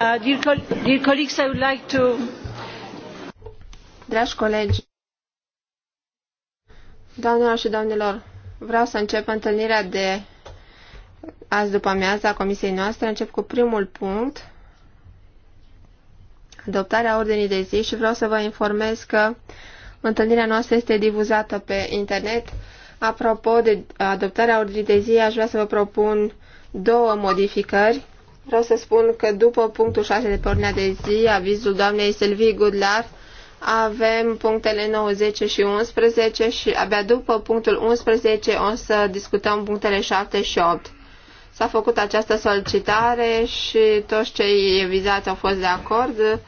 Uh, dear colleagues, I would like to... Dragi colegi, doamnelor și domnilor, vreau să încep întâlnirea de azi după amiază a comisiei noastre. Încep cu primul punct, adoptarea ordinii de zi și vreau să vă informez că întâlnirea noastră este divuzată pe internet. Apropo de adoptarea ordinii de zi, aș vrea să vă propun două modificări Vreau să spun că după punctul 6 de pornea de zi, avizul doamnei Silvii Gudlar, avem punctele 90 și 11 și abia după punctul 11 o să discutăm punctele 7 și 8. S-a făcut această solicitare și toți cei vizați au fost de acord.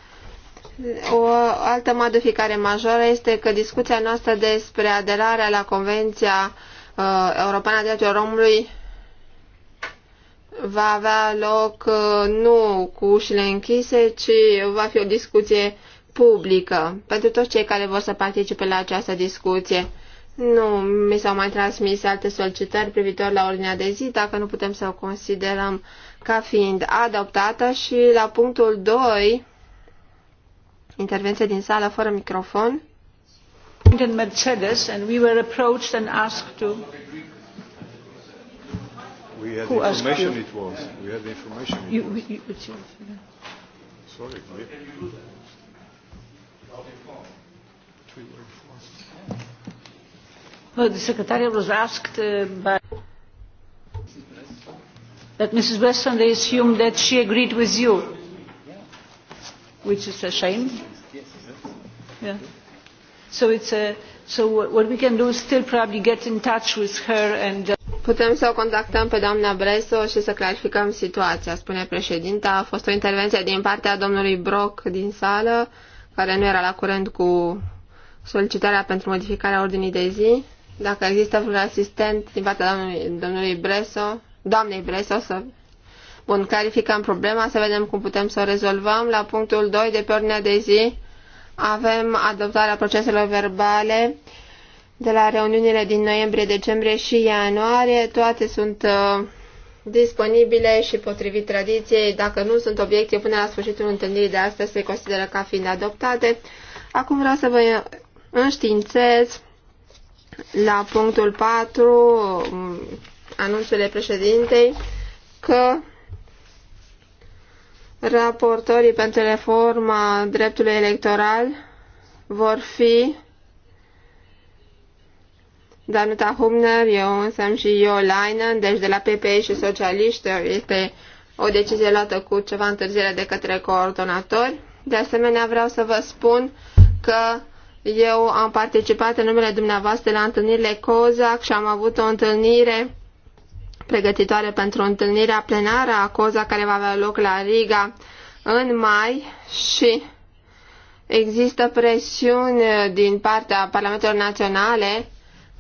O altă modificare majoră este că discuția noastră despre aderarea la Convenția uh, Europeană a Drepturilor Omului va avea loc uh, nu cu ușile închise, ci va fi o discuție publică pentru toți cei care vor să participe la această discuție. Nu mi s-au mai transmis alte solicitări privitor la ordinea de zi, dacă nu putem să o considerăm ca fiind adoptată și la punctul 2, intervenție din sală fără microfon. Mercedes and we were approached and asked to we had Who information it was. We had the information it you, was. You, you, Sorry. We, well, the secretary was asked uh, by that Mrs. Weston, they assumed that she agreed with you, which is a shame. Yeah. So it's a, so what we can do is still probably get in touch with her and. Uh, Putem să o contactăm pe doamna Breso și să clarificăm situația, spune președinta. A fost o intervenție din partea domnului Brock din sală, care nu era la curent cu solicitarea pentru modificarea ordinii de zi. Dacă există vreun asistent din partea domnului, domnului Breso, doamnei Breso, să... Bun, clarificăm problema, să vedem cum putem să o rezolvăm. La punctul 2 de pe ordinea de zi avem adoptarea proceselor verbale de la reuniunile din noiembrie, decembrie și ianuarie, toate sunt uh, disponibile și potrivit tradiției. Dacă nu sunt obiecte până la sfârșitul întâlnirii de astăzi, se consideră ca fiind adoptate. Acum vreau să vă înștiințez la punctul 4 um, anunțurile președintei că raportorii pentru reforma dreptului electoral vor fi Danuta Humner, eu însă și eu Laină, deci de la PPE și socialiști este o decizie luată cu ceva întârziere de către coordonatori. De asemenea, vreau să vă spun că eu am participat în numele dumneavoastră la întâlnirile COZAC și am avut o întâlnire pregătitoare pentru întâlnirea plenară a COZAC care va avea loc la Riga în mai și există presiuni din partea Parlamentelor Naționale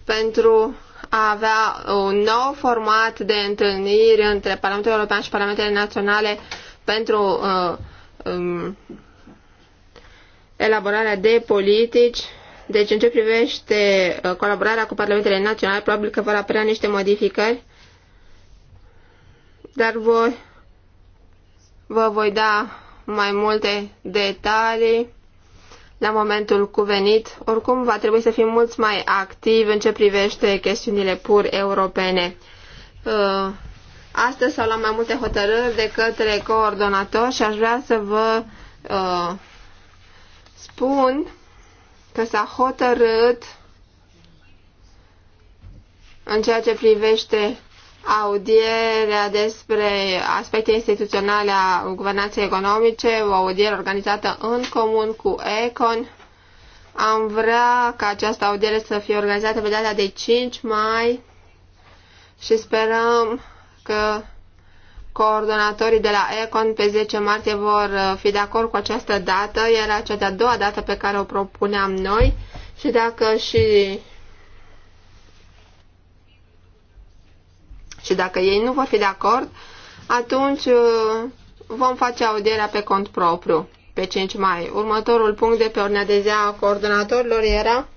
pentru a avea un nou format de întâlniri între Parlamentul European și Parlamentele Naționale pentru uh, um, elaborarea de politici. Deci, în ce privește uh, colaborarea cu Parlamentele Naționale, probabil că vor apărea niște modificări, dar voi, vă voi da mai multe detalii la momentul cuvenit. Oricum, va trebui să fim mulți mai activi în ce privește chestiunile pur europene. Uh, astăzi s-au luat mai multe hotărâri de către coordonator și aș vrea să vă uh, spun că s-a hotărât în ceea ce privește audierea despre aspecte instituționale a guvernanței economice, o audiere organizată în comun cu Econ. Am vrea ca această audiere să fie organizată pe data de 5 mai și sperăm că coordonatorii de la Econ pe 10 martie vor uh, fi de acord cu această dată. Era cea de-a doua dată pe care o propuneam noi și dacă și Și dacă ei nu vor fi de acord, atunci uh, vom face audierea pe cont propriu pe 5 mai. Următorul punct de pe ordinea de zi a coordonatorilor era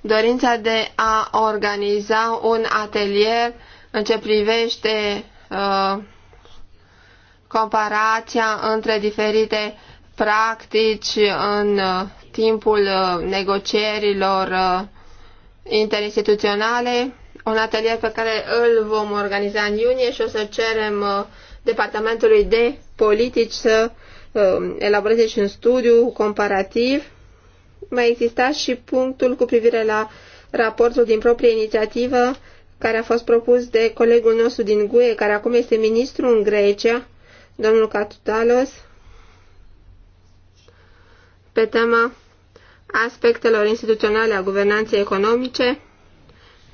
dorința de a organiza un atelier în ce privește uh, comparația între diferite practici în uh, timpul uh, negocierilor uh, interinstituționale un atelier pe care îl vom organiza în iunie și o să cerem uh, Departamentului de Politici să uh, elaboreze și un studiu comparativ. Mai exista și punctul cu privire la raportul din proprie inițiativă care a fost propus de colegul nostru din GUE, care acum este ministru în Grecia, domnul Catutalos, pe tema aspectelor instituționale a guvernanței economice.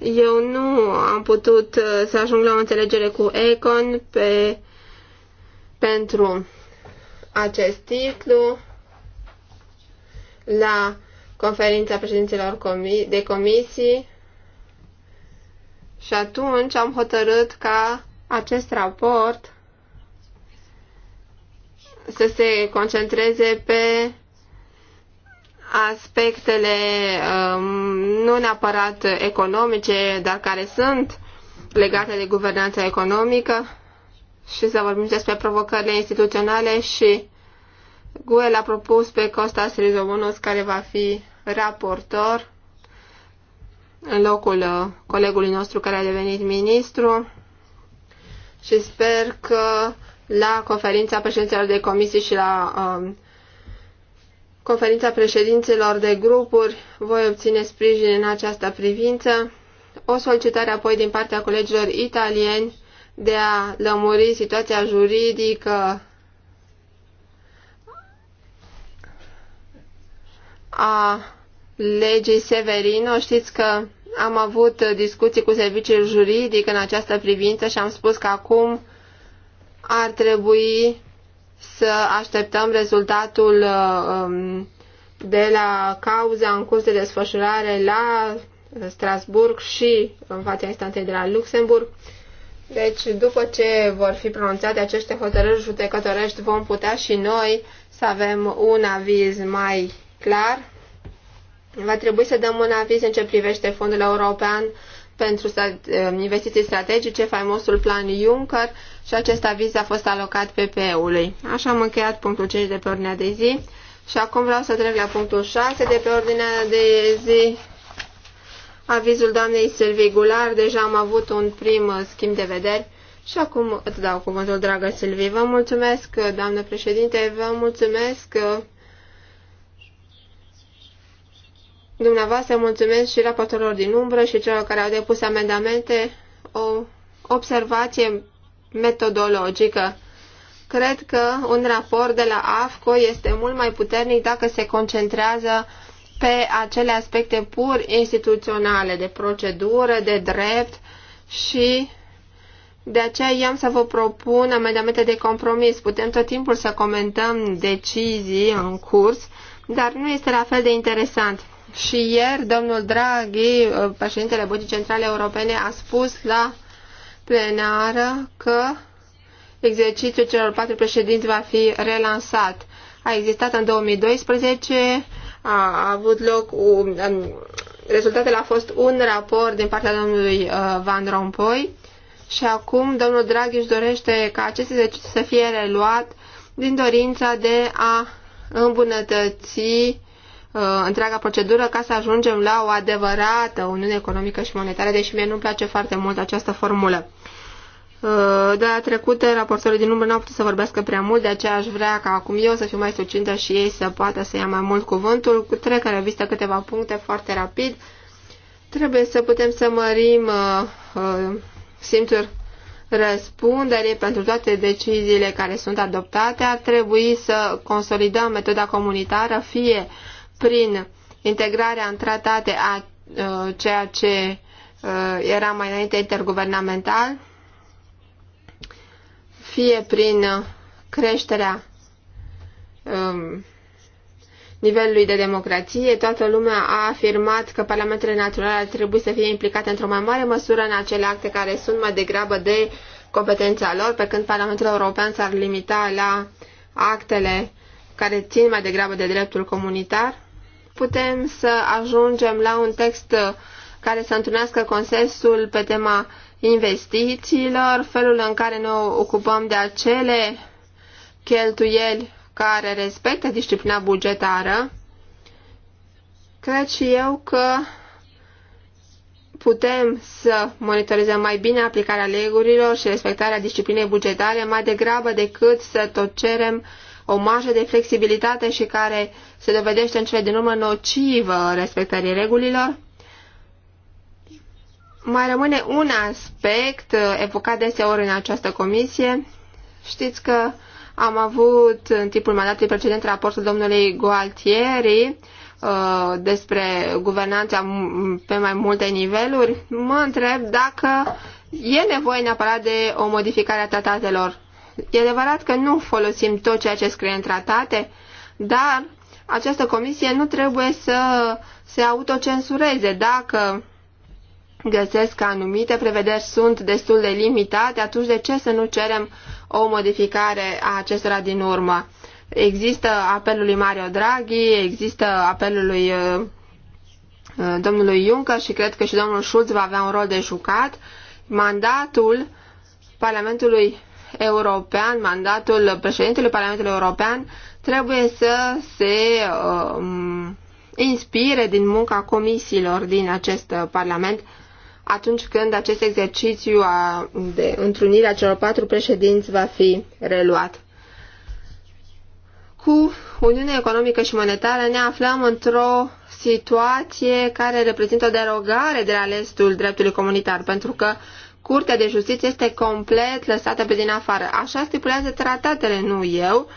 Eu nu am putut uh, să ajung la o înțelegere cu Econ pe, pentru acest titlu la conferința președinților de comisii și atunci am hotărât ca acest raport să se concentreze pe aspectele um, nu neapărat economice, dar care sunt legate de guvernanța economică și să vorbim despre provocările instituționale și GUE a propus pe Costas Rizomonos care va fi raportor în locul uh, colegului nostru care a devenit ministru și sper că la conferința președinților de comisii și la um, conferința președinților de grupuri voi obține sprijin în această privință. O solicitare apoi din partea colegilor italieni de a lămuri situația juridică a legii Severino. Știți că am avut discuții cu serviciul juridic în această privință și am spus că acum ar trebui să așteptăm rezultatul um, de la cauza în curs de desfășurare la Strasburg și în fața instanței de la Luxemburg. Deci, după ce vor fi pronunțate aceste hotărâri judecătorești, vom putea și noi să avem un aviz mai clar. Va trebui să dăm un aviz în ce privește fondul european pentru investiții strategice, faimosul plan Juncker, și acest aviz a fost alocat PPE-ului. Așa am încheiat punctul 5 de pe ordinea de zi și acum vreau să trec la punctul 6 de pe ordinea de zi. Avizul doamnei Silvii Gular, deja am avut un prim uh, schimb de vederi și acum îți dau cuvântul, dragă Silvii. Vă mulțumesc, uh, doamnă președinte, vă mulțumesc uh, Dumneavoastră mulțumesc și raportorilor din umbră și celor care au depus amendamente. O observație metodologică. Cred că un raport de la AFCO este mult mai puternic dacă se concentrează pe acele aspecte pur instituționale, de procedură, de drept și de aceea i-am să vă propun amendamente de compromis. Putem tot timpul să comentăm decizii în curs, dar nu este la fel de interesant. Și ieri, domnul Draghi, președintele Băncii Centrale Europene, a spus la plenară că exercițiul celor patru președinți va fi relansat. A existat în 2012, a avut loc, um, rezultatele a fost un raport din partea domnului uh, Van Rompuy și acum domnul Draghi își dorește ca acest exercițiu să fie reluat din dorința de a îmbunătăți Uh, întreaga procedură ca să ajungem la o adevărată Uniune Economică și Monetară, deși mie nu-mi place foarte mult această formulă. Uh, la trecută, raportorii din număr nu au putut să vorbească prea mult, de aceea aș vrea ca acum eu să fiu mai sucintă și ei să poată să ia mai mult cuvântul. Trec în revistă câteva puncte foarte rapid. Trebuie să putem să mărim uh, uh, simțuri răspundere pentru toate deciziile care sunt adoptate. Ar trebui să consolidăm metoda comunitară, fie uh, prin integrarea în tratate a uh, ceea ce uh, era mai înainte interguvernamental, fie prin creșterea um, nivelului de democrație, toată lumea a afirmat că parlamentele naționale ar trebui să fie implicate într-o mai mare măsură în acele acte care sunt mai degrabă de competența lor, pe când Parlamentul European s-ar limita la actele care țin mai degrabă de dreptul comunitar putem să ajungem la un text care să întunească consensul pe tema investițiilor, felul în care ne ocupăm de acele cheltuieli care respectă disciplina bugetară, cred și eu că putem să monitorizăm mai bine aplicarea legurilor și respectarea disciplinei bugetare mai degrabă decât să tot cerem uh, o marjă de flexibilitate și care se dovedește în cele din urmă nocivă respectării regulilor? Mai rămâne un aspect evocat deseori în această comisie. Știți că am avut în timpul mandatului precedent raportul domnului Gualtieri uh, despre guvernanța pe mai multe niveluri. Mă întreb dacă e nevoie neapărat de o modificare a tratatelor E adevărat că nu folosim tot ceea ce scrie în tratate, dar această comisie nu trebuie să se autocensureze. Dacă găsesc că anumite prevederi sunt destul de limitate, atunci de ce să nu cerem o modificare a acestora din urmă? Există apelul lui Mario Draghi, există apelul lui uh, uh, domnului Juncker și cred că și domnul Schulz va avea un rol de jucat. Mandatul Parlamentului european, mandatul președintelui Parlamentului European trebuie să se um, inspire din munca comisiilor din acest Parlament atunci când acest exercițiu a, de întrunire a celor patru președinți va fi reluat. Cu Uniunea Economică și Monetară ne aflăm într-o situație care reprezintă o derogare de la restul dreptului comunitar, pentru că Curtea de Justiție este complet lăsată pe din afară. Așa stipulează tratatele, nu eu.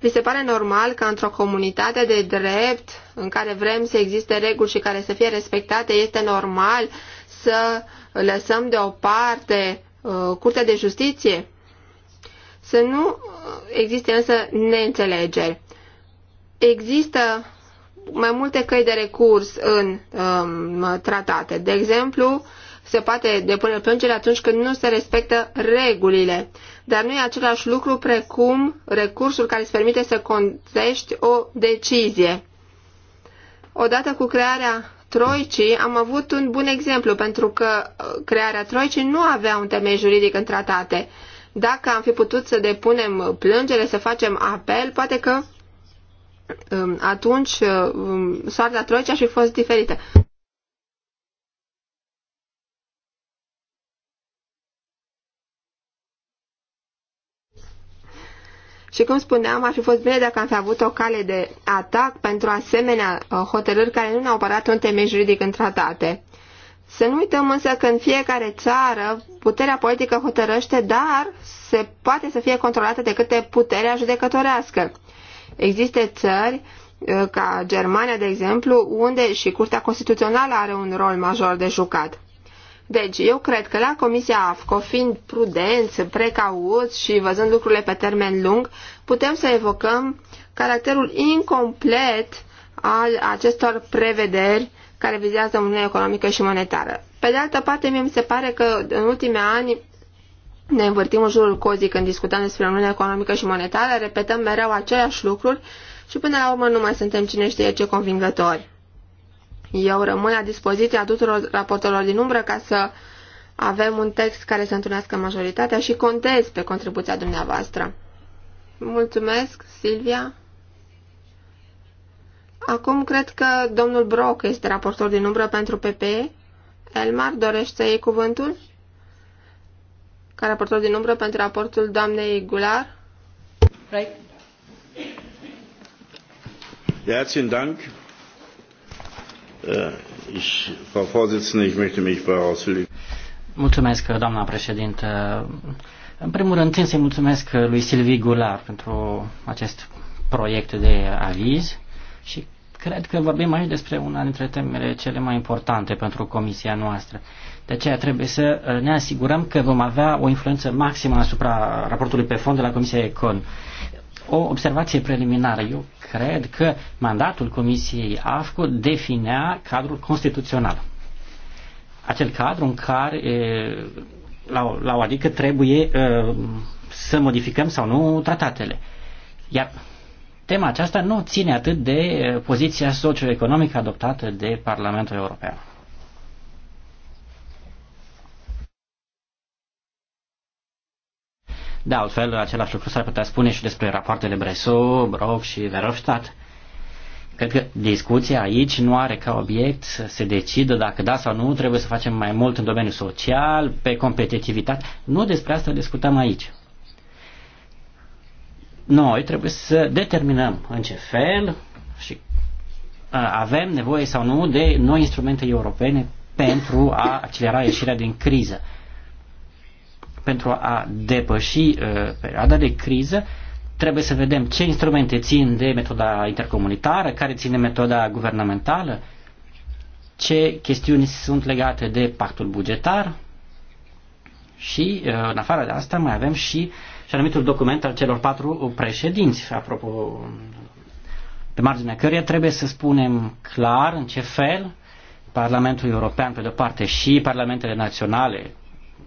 Vi se pare normal că într-o comunitate de drept în care vrem să existe reguli și care să fie respectate, este normal să lăsăm deoparte uh, Curtea de Justiție? Să nu existe însă neînțelegeri. Există mai multe căi de recurs în um, tratate. De exemplu, uh, se poate depune plângere atunci când nu se respectă regulile. Dar nu e același lucru precum recursul care îți permite să contești o decizie. Odată cu crearea Troicii am avut un bun exemplu pentru că uh, crearea Troicii nu avea un temei juridic în tratate. Dacă am fi putut să depunem plângere, să facem apel, poate că um, atunci uh, um, soarta Troicii ar fi fost diferită. Și cum spuneam, ar fi fost bine dacă am fi avut o cale de atac pentru asemenea uh, hotărâri care nu ne-au părat un temei juridic în tratate. Să nu uităm însă că în fiecare țară puterea politică hotărăște, dar se poate să fie controlată de câte puterea judecătorească. Există țări uh, ca Germania, de exemplu, unde și Curtea Constituțională are un rol major de jucat. Deci, eu cred că la Comisia AFCO, fiind prudenți, precauți și văzând lucrurile pe termen lung, putem să evocăm caracterul incomplet al acestor prevederi care vizează Uniunea Economică și Monetară. Pe de altă parte, mie mi se pare că în ultimii ani ne învârtim în jurul cozii când discutăm despre Uniunea Economică și Monetară, repetăm mereu aceleași lucruri și până la urmă nu mai suntem cine știe ce convingători. Eu rămân la dispoziția tuturor raportelor din umbră ca să avem un text care să întunească majoritatea și contez pe contribuția dumneavoastră. Mulțumesc, Silvia. Acum cred că domnul Brock este raportor din umbră pentru PPE. Elmar, dorește să iei cuvântul? Ca raportor din umbră pentru raportul doamnei Gular? Right. Herzlichen Dank. Äh, ich, Frau Vorsitzende, ich möchte mich bei Mulțumesc, doamna președintă. În primul rând, țin să-i mulțumesc lui Silvii Gular pentru acest proiect de aviz și cred că vorbim aici despre una dintre temele cele mai importante pentru comisia noastră. De aceea trebuie să ne asigurăm că vom avea o influență maximă asupra raportului pe fond de la Comisia Econ o observație preliminară. Eu cred că mandatul Comisiei AFCO definea cadrul constituțional. Acel cadru în care, la, la o adică, trebuie să modificăm sau nu tratatele. Iar tema aceasta nu ține atât de poziția socioeconomică adoptată de Parlamentul European. De altfel, același lucru s-ar putea spune și despre rapoartele Bresu, Brock și Verhofstadt. Cred că discuția aici nu are ca obiect să se decidă dacă da sau nu trebuie să facem mai mult în domeniul social, pe competitivitate. Nu despre asta discutăm aici. Noi trebuie să determinăm în ce fel și avem nevoie sau nu de noi instrumente europene pentru a accelera ieșirea din criză pentru a depăși uh, perioada de criză, trebuie să vedem ce instrumente țin de metoda intercomunitară, care țin de metoda guvernamentală, ce chestiuni sunt legate de pactul bugetar și, uh, în afară de asta, mai avem și, și anumitul document al celor patru președinți, apropo, pe marginea căruia trebuie să spunem clar în ce fel Parlamentul European, pe de-o parte, și Parlamentele Naționale,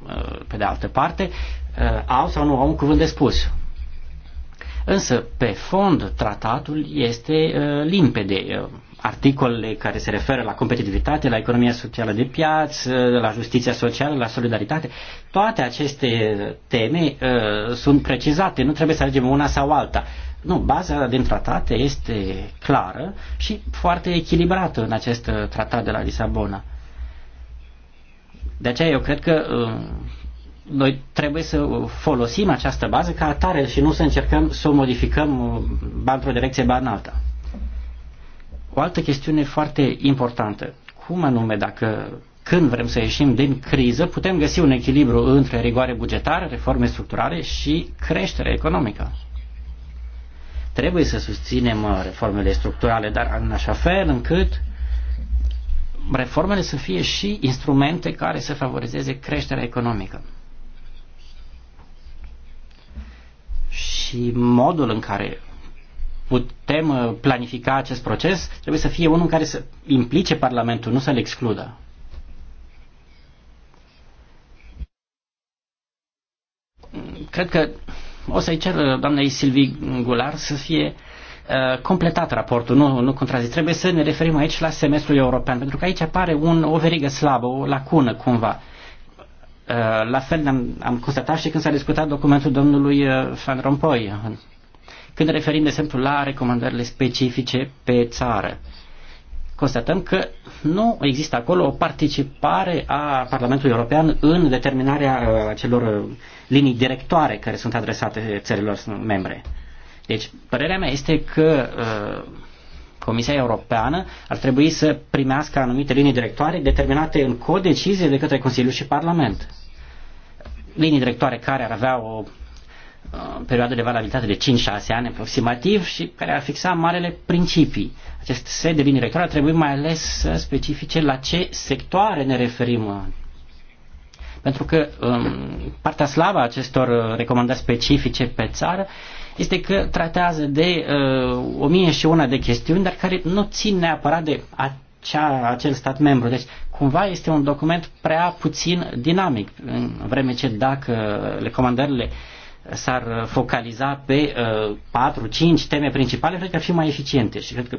Uh, pe de altă parte, uh, au sau nu au un cuvânt de spus. Însă, pe fond, tratatul este uh, limpede. Articolele care se referă la competitivitate, la economia socială de piață, la justiția socială, la solidaritate, toate aceste teme sunt precizate, nu trebuie să alegem una sau alta. Nu, baza din tratate este clară și foarte echilibrată în acest tratat de la Lisabona. De aceea eu cred că uh, noi trebuie să folosim această bază ca atare și nu să încercăm să o modificăm uh, ba într-o direcție, ba în alta. O altă chestiune foarte importantă. Cum anume, dacă când vrem să ieșim din criză, putem găsi un echilibru între rigoare bugetară, reforme structurale și creștere economică. Trebuie să susținem uh, reformele structurale, dar în așa fel încât reformele să fie și instrumente care să favorizeze creșterea economică. Și modul în care putem uh, planifica acest proces trebuie să fie unul care să implice Parlamentul, nu să-l excludă. Cred că o să-i cer uh, doamnei Silvii Gular să fie uh, Uh, completat raportul, nu, nu contrazis. Trebuie să ne referim aici la semestrul european, pentru că aici apare un, o verigă slabă, o lacună cumva. Uh, la fel am, am constatat și când s-a discutat documentul domnului uh, Van Rompuy, când ne referim, de exemplu, la recomandările specifice pe țară. Constatăm că nu există acolo o participare a Parlamentului European în determinarea celor linii directoare care sunt adresate țărilor membre. Deci, părerea mea este că uh, Comisia Europeană ar trebui să primească anumite linii directoare determinate în codecizie de către Consiliu și Parlament. Linii directoare care ar avea o uh, perioadă de valabilitate de 5-6 ani aproximativ și care ar fixa marele principii. Acest set de linii directoare ar trebui mai ales să specifice la ce sectoare ne referim pentru că um, partea slavă a acestor uh, recomandări specifice pe țară este că tratează de uh, o mie și una de chestiuni, dar care nu țin neapărat de acea, acel stat membru. Deci, cumva este un document prea puțin dinamic, în vreme ce dacă recomandările s-ar focaliza pe uh, 4-5 teme principale, cred că ar fi mai eficiente și cred că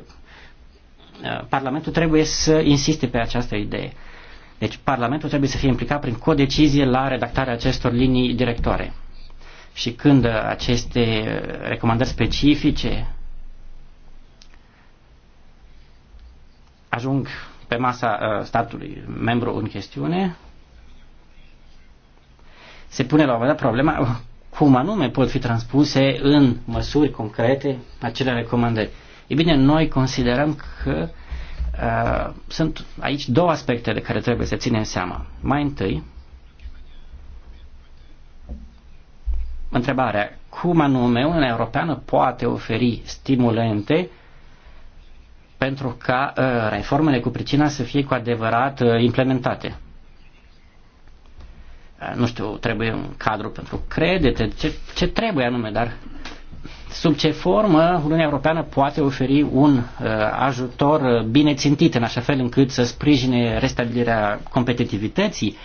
uh, Parlamentul trebuie să insiste pe această idee. Deci Parlamentul trebuie să fie implicat prin codecizie la redactarea acestor linii directoare. Și când aceste uh, recomandări specifice ajung pe masa uh, statului membru în chestiune, se pune la un moment dat problema uh, cum anume pot fi transpuse în măsuri concrete acele recomandări. Ei bine, noi considerăm că Uh, sunt aici două aspecte de care trebuie să ținem seama. Mai întâi, întrebarea, cum anume Uniunea Europeană poate oferi stimulente pentru ca uh, reformele cu pricina să fie cu adevărat uh, implementate. Uh, nu știu, trebuie un cadru pentru credete, ce, ce trebuie anume, dar sub ce formă Uniunea Europeană poate oferi un uh, ajutor uh, bine țintit în așa fel încât să sprijine restabilirea competitivității,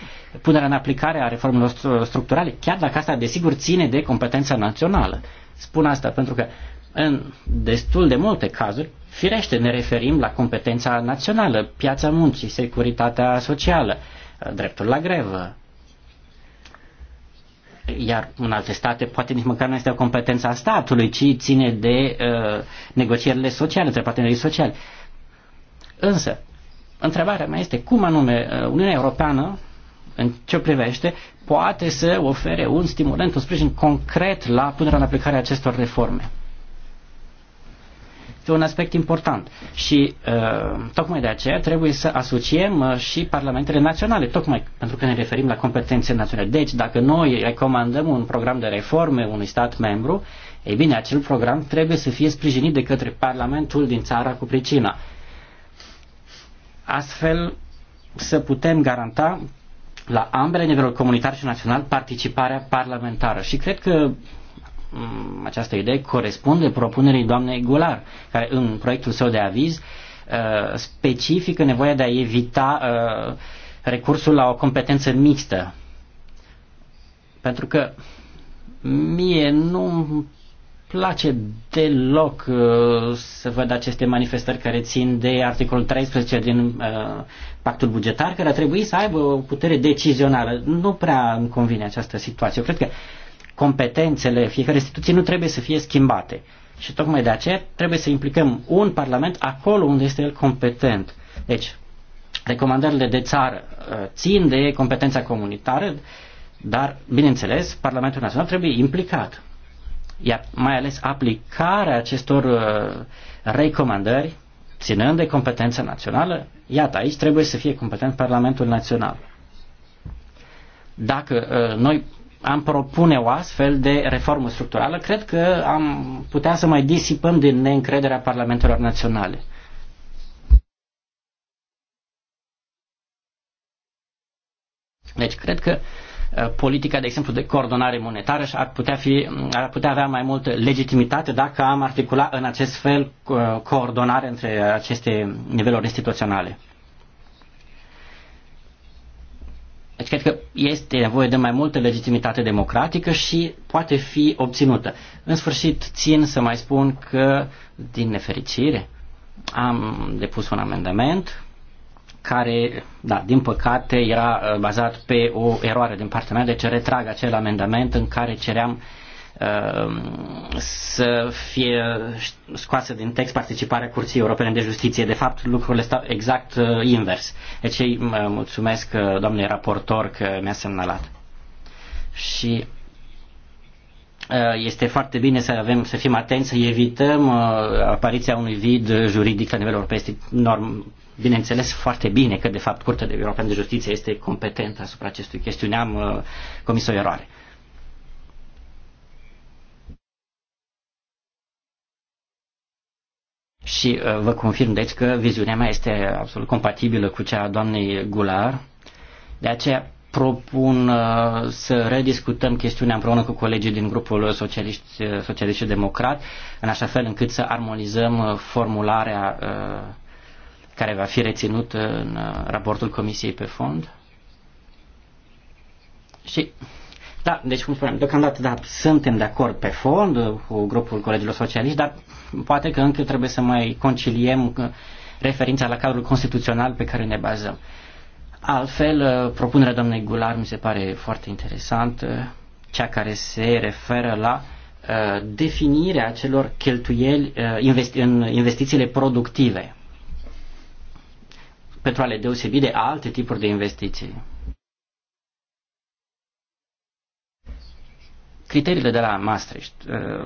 punerea în aplicare a reformelor structurale, chiar dacă asta desigur ține de competența națională. Spun asta pentru că în destul de multe cazuri, firește, ne referim la competența națională, piața muncii, securitatea socială, uh, dreptul la grevă, iar în alte state poate nici măcar nu este o competență a statului, ci ține de uh, negocierile sociale, între partenerii sociali. Însă, întrebarea mea este cum anume uh, Uniunea Europeană, în ce privește, poate să ofere un stimulant, un sprijin concret la punerea în aplicare a acestor reforme este un aspect important și uh, tocmai de aceea trebuie să asociem uh, și parlamentele naționale, tocmai pentru că ne referim la competențe naționale. Deci, dacă noi recomandăm un program de reforme unui stat membru, ei bine, acel program trebuie să fie sprijinit de către Parlamentul din țara cu pricina. Astfel, să putem garanta la ambele niveluri comunitar și național participarea parlamentară. Și cred că Mm, această idee corespunde propunerii doamnei Gular, care în proiectul său de aviz uh, specifică nevoia de a evita uh, recursul la o competență mixtă. Pentru că mie nu place deloc uh, să văd aceste manifestări care țin de articolul 13 din pactul bugetar, care ar trebui să aibă o putere decizională. Nu prea îmi convine această situație. Eu cred că competențele fiecare instituție nu trebuie să fie schimbate. Și tocmai de aceea trebuie să implicăm un parlament acolo unde este el competent. Deci, recomandările de țară uh, țin de competența comunitară, dar, bineînțeles, Parlamentul Național trebuie implicat. Iar mai ales aplicarea acestor uh, recomandări, ținând de competența națională, iată, aici trebuie să fie competent Parlamentul Național. Dacă uh, noi am propune o astfel de reformă structurală, cred că am putea să mai disipăm din neîncrederea parlamentelor naționale. Deci cred că uh, politica, de exemplu, de coordonare monetară și ar putea, fi, ar putea avea mai multă legitimitate dacă am articula în acest fel uh, coordonare între aceste niveluri instituționale. Deci cred că este nevoie de mai multă legitimitate democratică și poate fi obținută. În sfârșit, țin să mai spun că, din nefericire, am depus un amendament care, da, din păcate, era uh, bazat pe o eroare din partea mea, deci retrag acel amendament în care ceream uh, Um, să fie scoasă din text participarea Curții Europene de Justiție. De fapt, lucrurile stau exact uh, invers. Deci îi mulțumesc uh, doamnei raportor că mi-a semnalat. Și uh, este foarte bine să avem, să fim atenți, să evităm apariția unui vid juridic la nivel european. Este norm, bineînțeles foarte bine că de fapt Curtea de Europeană de Justiție este competentă asupra acestui chestiune. Am comis o eroare. Și uh, vă confirm, deci, că viziunea mea este absolut compatibilă cu cea a doamnei Gular. De aceea propun uh, să rediscutăm chestiunea împreună cu colegii din grupul socialist, uh, socialist și democrat, în așa fel încât să armonizăm uh, formularea uh, care va fi reținută în uh, raportul Comisiei pe fond. Și da, deci cum spuneam, deocamdată da, suntem de acord pe fond uh, cu grupul colegilor socialiști, dar poate că încă trebuie să mai conciliem uh, referința la cadrul constituțional pe care ne bazăm. Altfel, uh, propunerea doamnei Gular mi se pare foarte interesantă, cea care se referă la uh, definirea acelor cheltuieli uh, investi- în investițiile productive pentru a le deosebi de alte tipuri de investiții. Criteriile de la Maastricht uh,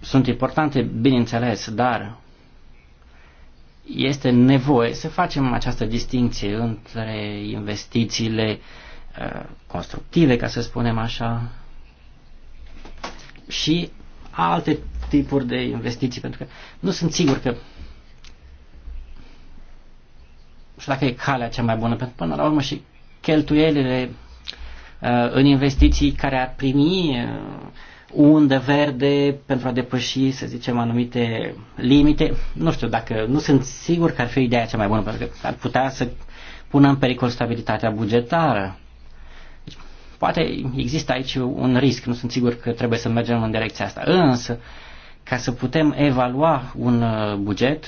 sunt importante, bineînțeles, dar este nevoie să facem această distinție între investițiile uh, constructive, ca să spunem așa, și alte tipuri de investiții, pentru că nu sunt sigur că nu știu dacă e calea cea mai bună, pentru că până la urmă și cheltuielile Uh, în investiții care ar primi uh, undă verde pentru a depăși, să zicem, anumite limite. Nu știu dacă, nu sunt sigur că ar fi ideea cea mai bună, pentru că ar putea să pună în pericol stabilitatea bugetară. Deci, poate există aici un risc, nu sunt sigur că trebuie să mergem în direcția asta. Însă, ca să putem evalua un uh, buget,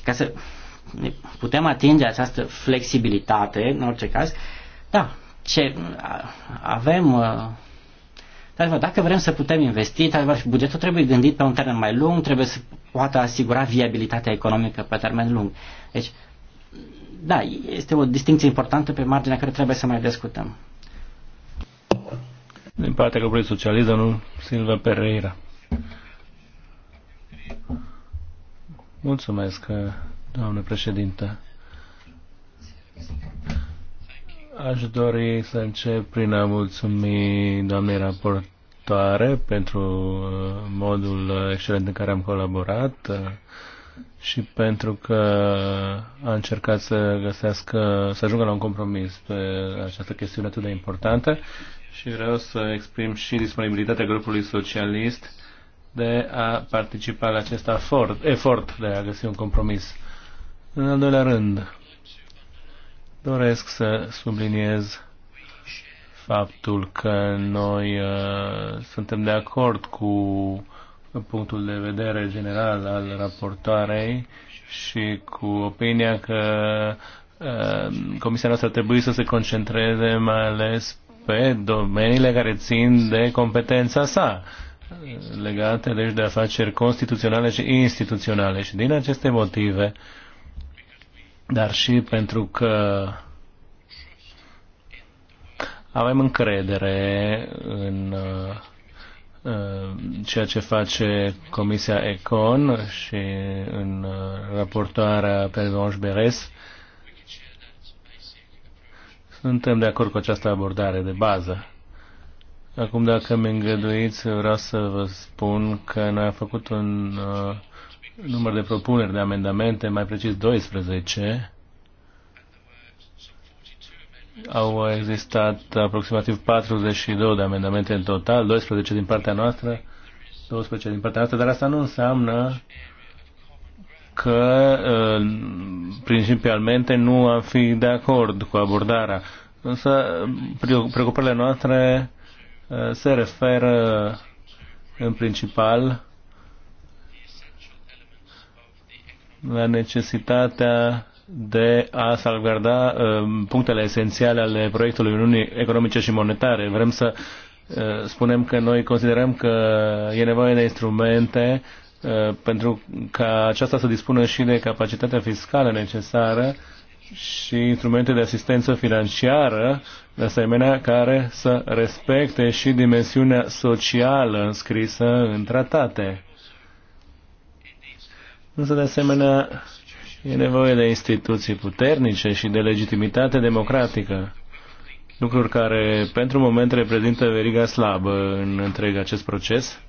Deci, ca să putem atinge această flexibilitate, în orice caz, da, ce avem, uh, dacă vrem să putem investi, și bugetul trebuie gândit pe un termen mai lung, trebuie să poată asigura viabilitatea economică pe termen lung. Deci, da, este o distinție importantă pe marginea care trebuie să mai discutăm. Din partea grupului socialist, domnul Silva Pereira. Mulțumesc, doamnă președintă. Aș dori să încep prin a mulțumi doamnei raportoare pentru uh, modul excelent în care am colaborat uh, și pentru că a încercat să găsească, să ajungă la un compromis pe această chestiune atât de importantă și vreau să exprim și disponibilitatea grupului socialist de a participa la acest efort, efort de a găsi un compromis. În al doilea rând, doresc să subliniez faptul că noi uh, suntem de acord cu punctul de vedere general al raportoarei și cu opinia că uh, comisia noastră ar trebui să se concentreze mai ales pe domeniile care țin de competența sa legate deci de afaceri constituționale și instituționale. Și din aceste motive, dar și pentru că avem încredere în uh, uh, ceea ce face Comisia Econ și în uh, raportoarea pe Vange Beres. Suntem de acord cu această abordare de bază. Acum, dacă mi îngăduiți, vreau să vă spun că noi am făcut un uh, număr de propuneri de amendamente, mai precis 12. Au existat aproximativ 42 de amendamente în total, 12 din partea noastră, 12 din partea noastră, dar asta nu înseamnă că uh, principalmente nu am fi de acord cu abordarea. Însă preocupările noastre Eh, se referă în principal la necesitatea de a uh, punctele esențiale ale proiectului Uniunii Economice și Monetare. Vrem să eh, spunem că noi considerăm că e nevoie de instrumente pentru ca aceasta să dispună și de capacitatea fiscală necesară și instrumente de asistență financiară de asemenea, care să respecte și dimensiunea socială înscrisă în tratate. Însă, de asemenea, e nevoie de instituții puternice și de legitimitate democratică, lucruri care, pentru moment, reprezintă veriga slabă în întreg acest proces.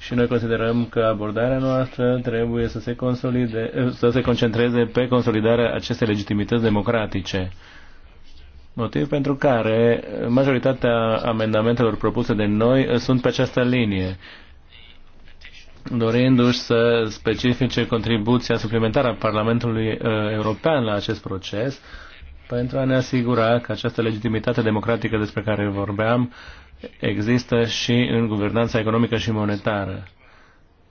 Și noi considerăm că abordarea noastră trebuie să se, consolide, să se concentreze pe consolidarea acestei legitimități democratice Motiv pentru care majoritatea amendamentelor propuse de noi uh, sunt pe această linie, dorindu-și să specifice contribuția suplimentară a Parlamentului uh, European la acest proces, pentru a ne asigura că această legitimitate democratică despre care vorbeam există și în guvernanța economică și monetară.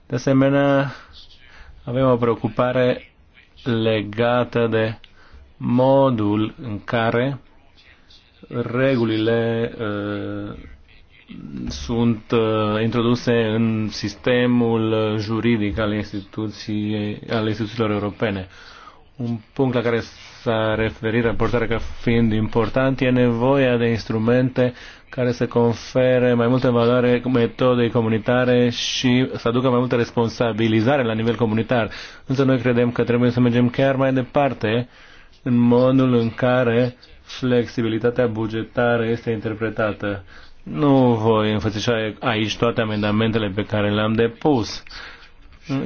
De asemenea, avem o preocupare legată de modul în care regulile uh, sunt uh, introduse în sistemul juridic al, instituției, al instituțiilor europene. Un punct la care s-a referit raportarea ca fiind important e nevoia de instrumente care să confere mai multă valoare metodei comunitare și să aducă mai multă responsabilizare la nivel comunitar. Însă noi credem că trebuie să mergem chiar mai departe în modul în care flexibilitatea bugetară este interpretată. Nu voi înfățișa aici toate amendamentele pe care le-am depus.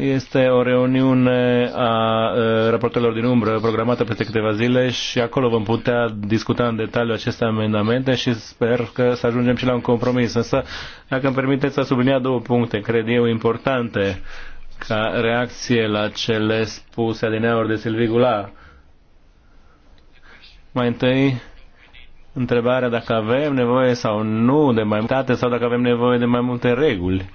Este o reuniune a raportelor din umbră programată peste câteva zile și acolo vom putea discuta în detaliu aceste amendamente și sper că să ajungem și la un compromis. Însă, dacă îmi permiteți să sublinia două puncte, cred eu, importante ca reacție la cele spuse adineauri de Silvigula. Gula. Mai întâi, întrebarea dacă avem nevoie sau nu de mai multe sau dacă avem nevoie de mai multe reguli.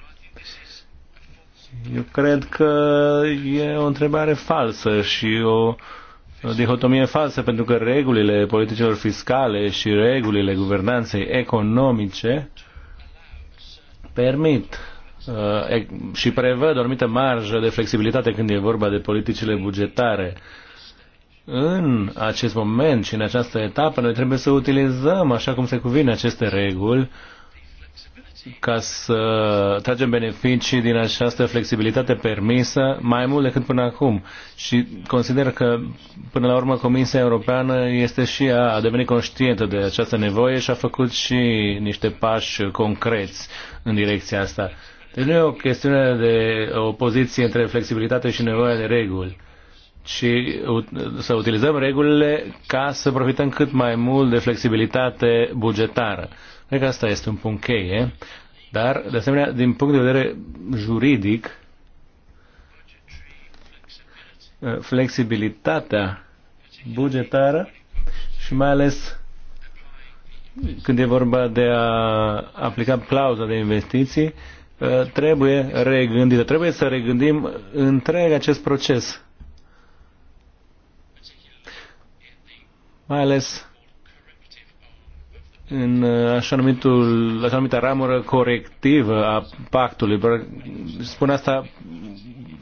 Eu cred că e o întrebare falsă și o, o dihotomie falsă, pentru că regulile politicilor fiscale și regulile guvernanței economice permit uh, și prevăd o anumită marjă de flexibilitate când e vorba de politicile bugetare. Uh, în acest moment și în această etapă noi trebuie să utilizăm așa cum se cuvine aceste reguli ca să tragem beneficii din această flexibilitate permisă mai mult decât până acum. Și consider că, până la urmă, Comisia Europeană este și a, a devenit conștientă de această nevoie și a făcut și niște pași concreți în direcția asta. Deci nu e o chestiune de opoziție între flexibilitate și nevoia de reguli și să utilizăm regulile ca să profităm cât mai mult de flexibilitate bugetară. Cred că asta este un punct cheie, dar, de asemenea, din punct de vedere juridic, flexibilitatea bugetară și mai ales când e vorba de a aplica clauza de investiții, trebuie regândită. Trebuie să regândim întreg acest proces mai ales în uh, așa, numitul, așa numita ramură corectivă a pactului. Spun asta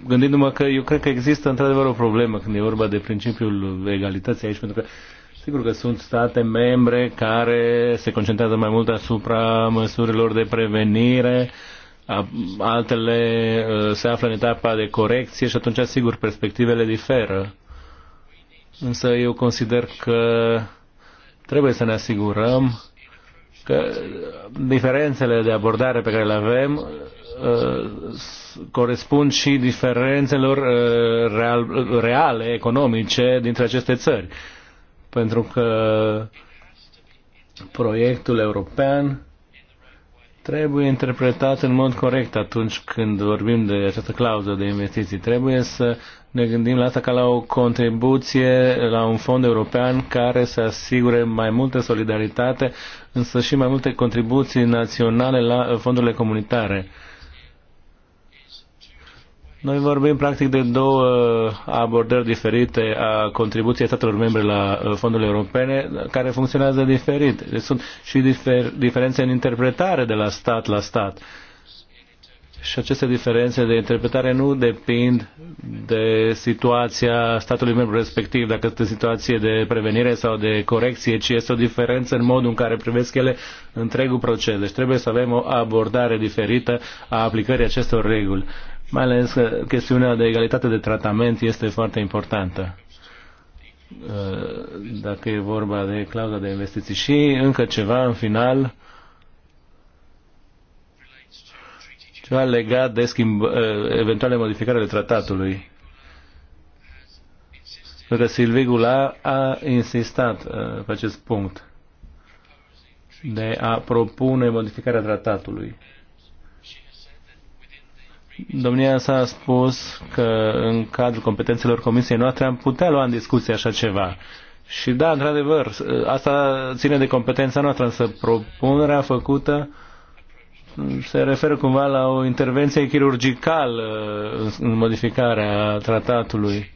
gândindu-mă că eu cred că există într-adevăr o problemă când e vorba de principiul egalității aici, pentru că sigur că sunt state membre care se concentrează mai mult asupra măsurilor de prevenire, altele uh, se află în etapa de corecție și atunci, sigur, perspectivele diferă Însă eu consider că trebuie să ne asigurăm că diferențele de abordare pe care le avem uh, corespund și diferențelor uh, reale, economice dintre aceste țări. Pentru că proiectul european trebuie interpretat în mod corect atunci când vorbim de această clauză de investiții. Trebuie să ne gândim la asta ca la o contribuție la un fond european care să asigure mai multă solidaritate, însă și mai multe contribuții naționale la fondurile comunitare. Noi vorbim practic de două abordări diferite a contribuției statelor membre la uh, fondurile europene care funcționează diferit. Deci sunt și difer- diferențe în interpretare de la stat la stat. Și aceste diferențe de interpretare nu depind de situația statului membru respectiv, dacă este situație de prevenire sau de corecție, ci este o diferență în modul în care privesc ele întregul proces. Deci trebuie să avem o abordare diferită a aplicării acestor reguli mai ales că chestiunea de egalitate de tratament este foarte importantă uh, dacă e vorba de clauza de investiții. Și încă ceva în final, ceva legat de schimb, uh, eventuale modificare ale tratatului. Pentru că Silvigula Gula a insistat uh, pe acest punct de a propune modificarea tratatului domnia s-a spus că în cadrul competențelor comisiei noastre am putea lua în discuție așa ceva. Și da, într-adevăr, asta ține de competența noastră, însă propunerea făcută se referă cumva la o intervenție chirurgicală în modificarea tratatului.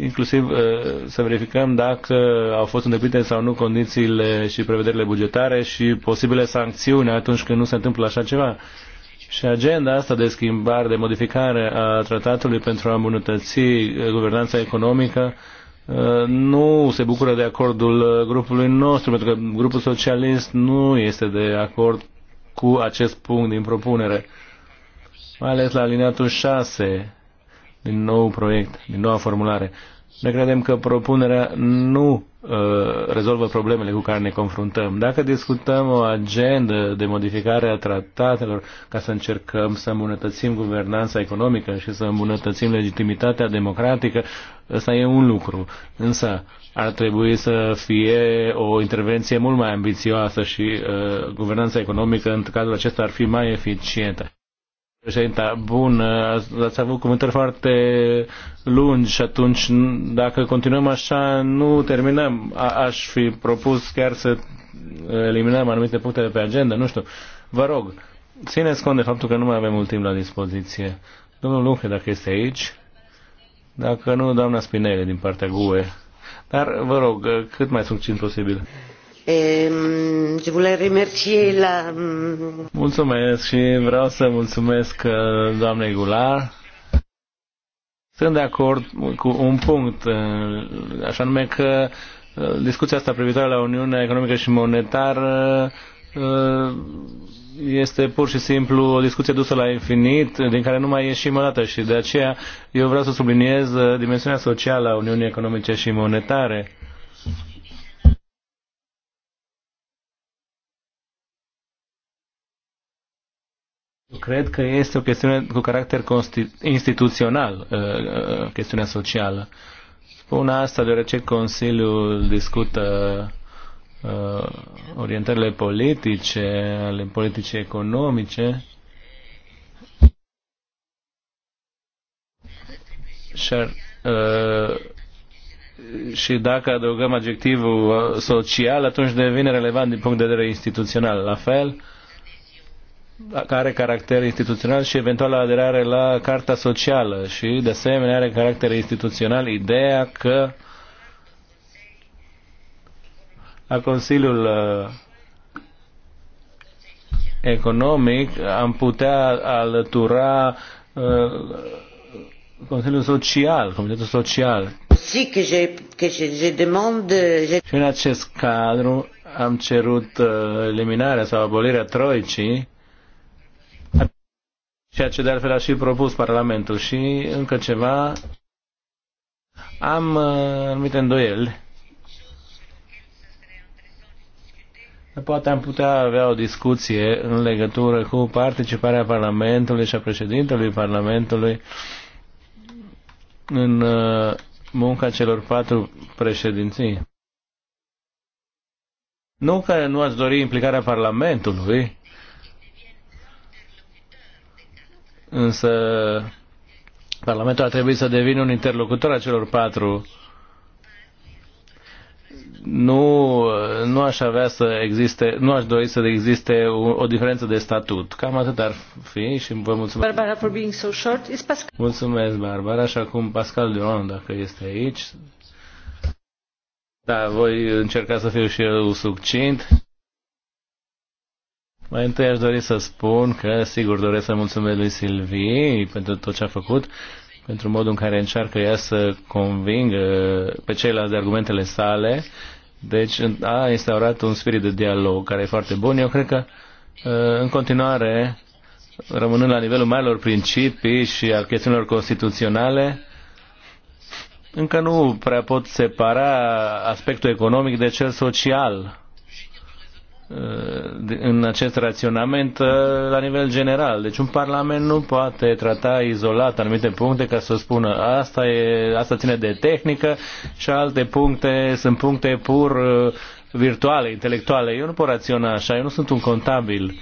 Inclusiv ă, să verificăm dacă au fost îndeplinite sau nu condițiile și prevederile bugetare și posibile sancțiuni atunci când nu se întâmplă așa ceva. Și agenda asta de schimbare, de modificare a tratatului pentru a îmbunătăți eh, guvernanța economică eh, nu se bucură de acordul eh, grupului nostru, pentru că grupul socialist nu este de acord cu acest punct din propunere, mai ales la alineatul 6 din nou proiect, din noua formulare. Noi credem că propunerea nu uh, rezolvă problemele cu care ne confruntăm. Dacă discutăm o agendă de modificare a tratatelor ca să încercăm să îmbunătățim guvernanța economică și să îmbunătățim legitimitatea democratică, ăsta e un lucru. Însă ar trebui să fie o intervenție mult mai ambițioasă și uh, guvernanța economică în cazul acesta ar fi mai eficientă președinte, bun, ați avut comentarii foarte lungi și atunci dacă continuăm așa nu terminăm. A, aș fi propus chiar să eliminăm anumite puncte de pe agenda, nu știu. Vă rog, țineți cont de faptul că nu mai avem mult timp la dispoziție. Domnul Lunche, dacă este aici, dacă nu, doamna Spinele din partea GUE. Dar vă rog, cât mai succint posibil. Je ehm, voulais remercier la... Mm, mulțumesc și vreau să mulțumesc uh, doamnei Gular. Sunt de acord cu un punct, uh, așa nume că uh, discuția asta privitoare la Uniunea Economică și Monetară este pur și simplu o discuție dusă la infinit, din care nu mai ieșim o dată și de aceea eu vreau să subliniez dimensiunea socială a Uniunii Economice și Monetare cred că este o chestiune cu caracter instituțional, uh, uh, chestiunea socială. Spun asta deoarece Consiliul discută uh, orientările politice, ale politicii economice, și, ar, și dacă adăugăm adjectivul social, atunci devine relevant din punct de vedere instituțional. La fel, are caracter instituțional și eventual aderare la Carta Socială și de asemenea are caracter instituțional ideea că la Consiliul uh, Economic am putea alătura uh, Consiliul Social, Comitetul Social. demande, Și în acest cadru am cerut uh, eliminarea sau abolirea Troicii ceea ce de altfel a și propus Parlamentul. Și încă ceva, am uh, anumite îndoieli. Poate am putea avea o discuție în legătură cu participarea Parlamentului și a președintelui Parlamentului în uh, munca celor patru președinții. Nu că nu ați dori implicarea Parlamentului, însă Parlamentul a trebuit să devină un interlocutor a celor patru. Nu, nu aș avea să existe, nu aș dori să existe o, o diferență de statut. Cam atât ar fi și vă mulțumesc. Barbara for being so short. Pascal... Mulțumesc, Barbara, și acum Pascal Dion, dacă este aici. Da, voi încerca să fiu și eu succint. Mai întâi aș dori să spun că, sigur, doresc să mulțumesc lui Silvi pentru tot ce a făcut, pentru modul în care încearcă ea să convingă uh, pe ceilalți de argumentele sale. Deci a instaurat un spirit de dialog care e foarte bun. Eu cred că, uh, în continuare, rămânând la nivelul marilor principii și al chestiunilor constituționale, încă nu prea pot separa aspectul economic de cel social în acest raționament uh, la nivel general. Deci un parlament nu poate trata izolat anumite puncte ca să spună asta, e, asta ține de tehnică și alte puncte sunt puncte pur uh, virtuale, intelectuale. Eu nu pot raționa așa, eu nu sunt un contabil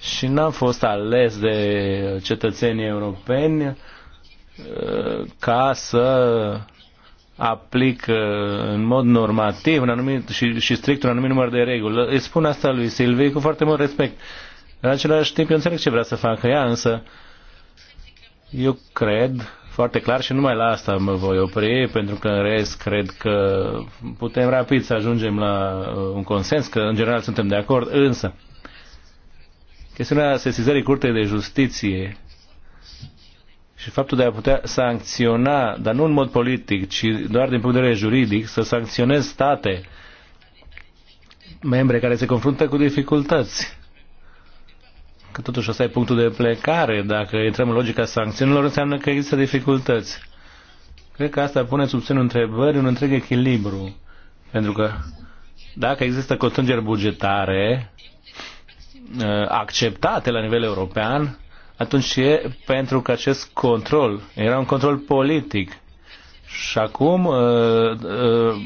și n-am fost ales de cetățenii europeni uh, ca să aplică în mod normativ un anumit, și, și strict un anumit număr de reguli. Îi spun asta lui Silvii cu foarte mult respect. În același timp, eu înțeleg ce vrea să facă ea, însă eu cred foarte clar și numai la asta mă voi opri, pentru că în rest cred că putem rapid să ajungem la uh, un consens, că în general suntem de acord, însă chestiunea sesizării Curtei de Justiție și faptul de a putea sancționa, dar nu în mod politic, ci doar din punct de vedere juridic, să sancționezi state membre care se confruntă cu dificultăți. Că totuși ăsta e punctul de plecare. Dacă intrăm în logica sancțiunilor, înseamnă că există dificultăți. Cred că asta pune sub semnul întrebării un întreg echilibru. Pentru că dacă există constrângeri bugetare uh, acceptate la nivel european, atunci e pentru că acest control era un control politic. Și acum uh, uh,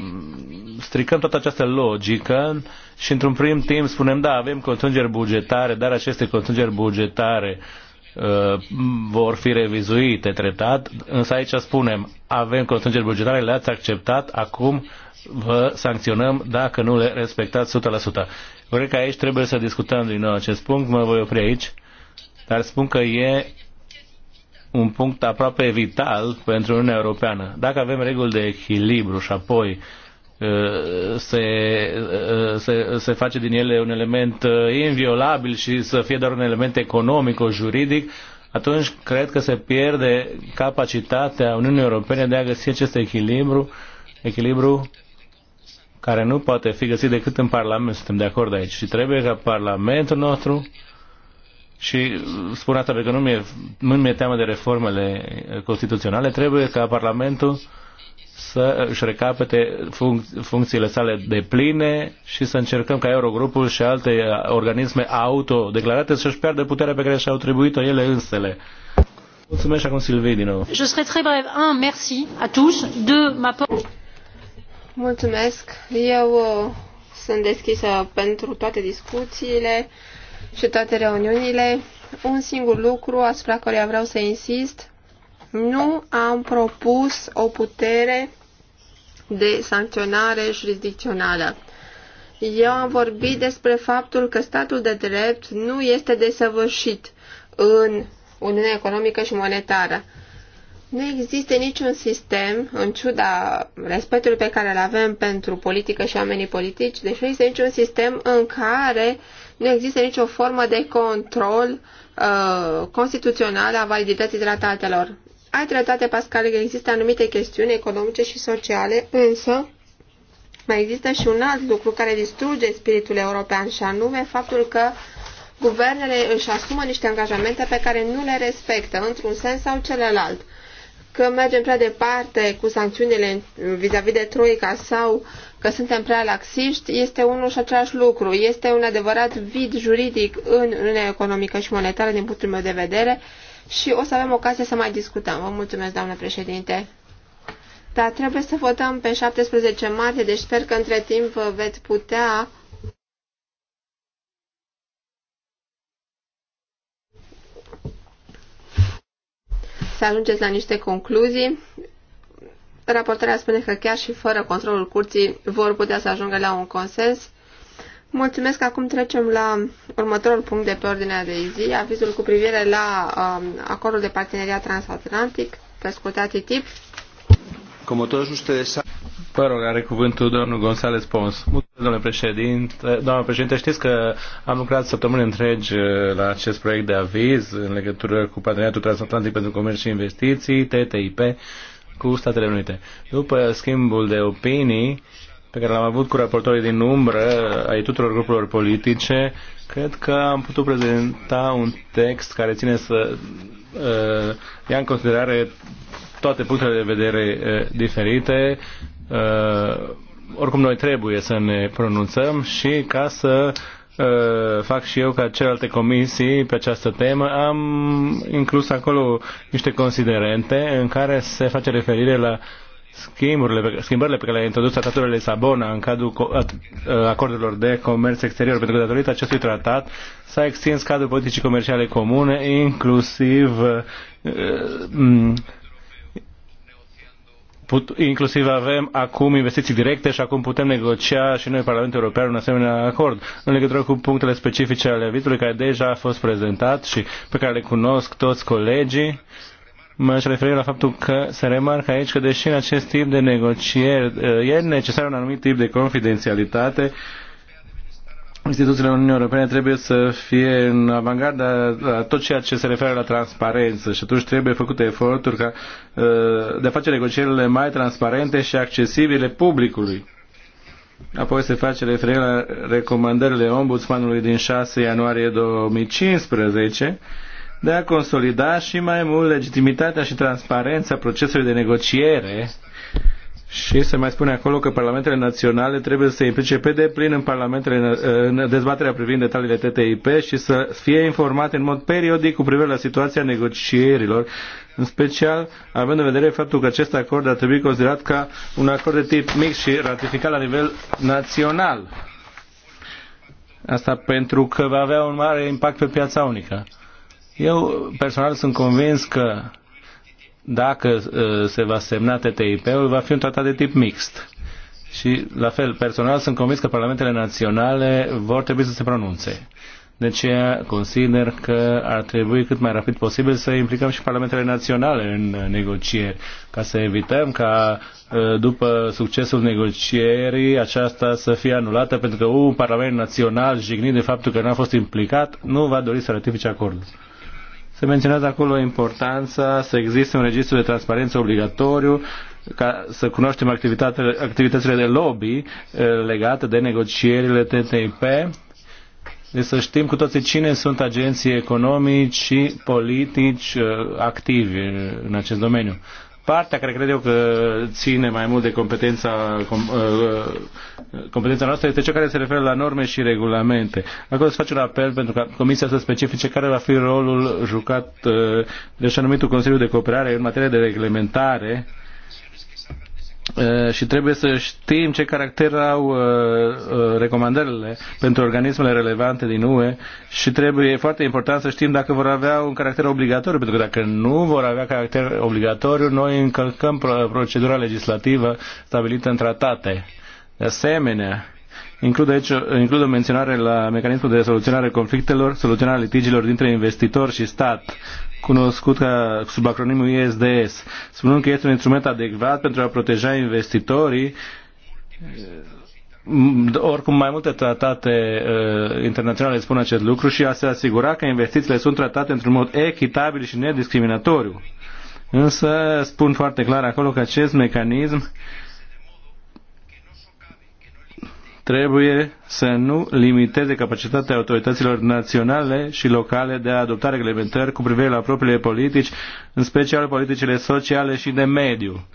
stricăm toată această logică și într-un prim timp spunem, da, avem constrângeri bugetare, dar aceste constrângeri bugetare uh, vor fi revizuite treptat, însă aici spunem, avem constrângeri bugetare, le-ați acceptat, acum vă sancționăm dacă nu le respectați 100%. Cred că aici trebuie să discutăm din nou acest punct, mă voi opri aici dar spun că e un punct aproape vital pentru Uniunea Europeană. Dacă avem reguli de echilibru și apoi uh, se, uh, se, se face din ele un element uh, inviolabil și să fie doar un element o juridic atunci cred că se pierde capacitatea Uniunii Europene de a găsi acest echilibru, echilibru care nu poate fi găsit decât în Parlament. Suntem de acord aici și trebuie ca Parlamentul nostru și spun asta pentru că nu mi-e, nu mi-e teamă de reformele constituționale, trebuie ca Parlamentul să își recapete func- funcțiile sale de pline și să încercăm ca Eurogrupul și alte organisme autodeclarate să-și piardă puterea pe care și-au atribuit-o ele însele. Mulțumesc acum Silvei din nou. Je serai très brève. Un, merci à tous. De, ma Mulțumesc. Eu uh, sunt deschisă pentru toate discuțiile și toate reuniunile, un singur lucru asupra căruia vreau să insist. Nu am propus o putere de sancționare jurisdicțională. Eu am vorbit despre faptul că statul de drept nu este desăvârșit în Uniunea Economică și Monetară. Nu există niciun sistem, în ciuda respectului pe care îl avem pentru politică și oamenii politici, deci nu există niciun sistem în care nu există nicio formă de control uh, constituțional a validității tratatelor. Ai tratate, Pascal, că există anumite chestiuni economice și sociale, însă mai există și un alt lucru care distruge spiritul european și anume faptul că guvernele își asumă niște angajamente pe care nu le respectă, într-un sens sau celălalt. Că mergem prea departe cu sancțiunile vis-a-vis -vis de Troica sau că suntem prea laxiști este unul și același lucru. Este un adevărat vid juridic în Uniunea Economică și Monetară din punctul meu de vedere și o să avem ocazie să mai discutăm. Vă mulțumesc, doamnă președinte. Dar trebuie să votăm pe 17 martie, deci sper că între timp vă veți putea să ajungeți la niște concluzii. Raportarea spune că chiar și fără controlul curții vor putea să ajungă la un consens. Mulțumesc. Acum trecem la următorul punct de pe ordinea de zi, avizul cu privire la um, acordul de parteneriat transatlantic, pe scurtat tip. Como todos ustedes Vă rog, are cuvântul domnul González Pons. Mulțumesc, domnule președinte. Doamna președinte, știți că am lucrat săptămâni întregi uh, la acest proiect de aviz în legătură cu Parteneriatul Transatlantic pentru Comerț și Investiții, TTIP, cu Statele Unite. După schimbul de opinii pe care l-am avut cu raportorii din umbră ai tuturor grupurilor politice, cred că am putut prezenta un text care ține să uh, ia în considerare toate punctele de vedere uh, diferite. Uh, oricum noi trebuie să ne pronunțăm și ca să uh, Uh, fac și eu ca celelalte comisii pe această temă, am inclus acolo niște considerente în care se face referire la schimburile, schimbările pe care le-a introdus tratatul de Lisabona în cadrul uh, acordurilor de comerț exterior, pentru că datorită acestui tratat s-a extins cadrul politicii comerciale comune, inclusiv uh, put, inclusiv avem acum investiții directe și acum putem negocia și noi Parlamentul European un asemenea acord în legătură cu punctele specifice ale vitului care deja a fost prezentat și pe care le cunosc toți colegii. Mă aș referi la faptul că se remarcă aici că deși în acest tip de negocieri eh, e necesar un anumit tip de confidențialitate, instituțiile Uniunii Europene trebuie să fie în avangarda la tot ceea ce se referă la transparență și atunci trebuie făcute eforturi ca, uh, de a face negocierile mai transparente și accesibile publicului. Apoi se face referire la recomandările ombudsmanului din 6 ianuarie 2015 de a consolida și mai mult legitimitatea și transparența procesului de negociere și se mai spune acolo că parlamentele naționale trebuie să se implice pe deplin în, parlamentele, în dezbaterea privind detaliile TTIP și să fie informate în mod periodic cu privire la situația negocierilor, în special având în vedere faptul că acest acord ar trebui considerat ca un acord de tip mic și ratificat la nivel național. Asta pentru că va avea un mare impact pe piața unică. Eu personal sunt convins că dacă uh, se va semna TTIP-ul, va fi un tratat de tip mixt. Și, la fel, personal sunt convins că parlamentele naționale vor trebui să se pronunțe. De aceea consider că ar trebui cât mai rapid posibil să implicăm și parlamentele naționale în uh, negocieri, ca să evităm ca uh, după succesul negocierii aceasta să fie anulată, pentru că un parlament național jignit de faptul că nu a fost implicat nu va dori să ratifice acordul. Se menționează acolo importanța să existe un registru de transparență obligatoriu ca să cunoaștem activitățile de lobby eh, legate de negocierile TTIP, deci să știm cu toții cine sunt agenții economici și politici eh, activi eh, în acest domeniu partea care cred eu că ține mai mult de competența, com, uh, competența noastră este cea care se referă la norme și regulamente. Acolo să face un apel pentru ca Comisia să specifice care va fi rolul jucat uh, de așa numitul Consiliu de Cooperare în materie de reglementare Uh, și trebuie să știm ce caracter au uh, uh, recomandările pentru organismele relevante din UE și trebuie foarte important să știm dacă vor avea un caracter obligatoriu, pentru că dacă nu vor avea caracter obligatoriu, noi încălcăm procedura legislativă stabilită în tratate. De asemenea, include, aici, include o menționare la mecanismul de soluționare conflictelor, soluționarea litigilor dintre investitor și stat, cunoscut ca sub acronimul ISDS, spunând că este un instrument adecvat pentru a proteja investitorii oricum mai multe tratate uh, internaționale spun acest lucru și a se asigura că investițiile sunt tratate într-un mod echitabil și nediscriminatoriu. Însă spun foarte clar acolo că acest mecanism trebuie să nu limiteze capacitatea autorităților naționale și locale de a adopta reglementări cu privire la propriile politici, în special politicile sociale și de mediu.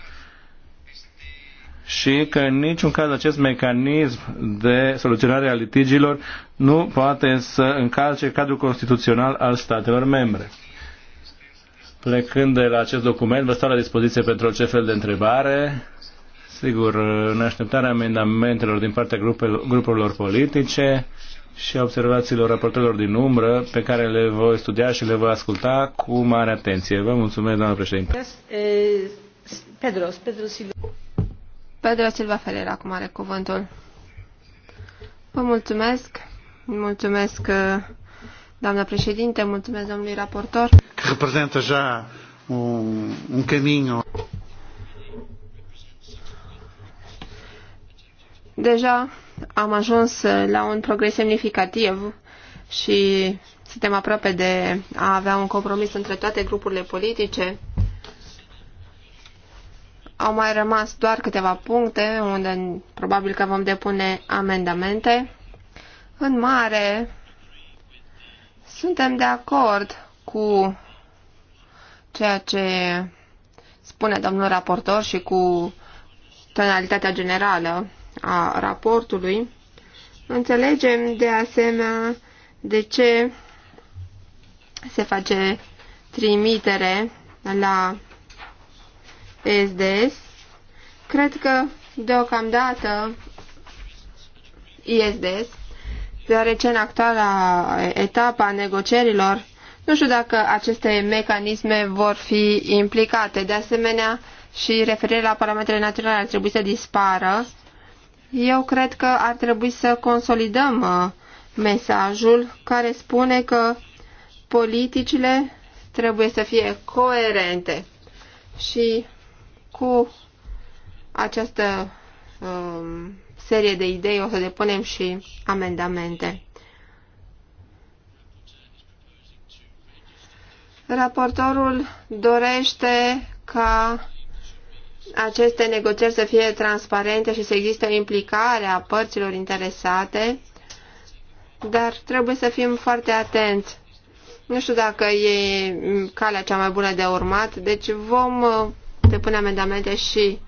Și că în niciun caz acest mecanism de soluționare a litigilor nu poate să încalce cadrul constituțional al statelor membre. Plecând de la acest document, vă stau la dispoziție pentru orice fel de întrebare Sigur, în așteptarea amendamentelor din partea grupurilor politice și observațiilor raportelor din umbră, pe care le voi studia și le voi asculta cu mare atenție. Vă mulțumesc, doamnă președinte. Eh, Pedro, Pedro Silva. Pedro Silva Ferreira, acum are cuvântul. Vă mulțumesc. Mulțumesc, eh, doamnă președinte, mulțumesc domnului raportor. Că reprezintă deja un, um, un um caminho. Deja am ajuns la un progres semnificativ și suntem aproape de a avea un compromis între toate grupurile politice. Au mai rămas doar câteva puncte unde probabil că vom depune amendamente. În mare, suntem de acord cu ceea ce spune domnul raportor și cu tonalitatea generală a raportului, înțelegem de asemenea de ce se face trimitere la SDS. Cred că deocamdată ISDS, deoarece în actuala etapa negocierilor, nu știu dacă aceste mecanisme vor fi implicate. De asemenea, și referire la parametrele naționale ar trebui să dispară eu cred că ar trebui să consolidăm uh, mesajul care spune că politicile trebuie să fie coerente și cu această um, serie de idei o să depunem și amendamente. Raportorul dorește ca aceste negocieri să fie transparente și să existe o implicare a părților interesate, dar trebuie să fim foarte atenți. Nu știu dacă e calea cea mai bună de urmat, deci vom uh, depune amendamente și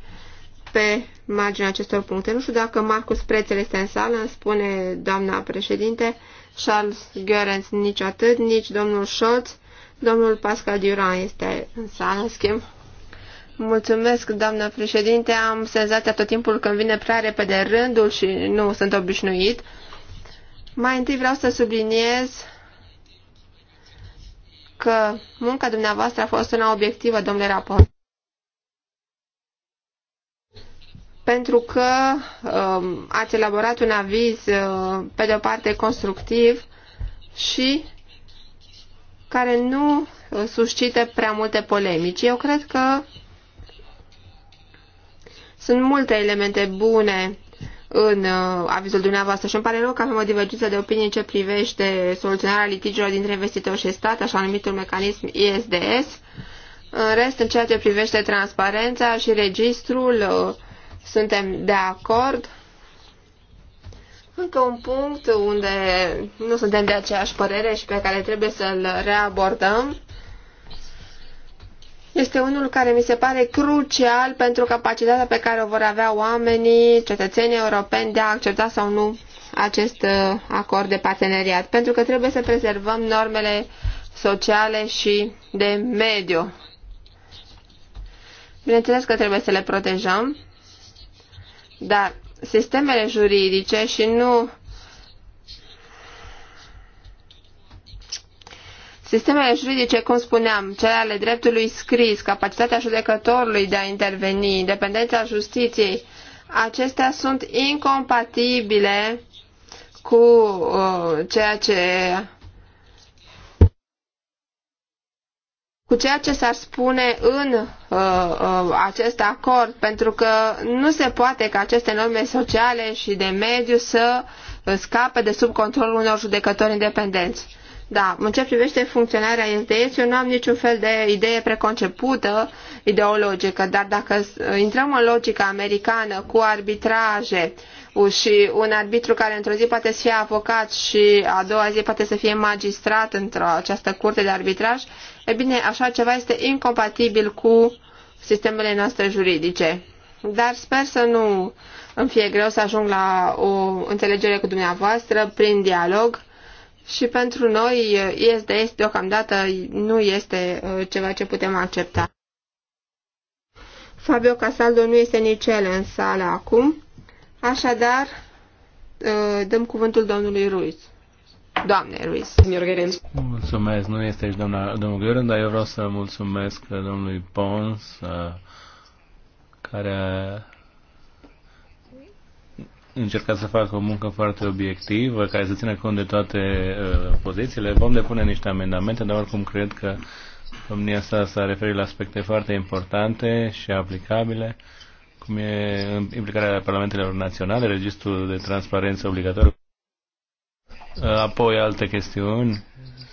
pe marginea acestor puncte. Nu știu dacă Marcus Prețel este în sală, îmi spune doamna președinte, Charles Görens nici atât, nici domnul Scholz, domnul Pascal Duran este în sală, în schimb. Mulțumesc, doamnă președinte. Am senzația tot timpul când vine prea repede rândul și nu sunt obișnuit. Mai întâi vreau să subliniez că munca dumneavoastră a fost una obiectivă, domnule raport. Pentru că um, ați elaborat un aviz, uh, pe de o parte, constructiv și care nu uh, suscite prea multe polemici. Eu cred că sunt multe elemente bune în uh, avizul dumneavoastră și îmi pare rău că avem o divergență de opinie în ce privește soluționarea litigiilor dintre investitor și stat, așa numitul mecanism ISDS. În rest, în ceea ce privește transparența și registrul, uh, suntem de acord. Încă un punct unde nu suntem de aceeași părere și pe care trebuie să-l reabordăm este unul care mi se pare crucial pentru capacitatea pe care o vor avea oamenii, cetățenii europeni, de a accepta sau nu acest uh, acord de parteneriat, pentru că trebuie să prezervăm normele sociale și de mediu. Bineînțeles că trebuie să le protejăm, dar sistemele juridice și nu Sistemele juridice, cum spuneam, cele ale dreptului scris, capacitatea judecătorului de a interveni, independența justiției, acestea sunt incompatibile cu uh, ceea ce cu ceea ce s-ar spune în uh, uh, acest acord, pentru că nu se poate ca aceste norme sociale și de mediu să uh, scape de sub controlul unor judecători independenți. Da, în ce privește funcționarea SDS, eu nu am niciun fel de idee preconcepută ideologică, dar dacă intrăm în logica americană cu arbitraje și un arbitru care într-o zi poate să fie avocat și a doua zi poate să fie magistrat într-o această curte de arbitraj, e bine, așa ceva este incompatibil cu sistemele noastre juridice. Dar sper să nu îmi fie greu să ajung la o înțelegere cu dumneavoastră prin dialog și pentru noi este deocamdată nu este uh, ceva ce putem accepta. Fabio Casaldo nu este nici el în sală acum, așadar uh, dăm cuvântul domnului Ruiz. Doamne Ruiz. Mulțumesc, nu este aici doamna, domnul Gheorghe, dar eu vreau să mulțumesc uh, domnului Pons, care a Încerca să facă o muncă foarte obiectivă, care să țină cont de toate uh, pozițiile. Vom depune niște amendamente, dar oricum cred că domnia sa s-a referit la aspecte foarte importante și aplicabile, cum e implicarea parlamentelor naționale, registrul de transparență obligatoriu. Uh, apoi alte chestiuni,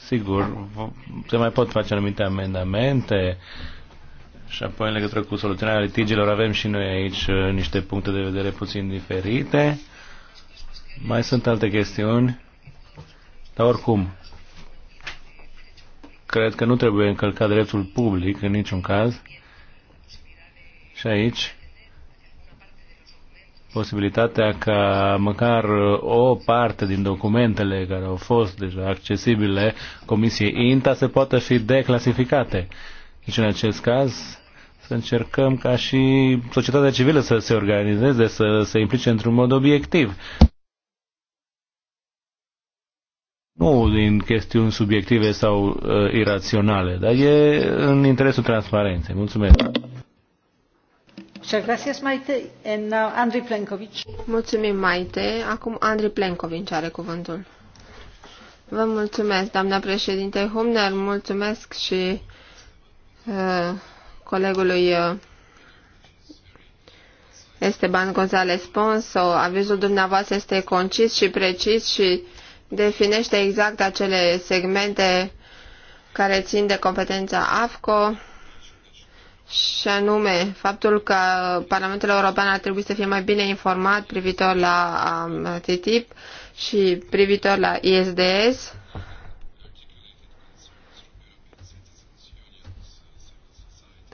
sigur, se mai pot face anumite amendamente, și apoi, în legătură cu soluționarea litigilor, avem și noi aici uh, niște puncte de vedere puțin diferite. Mai sunt alte chestiuni, dar oricum, cred că nu trebuie încălcat dreptul public în niciun caz. Și aici, posibilitatea ca măcar o parte din documentele care au fost deja accesibile Comisiei INTA să poată fi declasificate. Deci în acest caz să încercăm ca și societatea civilă să se organizeze, să se implice într-un mod obiectiv. Nu din chestiuni subiective sau uh, iraționale, dar e în interesul transparenței. Mulțumesc! Mulțumim, Maite. Acum Andrei Plenkovic are cuvântul. Vă mulțumesc, doamna președinte Humner, mulțumesc și Uh, colegului uh, Esteban González Pons, avizul dumneavoastră este concis și precis și definește exact acele segmente care țin de competența AFCO și anume faptul că Parlamentul European ar trebui să fie mai bine informat privitor la um, TTIP și privitor la ISDS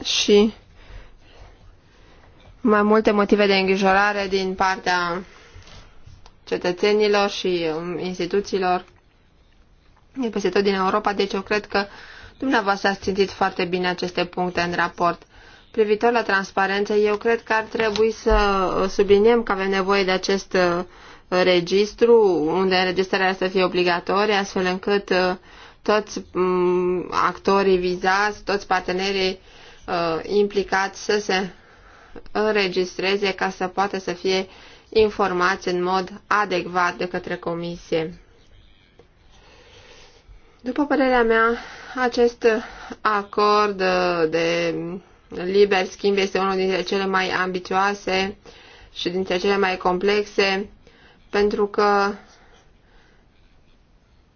și mai multe motive de îngrijorare din partea cetățenilor și um, instituțiilor de peste tot din Europa, deci eu cred că dumneavoastră ați simțit foarte bine aceste puncte în raport. Privitor la transparență, eu cred că ar trebui să uh, subliniem că avem nevoie de acest uh, registru, unde înregistrarea să fie obligatorie, astfel încât uh, toți mm, actorii vizați, toți partenerii uh, implicat să se înregistreze ca să poată să fie informați în mod adecvat de către comisie. După părerea mea, acest acord uh, de liber schimb este unul dintre cele mai ambițioase și dintre cele mai complexe, pentru că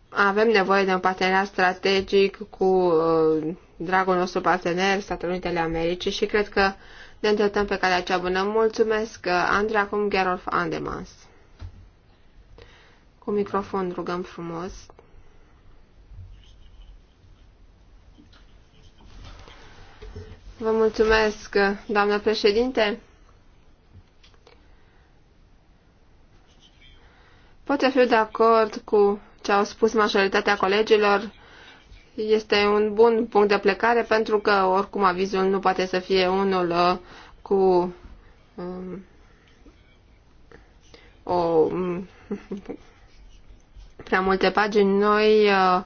avem nevoie de un parteneriat strategic cu uh, dragul nostru partener, Statele Unite ale Americii, și cred că ne întâlnim pe calea cea bună. Mulțumesc, uh, Andrei, acum Gerolf Andemans. Cu microfon rugăm frumos. Vă mulțumesc, uh, doamnă președinte. Pot să fiu de acord cu ce au spus majoritatea colegilor este un bun punct de plecare pentru că oricum avizul nu poate să fie unul uh, cu um, o, prea multe pagini. Noi uh,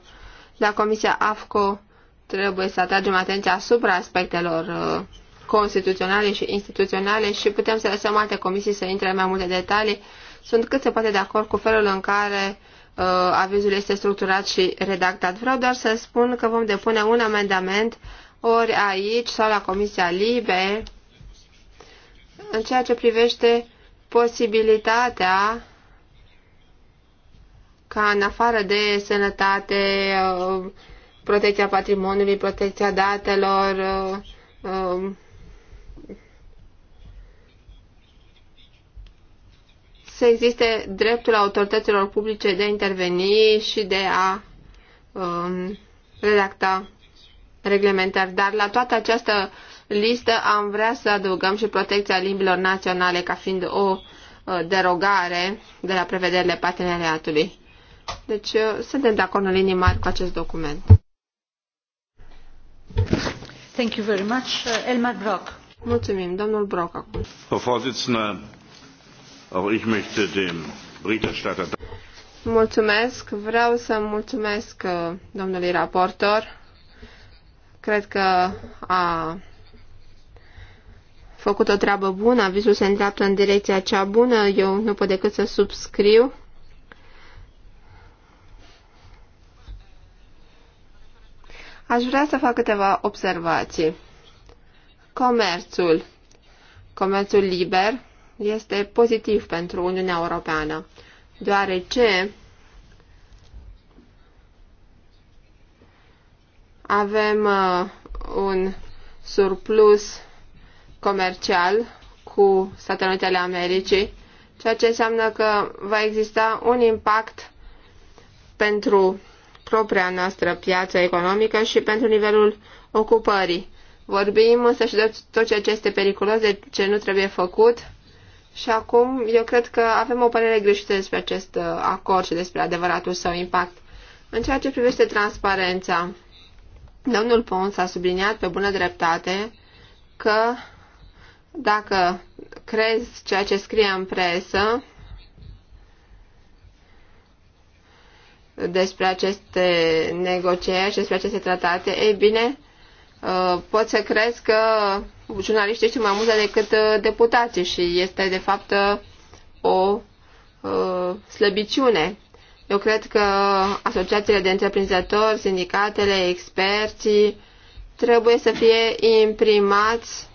la Comisia AFCO trebuie să atragem atenția asupra aspectelor uh, constituționale și instituționale și putem să lăsăm alte comisii să intre în mai multe detalii. Sunt cât se poate de acord cu felul în care uh, Uh, avizul este structurat și redactat. Vreau doar să spun că vom depune un amendament ori aici sau la Comisia Libe în ceea ce privește posibilitatea ca în afară de sănătate, uh, protecția patrimoniului, protecția datelor, uh, um, să existe dreptul autorităților publice de a interveni și de a um, redacta reglementări. Dar la toată această listă am vrea să adăugăm și protecția limbilor naționale ca fiind o uh, derogare de la prevederile parteneriatului. Deci uh, suntem de acord în linii mari cu acest document. Thank you very much. Uh, Elmar Brock. Mulțumim, domnul Brock acum. Auch ich möchte dem Berichterstatter Mulțumesc, vreau să mulțumesc uh, domnului raportor. Cred că a făcut o treabă bună, avizul se îndreaptă în direcția cea bună, eu nu pot decât să subscriu. Aș vrea să fac câteva observații. Comerțul. Comerțul liber este pozitiv pentru Uniunea Europeană, deoarece avem uh, un surplus comercial cu Statele Unite ale Americii, ceea ce înseamnă că va exista un impact pentru propria noastră piață economică și pentru nivelul ocupării. Vorbim însă și de tot ceea ce este periculos, de ce nu trebuie făcut și acum eu cred că avem o părere greșită despre acest uh, acord și despre adevăratul său impact. În ceea ce privește transparența, domnul Pons a subliniat pe bună dreptate că dacă crezi ceea ce scrie în presă despre aceste negocieri și despre aceste tratate, ei bine, uh, poți să crezi că jurnaliștii știu mai multe decât uh, deputații și este de fapt uh, o uh, slăbiciune. Eu cred că asociațiile de întreprinzători, sindicatele, experții trebuie să fie imprimați,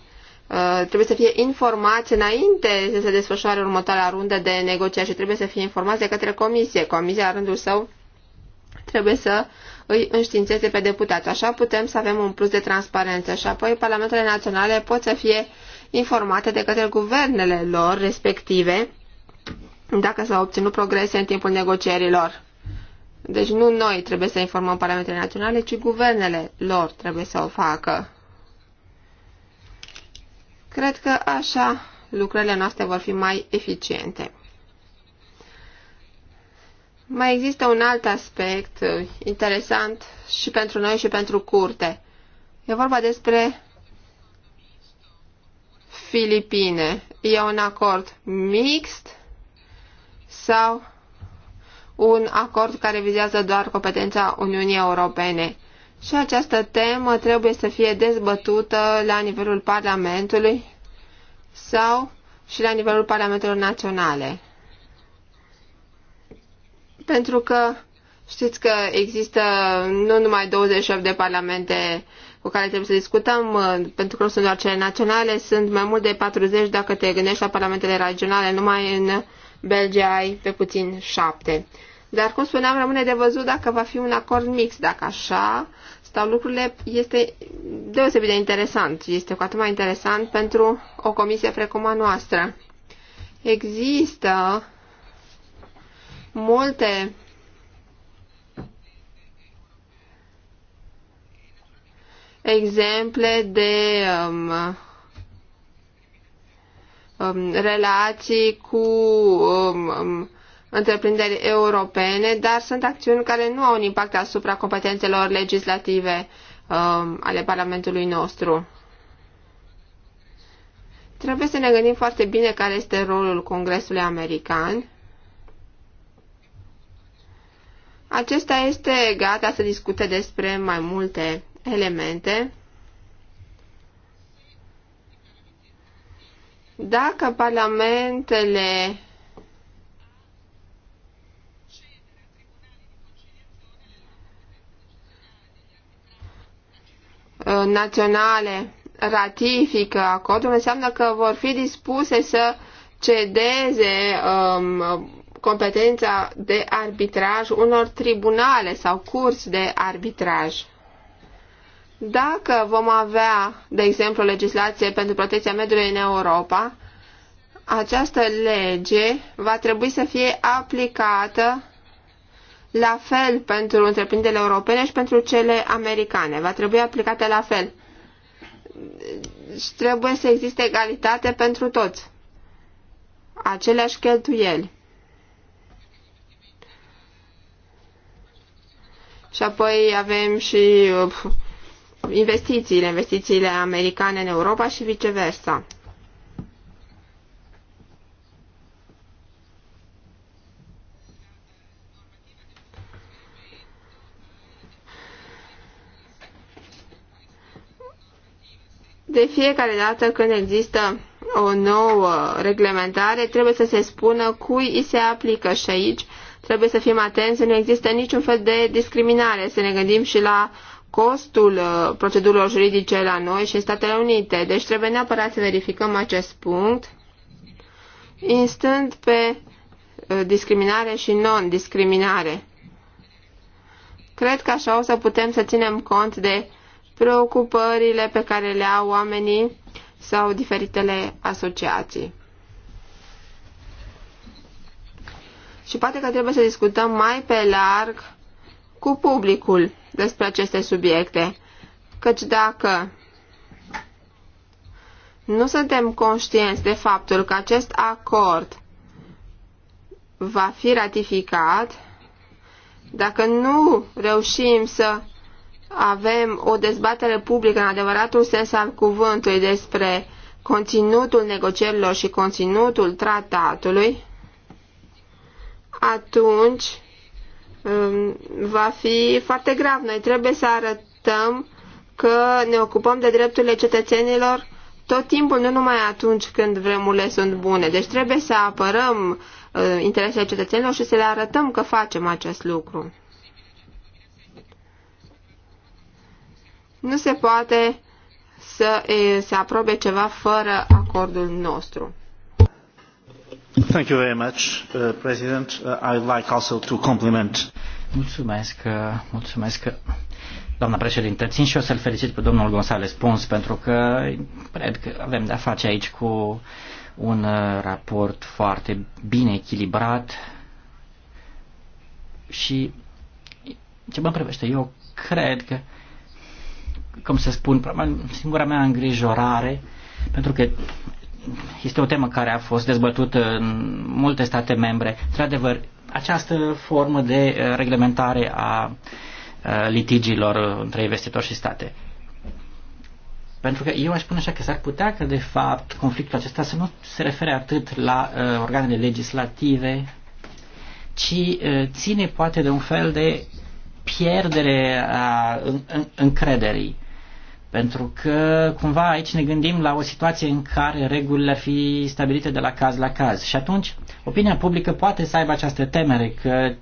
trebuie să fie informați înainte să se desfășoare următoarea rundă de negocieri și trebuie să fie informați de către comisie. Comisia, la rândul său, trebuie să îi înștiințeze pe deputați. Așa putem să avem un plus de transparență și apoi parlamentele naționale pot să fie informate de către guvernele lor respective dacă s-au obținut progrese în timpul negocierilor. Deci nu noi trebuie să informăm parlamentele naționale, ci guvernele lor trebuie să o facă. Cred că așa lucrurile noastre vor fi mai eficiente. Mai există un alt aspect uh, interesant și pentru noi și pentru curte. E vorba despre Filipine. E un acord mixt sau un acord care vizează doar competența Uniunii Europene. Și această temă trebuie să fie dezbătută la nivelul Parlamentului sau și la nivelul Parlamentelor Naționale pentru că știți că există nu numai 28 de parlamente cu care trebuie să discutăm, pentru că nu sunt doar cele naționale, sunt mai mult de 40 dacă te gândești la parlamentele regionale, numai în Belgia ai pe puțin 7. Dar, cum spuneam, rămâne de văzut dacă va fi un acord mix, dacă așa stau lucrurile, este deosebit de interesant. Este cu atât mai interesant pentru o comisie precum a noastră. Există multe exemple de um, um, relații cu um, um, întreprinderi europene, dar sunt acțiuni care nu au un impact asupra competențelor legislative um, ale Parlamentului nostru. Trebuie să ne gândim foarte bine care este rolul Congresului American Acesta este gata să discute despre mai multe elemente. Dacă parlamentele naționale ratifică acordul, înseamnă că vor fi dispuse să cedeze um, competența de arbitraj unor tribunale sau curți de arbitraj. Dacă vom avea, de exemplu, legislație pentru protecția mediului în Europa, această lege va trebui să fie aplicată la fel pentru întreprinderile europene și pentru cele americane. Va trebui aplicată la fel. Și trebuie să existe egalitate pentru toți. Aceleași cheltuieli. Și apoi avem și uh, investițiile, investițiile americane în Europa și viceversa. De fiecare dată când există o nouă reglementare, trebuie să se spună cui îi se aplică și aici Trebuie să fim atenți, să nu există niciun fel de discriminare, să ne gândim și la costul uh, procedurilor juridice la noi și în Statele Unite. Deci trebuie neapărat să verificăm acest punct, instând pe uh, discriminare și non-discriminare. Cred că așa o să putem să ținem cont de preocupările pe care le au oamenii sau diferitele asociații. și poate că trebuie să discutăm mai pe larg cu publicul despre aceste subiecte. Căci dacă nu suntem conștienți de faptul că acest acord va fi ratificat, dacă nu reușim să avem o dezbatere publică în adevăratul sens al cuvântului despre conținutul negocierilor și conținutul tratatului, atunci um, va fi foarte grav. Noi trebuie să arătăm că ne ocupăm de drepturile cetățenilor tot timpul, nu numai atunci când vremurile sunt bune. Deci trebuie să apărăm uh, interesele cetățenilor și să le arătăm că facem acest lucru. Nu se poate să se aprobe ceva fără acordul nostru. Thank you very much, uh, President. Uh, like also to compliment. Mulțumesc, uh, mulțumesc, uh, doamna președintă. Țin și eu să-l felicit pe domnul González Pons pentru că cred că avem de-a face aici cu un uh, raport foarte bine echilibrat și ce mă privește, eu cred că, cum să spun, singura mea îngrijorare, pentru că este o temă care a fost dezbătută în multe state membre. Într-adevăr, această formă de uh, reglementare a uh, litigiilor între investitori și state. Pentru că eu aș spune așa că s-ar putea că, de fapt, conflictul acesta să nu se refere atât la uh, organele legislative, ci uh, ține poate de un fel de pierdere a încrederii. Pentru că cumva aici ne gândim la o situație în care regulile ar fi stabilite de la caz la caz. Și atunci opinia publică poate să aibă această temere că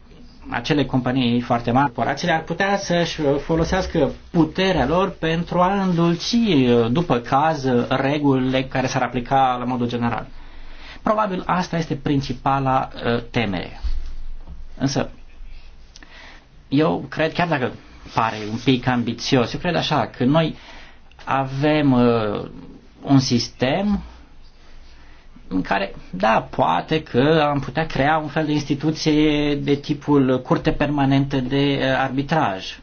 acele companii foarte mari, corporațiile, ar putea să-și folosească puterea lor pentru a îndulci după caz regulile care s-ar aplica la modul general. Probabil asta este principala ă, temere. Însă, eu cred, chiar dacă pare un pic ambițios, eu cred așa, că noi avem uh, un sistem în care, da, poate că am putea crea un fel de instituție de tipul curte permanentă de uh, arbitraj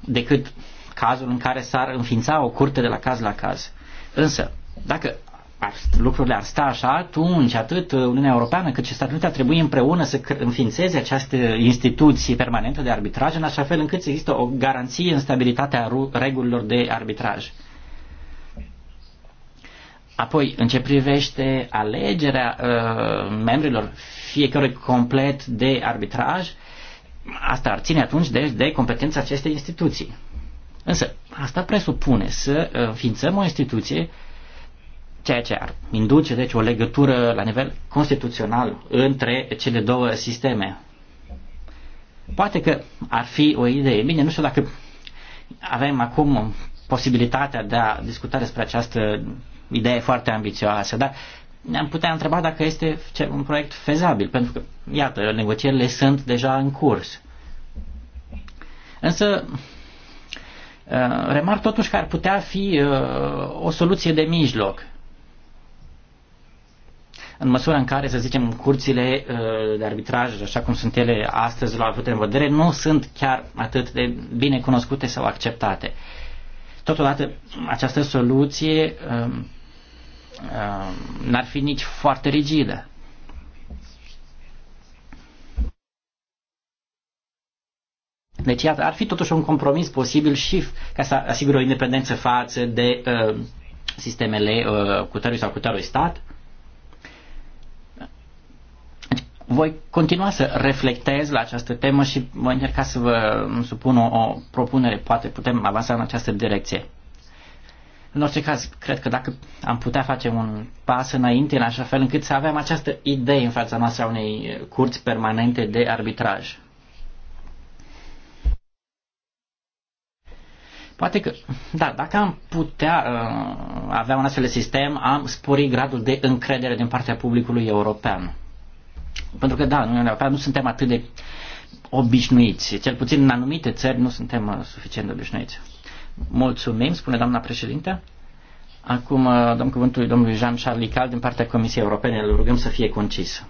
decât cazul în care s-ar înființa o curte de la caz la caz. Însă, dacă ar, lucrurile ar sta așa, atunci atât uh, Uniunea Europeană cât și Statele Unite ar trebui împreună să înființeze această instituție permanentă de arbitraj, în așa fel încât să există o garanție în stabilitatea regulilor de arbitraj. Apoi, în ce privește alegerea uh, membrilor fiecărui complet de arbitraj, asta ar ține atunci deci, de competența acestei instituții. Însă, asta presupune să uh, înființăm o instituție uh, ceea ce ar induce deci o legătură la nivel constituțional între cele două sisteme. Poate că ar fi o idee. Bine, nu știu dacă avem acum posibilitatea de a discuta despre această idee foarte ambițioasă, dar ne-am putea întreba dacă este un proiect fezabil, pentru că, iată, negocierile sunt deja în curs. Însă, uh, remarc totuși că ar putea fi uh, o soluție de mijloc în măsura în care, să zicem, curțile uh, de arbitraj, așa cum sunt ele astăzi la avut în vedere, nu sunt chiar atât de bine cunoscute sau acceptate. Totodată, această soluție um, um, n-ar fi nici foarte rigidă. Deci, iată, ar fi totuși un compromis posibil și ca să asigure o independență față de uh, sistemele uh, cu sau cu stat. Uh, voi continua să reflectez la această temă și voi încerca să vă supun o, o propunere, poate putem avansa în această direcție. În orice caz, cred că dacă am putea face un pas înainte în așa fel încât să avem această idee în fața noastră a unei curți permanente de arbitraj. Poate că, da, dacă am putea uh, avea un astfel de sistem, am spori gradul de încredere din partea publicului european. Pentru că, da, în Uniunea Europeană nu suntem atât de obișnuiți. Cel puțin în anumite țări nu suntem uh, suficient de obișnuiți. Mulțumim, spune doamna președinte. Acum uh, dăm cuvântul domnului Jean-Charles Cal din partea Comisiei Europene. Îl rugăm să fie concis.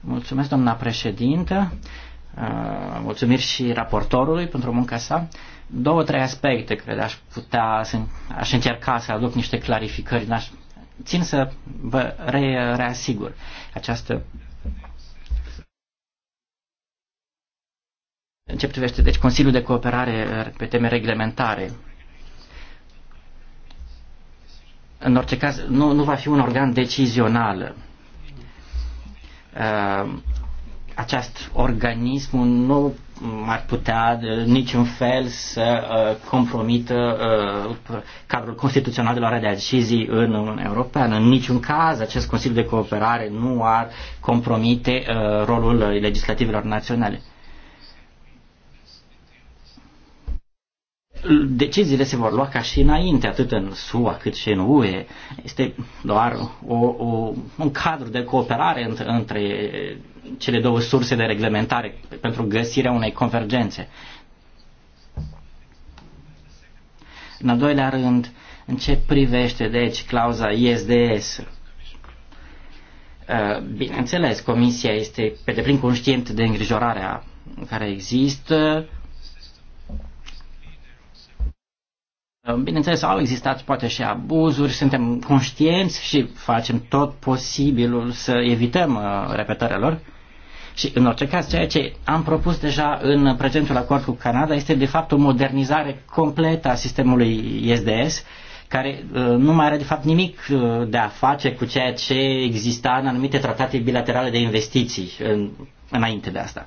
Mulțumesc, doamna președinte. Uh, mulțumiri și raportorului pentru munca sa. Două, trei aspecte, cred, aș putea, aș încerca să aduc niște clarificări, n-aș țin să vă re, reasigur. Această în ce privește, deci Consiliul de Cooperare eh, pe teme reglementare. În orice caz, nu, nu va fi un organ decizional. Eh, acest organism nu ar putea uh, niciun fel să uh, compromită uh, cadrul constituțional de luare de decizii în Uniunea Europeană. În niciun caz acest Consiliu de Cooperare nu ar compromite rolul legislativelor naționale. deciziile se vor lua ca și înainte, atât în SUA cât și în UE. Este doar o, o, un cadru de cooperare între, între cele două surse de reglementare pentru găsirea unei convergențe. În al doilea rând, în ce privește, deci, clauza ISDS? Uh, bineînțeles, Comisia este pe deplin conștient de îngrijorarea care există. Uh, bineînțeles, au existat poate și abuzuri, suntem conștienți și facem tot posibilul să evităm uh, repetările lor. Și în orice caz, ceea ce am propus deja în prezentul acord cu Canada este de fapt o modernizare completă a sistemului SDS, care uh, nu mai are de fapt nimic uh, de a face cu ceea ce exista în anumite tratate bilaterale de investiții în, înainte de asta.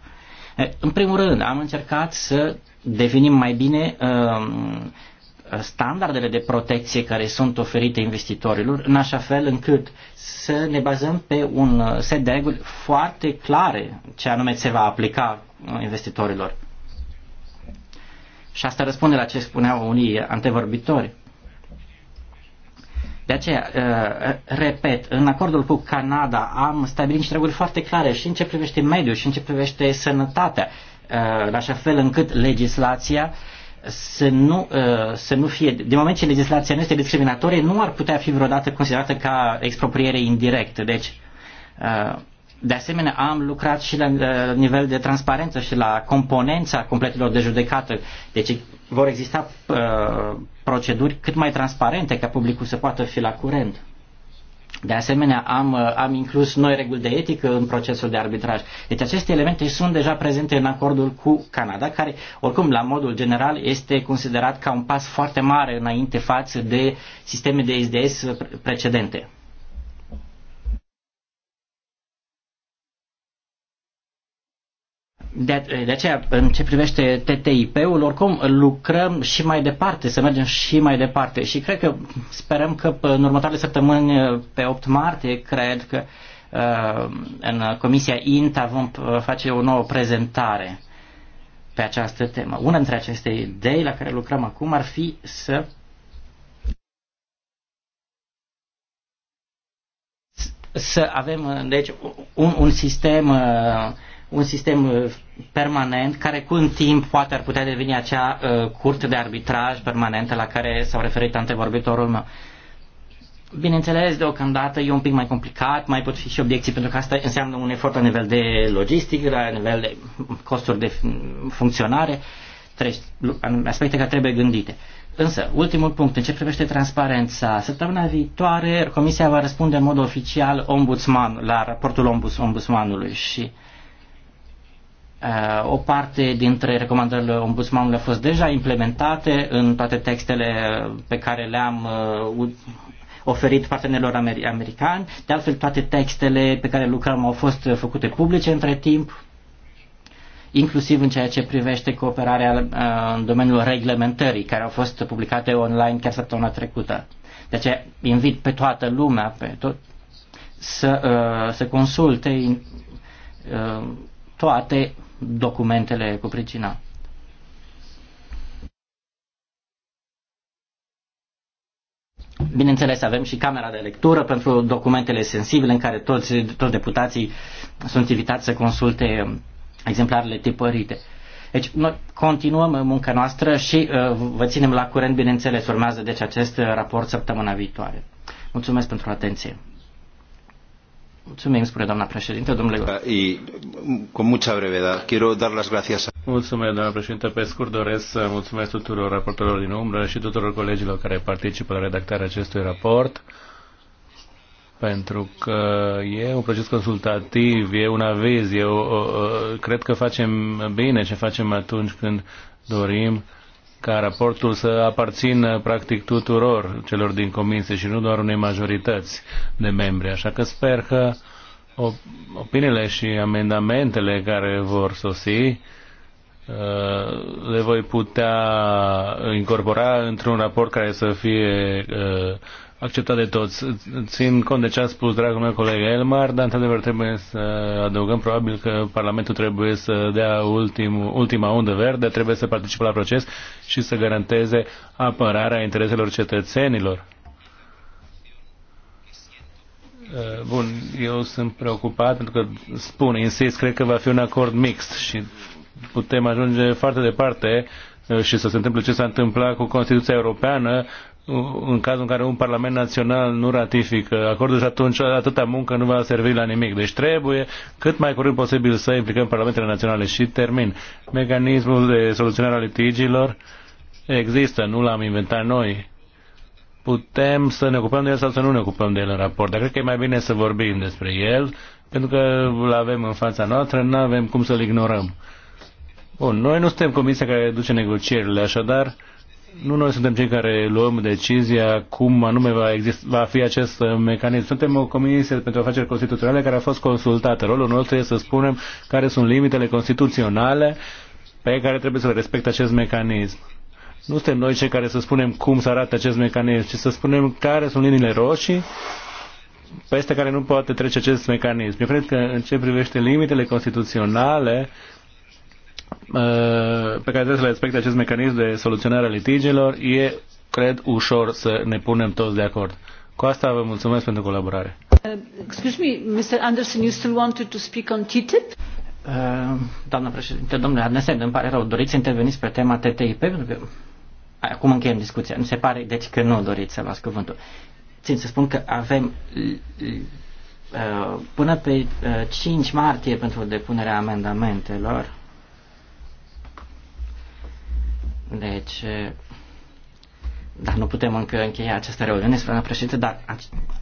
Uh, în primul rând, am încercat să definim mai bine uh, standardele de protecție care sunt oferite investitorilor, în așa fel încât să ne bazăm pe un set de reguli foarte clare ce anume se va aplica uh, investitorilor. Și asta răspunde la ce spuneau unii antevorbitori. De aceea, uh, repet, în acordul cu Canada am stabilit niște reguli foarte clare și în ce privește mediul și în ce privește sănătatea, uh, în așa fel încât legislația uh, să nu, uh, să nu fie, din moment ce legislația nu este discriminatorie, nu ar putea fi vreodată considerată ca expropriere indirectă. Deci, uh, de asemenea, am lucrat și la nivel de transparență și la componența completelor de judecată. Deci vor exista uh, proceduri cât mai transparente ca publicul să poată fi la curent. De asemenea, am, am inclus noi reguli de etică în procesul de arbitraj. Deci aceste elemente sunt deja prezente în acordul cu Canada, care oricum, la modul general, este considerat ca un pas foarte mare înainte față de sisteme de SDS precedente. de, de aceea, în ce privește TTIP-ul, oricum lucrăm și mai departe, să mergem și mai departe. Și cred că sperăm că în următoarele săptămâni, pe 8 martie, cred că uh, în Comisia INTA vom uh, face o nouă prezentare pe această temă. Una dintre aceste idei la care lucrăm acum ar fi să să avem deci un, un sistem uh, un sistem permanent care cu un timp poate ar putea deveni acea uh, curte de arbitraj permanentă la care s-au referit antevorbitorul meu. Bineînțeles, deocamdată e un pic mai complicat, mai pot fi și obiecții, pentru că asta înseamnă un efort la nivel de logistic, la nivel de costuri de funcționare, trebuie, aspecte care trebuie gândite. Însă, ultimul punct, în ce privește transparența, săptămâna viitoare Comisia va răspunde în mod oficial ombudsman, la raportul ombudsmanului și Eh, o parte dintre recomandările ombudsmanului au fost deja implementate în toate textele eh, pe care le-am eh, oferit partenerilor americani. De altfel, toate textele pe care lucrăm au fost făcute publice între timp, inclusiv în ceea ce privește cooperarea în domeniul reglementării, care au fost publicate online chiar săptămâna trecută. De aceea invit pe toată lumea pe tot, să, să consulte toate documentele cu pricina. Bineînțeles, avem și camera de lectură pentru documentele sensibile în care toți, toți deputații sunt invitați să consulte exemplarele tipărite. Deci noi continuăm munca noastră și uh, vă ținem la curent, bineînțeles, urmează deci acest uh, raport săptămâna viitoare. Mulțumesc pentru atenție. Mulțumim, spune doamna președinte, domnule... Y, con mucha brevedad, quiero dar las gracias... Mulțumesc, doamna președinte. Pe scurt doresc să mulțumesc tuturor raportorilor din umbră și tuturor colegilor care participă la redactarea acestui raport pentru că e un proces consultativ, e un aviz, eu o, cred că facem bine ce facem atunci când dorim ca raportul să aparțină practic tuturor celor din comisie și nu doar unei majorități de membri. Așa că sper că opiniile și amendamentele care vor sosi uh, le voi putea incorpora într-un raport care să fie uh, acceptat de toți. Țin cont de ce a spus dragul meu coleg Elmar, dar într-adevăr trebuie să adăugăm probabil că Parlamentul trebuie să dea ultim, ultima undă verde, trebuie să participe la proces și să garanteze apărarea intereselor cetățenilor. Uh, bun, eu sunt preocupat pentru că spun, insist, cred că va fi un acord mixt și putem ajunge foarte departe uh, și să se întâmple ce s-a întâmplat cu Constituția Europeană în cazul în care un Parlament Național nu ratifică acordul și atunci atâta muncă nu va servi la nimic. Deci trebuie cât mai curând posibil să implicăm Parlamentele Naționale și termin. Mecanismul de soluționare a litigiilor există, nu l-am inventat noi. Putem să ne ocupăm de el sau să nu ne ocupăm de el în raport, dar cred că e mai bine să vorbim despre el, pentru că îl avem în fața noastră, nu avem cum să-l ignorăm. Bun, noi nu suntem comisia care duce negocierile, așadar nu noi suntem cei care luăm decizia cum anume va, exist, va fi acest uh, mecanism. Suntem o comisie pentru afaceri constituționale care a fost consultată. Rolul nostru este să spunem care sunt limitele constituționale pe care trebuie să le respecte acest mecanism. Nu suntem noi cei care să spunem cum să arate acest mecanism, ci să spunem care sunt liniile roșii peste care nu poate trece acest mecanism. Eu cred că în ce privește limitele constituționale, Uh, pe care trebuie să le respecte acest mecanism de soluționare a litigiilor e, cred, ușor să ne punem toți de acord. Cu asta vă mulțumesc pentru colaborare. Uh, excuse me, Mr. Anderson, you still wanted to speak on TTIP? Uh, Doamna președinte, domnule Arnesen, îmi pare rău, doriți să interveniți pe tema TTIP? acum încheiem discuția. Nu se pare, deci, că nu doriți să luați cuvântul. Țin să spun că avem uh, până pe 5 martie pentru depunerea amendamentelor deci, eh, dar nu putem încă încheia această reuniune, spune președinte, dar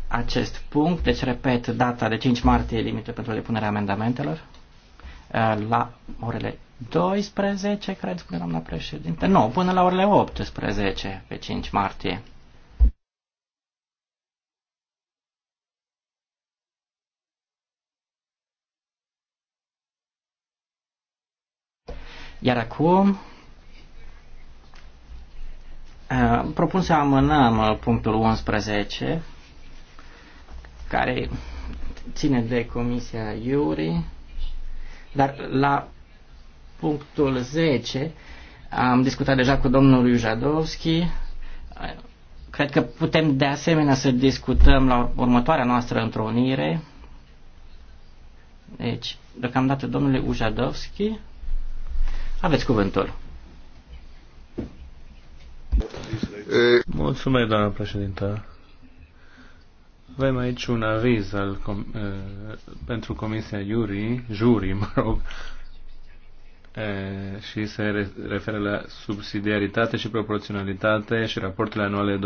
acest punct, deci repet, data de 5 martie limită pentru depunerea amendamentelor eh, la orele 12, cred, spune doamna președinte. Nu, până la orele 18 pe 5 martie. Iar acum Eh, propun să amânăm eh, punctul 11, care ține de Comisia Iuri, dar la punctul 10 am discutat deja cu domnul Iujadovski. Eh, cred că putem de asemenea să discutăm la următoarea noastră întrunire. Deci, deocamdată, domnule Ujadovski, aveți cuvântul. Mulțumesc, doamnă președintă. Avem aici un aviz al com eh, pentru Comisia Iuri, juri, mă rog, eh, și se referă la subsidiaritate și proporționalitate și raportele anuale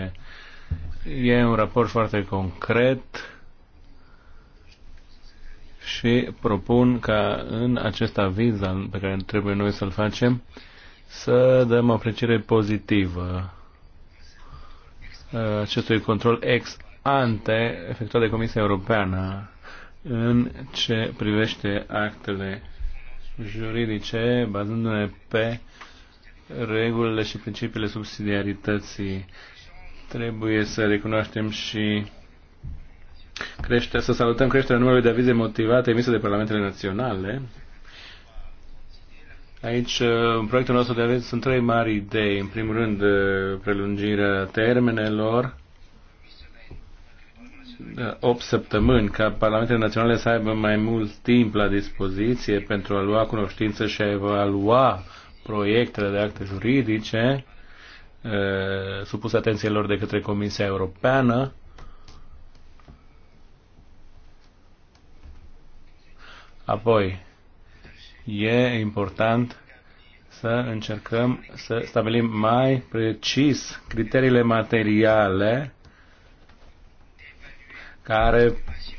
2012-2013. E un raport foarte concret și propun ca în acest aviz pe care trebuie noi să-l facem, să dăm o apreciere pozitivă uh, acestui control ex ante efectuat de Comisia Europeană în ce privește actele juridice, bazându-ne pe regulile și principiile subsidiarității. Trebuie să recunoaștem și crește, să salutăm creșterea numărului de avize motivate emise de parlamentele naționale Aici, uh, în proiectul nostru de aviz sunt trei mari idei. În primul rând, uh, prelungirea termenelor, 8 uh, săptămâni ca parlamentele naționale să aibă mai mult timp la dispoziție pentru a lua cunoștință și a evalua proiectele de acte juridice supuse atenției lor de către Comisia Europeană. Apoi, e important să încercăm să stabilim mai precis criteriile materiale care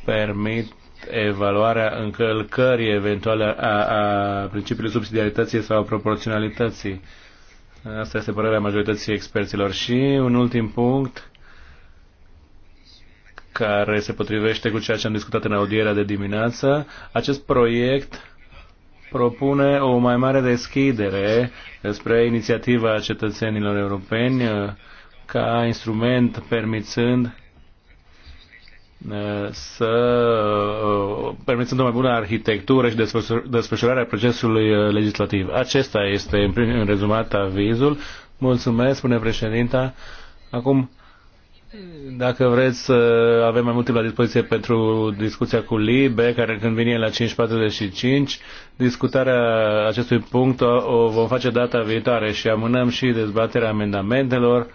permit evaluarea încălcării eventuale a, a principiului subsidiarității sau a proporționalității. Asta este părerea majorității experților. Și un ultim punct care se potrivește cu ceea ce am discutat în audierea de dimineață. Acest proiect propune o mai mare deschidere spre inițiativa cetățenilor europeni uh, ca instrument permițând uh, să uh, permițând o mai bună arhitectură și desfășurarea procesului legislativ. Acesta este în rezumat avizul. Mulțumesc, spune președinta. Acum dacă vreți să avem mai mult timp la dispoziție pentru discuția cu Libe, care când vine la 5.45, discutarea acestui punct o vom face data viitoare și amânăm și dezbaterea amendamentelor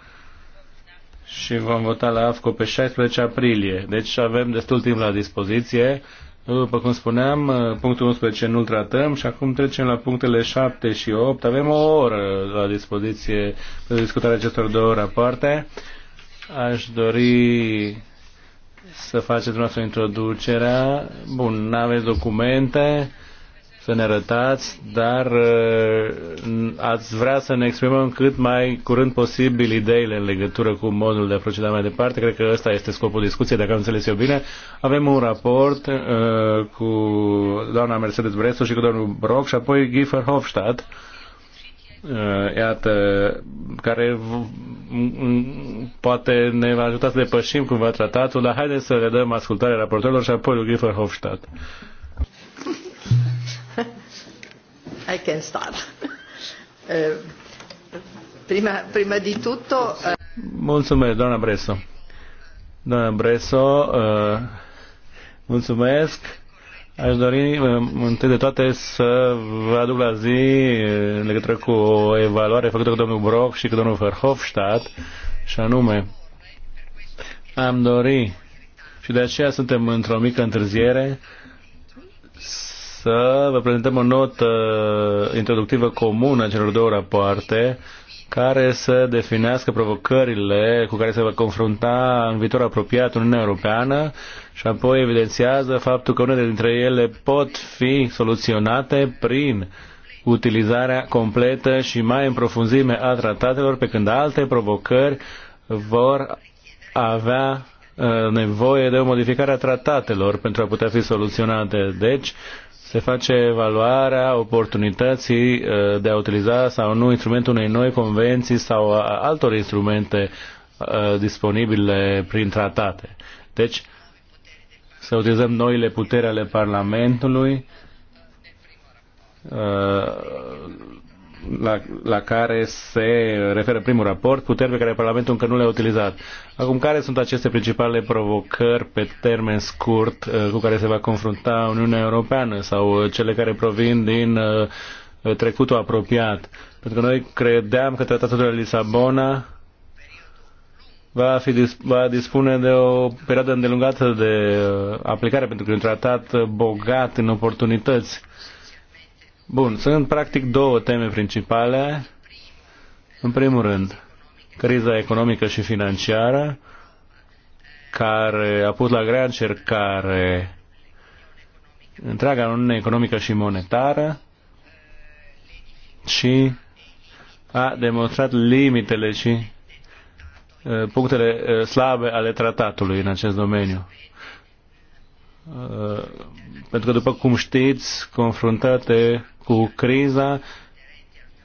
și vom vota la AFCO pe 16 aprilie. Deci avem destul timp la dispoziție. După cum spuneam, punctul 11 nu-l tratăm și acum trecem la punctele 7 și 8. Avem o oră la dispoziție pentru discutarea acestor două rapoarte. Aș dori să faceți dumneavoastră introducerea. Bun, nu aveți documente, să ne arătați, dar uh, ați vrea să ne exprimăm cât mai curând posibil ideile în legătură cu modul de a proceda mai departe. Cred că ăsta este scopul discuției, dacă am înțeles eu bine. Avem un raport uh, cu doamna Mercedes Bresu și cu domnul Brock și apoi Giefer Hofstadt Uh, iată, care poate ne va ajuta să depășim cumva tratatul, dar haideți să le dăm ascultare raportorilor și apoi lui Griffith Hofstadt. I can start. Uh, prima, prima di tutto... Uh, mulțumesc, doamna Bresso. Doamna Bresso. uh, mulțumesc. Aș dori uh, întâi de toate să vă aduc la zi uh, în legătură cu o evaluare făcută cu domnul Brock și cu domnul Verhofstadt și anume am dori și de aceea suntem într-o mică întârziere să vă prezentăm o notă introductivă comună a celor două rapoarte care să definească provocările cu care se va confrunta în viitor apropiat Uniunea Europeană și apoi evidențiază faptul că unele dintre ele pot fi soluționate prin utilizarea completă și mai în profunzime a tratatelor, pe când alte provocări vor avea uh, nevoie de o modificare a tratatelor pentru a putea fi soluționate. Deci, se face evaluarea oportunității uh, de a utiliza sau nu instrumentul unei noi convenții sau a altor instrumente uh, disponibile prin tratate. Deci, să utilizăm noile puteri ale Parlamentului uh, la, la care se referă primul raport, puteri pe care Parlamentul încă nu le-a utilizat. Acum, care sunt aceste principale provocări pe termen scurt uh, cu care se va confrunta Uniunea Europeană sau uh, cele care provin din trecutul apropiat? Pentru că noi credeam că tratatul de Lisabona va, fi, va dispune de o perioadă îndelungată de uh, aplicare, pentru că e un tratat uh, bogat în oportunități. Bun, sunt practic două teme principale. În primul rând, criza economică și financiară, care a pus la grea încercare întreaga Uniune economică și monetară și a demonstrat limitele și Eh, punctele eh, slabe ale tratatului în acest domeniu. Eh, pentru că, după cum știți, confruntate cu criza,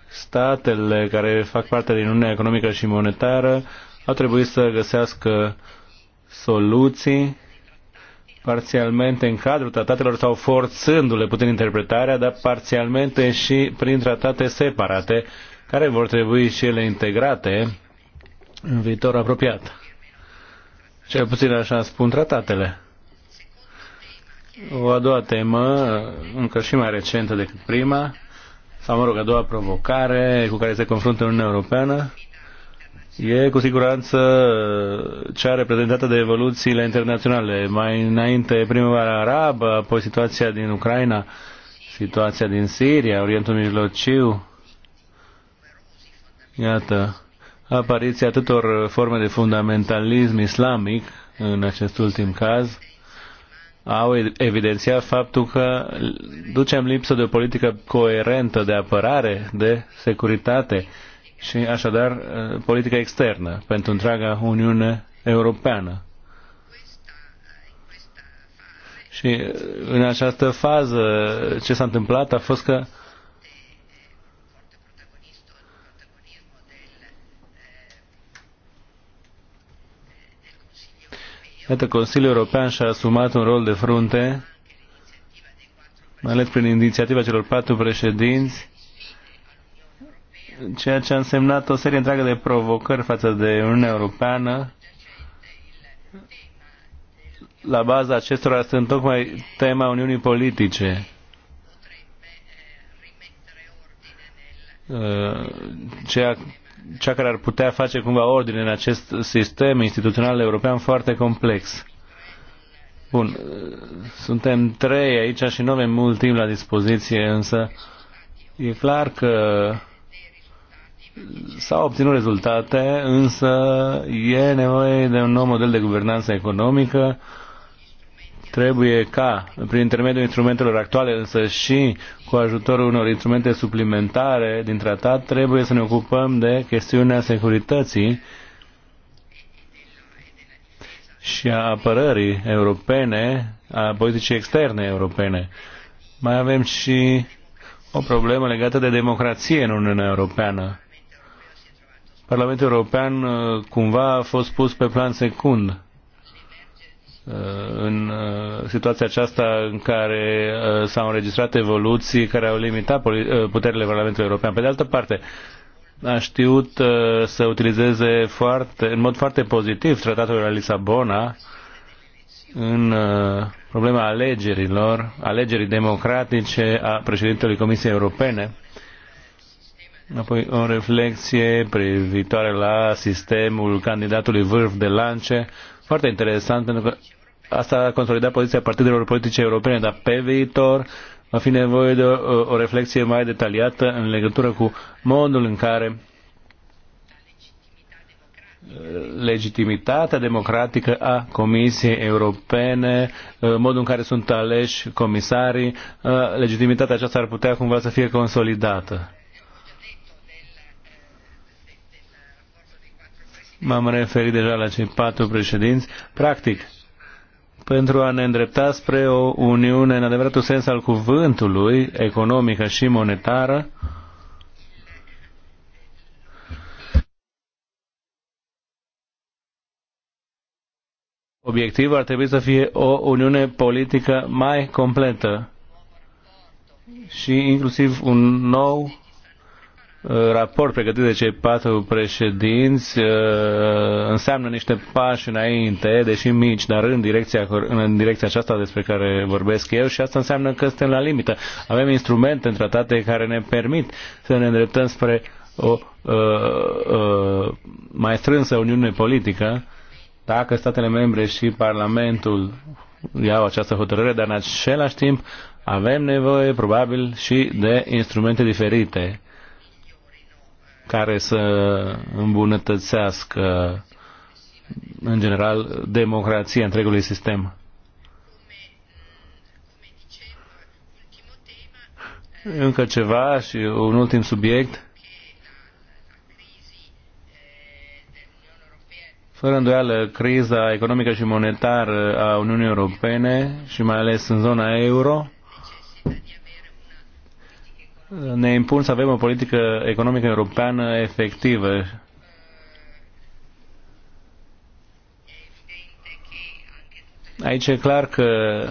statele care fac parte din Uniunea Economică și Monetară au trebuit să găsească soluții parțialmente în cadrul tratatelor sau forțându-le putin interpretarea, dar parțialmente și prin tratate separate, care vor trebui și ele integrate în viitor apropiat. Cel puțin așa spun tratatele. O a doua temă, încă și mai recentă decât prima, sau mă rog, a doua provocare cu care se confruntă Uniunea Europeană, E cu siguranță cea reprezentată de evoluțiile internaționale. Mai înainte primăvara arabă, apoi situația din Ucraina, situația din Siria, Orientul Mijlociu. Iată, apariția tuturor forme de fundamentalism islamic, în acest ultim caz, au evidențiat faptul că ducem lipsă de o politică coerentă de apărare, de securitate și așadar politică externă pentru întreaga Uniune Europeană. Și în această fază ce s-a întâmplat a fost că uh, Iată, Consiliul European și-a asumat un rol de frunte, mai ales prin inițiativa celor patru președinți, ceea ce a însemnat o serie întreagă de provocări față de Uniunea Europeană. La baza acestora sunt tocmai tema Uniunii Politice. Uh, ceea cea care ar putea face cumva ordine în acest sistem instituțional european foarte complex. Bun, suntem trei aici și nu avem mult timp la dispoziție, însă e clar că s-au obținut rezultate, însă e nevoie de un nou model de guvernanță economică Trebuie ca, prin intermediul instrumentelor actuale, însă și cu ajutorul unor instrumente suplimentare din tratat, trebuie să ne ocupăm de chestiunea securității și a apărării europene, a politicii externe europene. Mai avem și o problemă legată de democrație în Uniunea Europeană. Parlamentul European uh, cumva a fost pus pe plan secund. Uh, în uh, situația aceasta în care uh, s-au înregistrat evoluții care au limitat puterile Parlamentului European. Pe de altă parte, a știut să utilizeze foarte, în mod foarte pozitiv tratatul de la Lisabona în problema alegerilor, alegerii democratice a președintelui Comisiei Europene. Apoi o reflexie privitoare la sistemul candidatului vârf de lance, foarte interesant pentru că asta a consolidat poziția partidelor politice europene, dar pe viitor va fi nevoie de o, o reflexie mai detaliată în legătură cu modul în care uh, legitimitatea democratică a Comisiei Europene, uh, modul în care sunt aleși comisarii, uh, legitimitatea aceasta ar putea cumva să fie consolidată. M-am referit deja la cei patru președinți. Practic, pentru a ne îndrepta spre o uniune în adevăratul sens al cuvântului, economică și monetară, Obiectivul ar trebui să fie o uniune politică mai completă și inclusiv un nou raport pregătit de cei patru președinți uh, înseamnă niște pași înainte, deși mici, dar în direcția, în direcția aceasta despre care vorbesc eu și asta înseamnă că suntem la limită. Avem instrumente în tratate care ne permit să ne îndreptăm spre o uh, uh, mai strânsă uniune politică dacă statele membre și Parlamentul iau această hotărâre, dar în același timp avem nevoie probabil și de instrumente diferite care să îmbunătățească în general democrația întregului sistem. Încă ceva și un ultim subiect. Fără îndoială, criza economică și monetară a Uniunii Europene și mai ales în zona euro ne impun să avem o politică economică europeană efectivă. Aici e clar că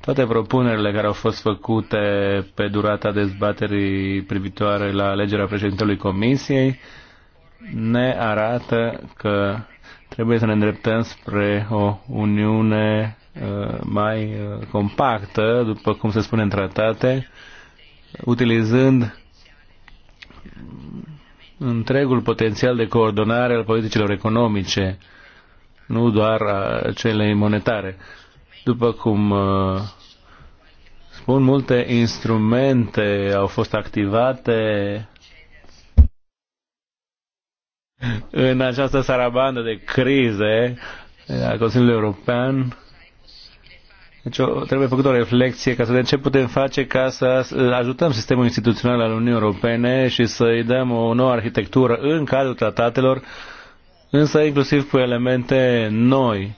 toate propunerile care au fost făcute pe durata dezbaterii privitoare la alegerea președintelui Comisiei ne arată că trebuie să ne îndreptăm spre o uniune uh, mai uh, compactă, după cum se spune în tratate, utilizând întregul potențial de coordonare al politicilor economice, nu doar a cele monetare. După cum uh, spun, multe instrumente au fost activate în această sarabandă de crize a Consiliului European deci o, trebuie făcută o reflexie ca să vedem ce putem face ca să ajutăm sistemul instituțional al Uniunii Europene și să-i dăm o nouă arhitectură în cadrul tratatelor, însă inclusiv cu elemente noi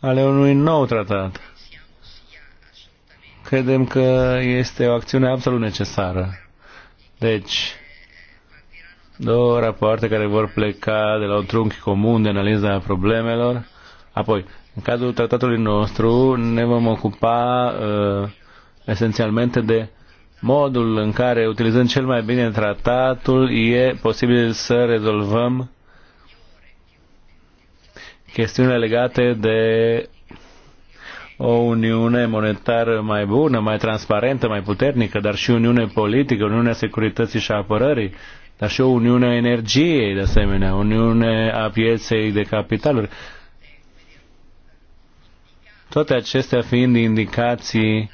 ale unui nou tratat. Credem că este o acțiune absolut necesară. Deci, două rapoarte care vor pleca de la un trunchi comun de analiza problemelor, apoi în cazul tratatului nostru ne vom ocupa uh, esențialmente de modul în care, utilizând cel mai bine tratatul, e posibil să rezolvăm chestiunile legate de o uniune monetară mai bună, mai transparentă, mai puternică, dar și uniune politică, uniunea securității și a apărării, dar și o uniune a energiei, de asemenea, uniune a pieței de capitaluri. Toate acestea fiind indicații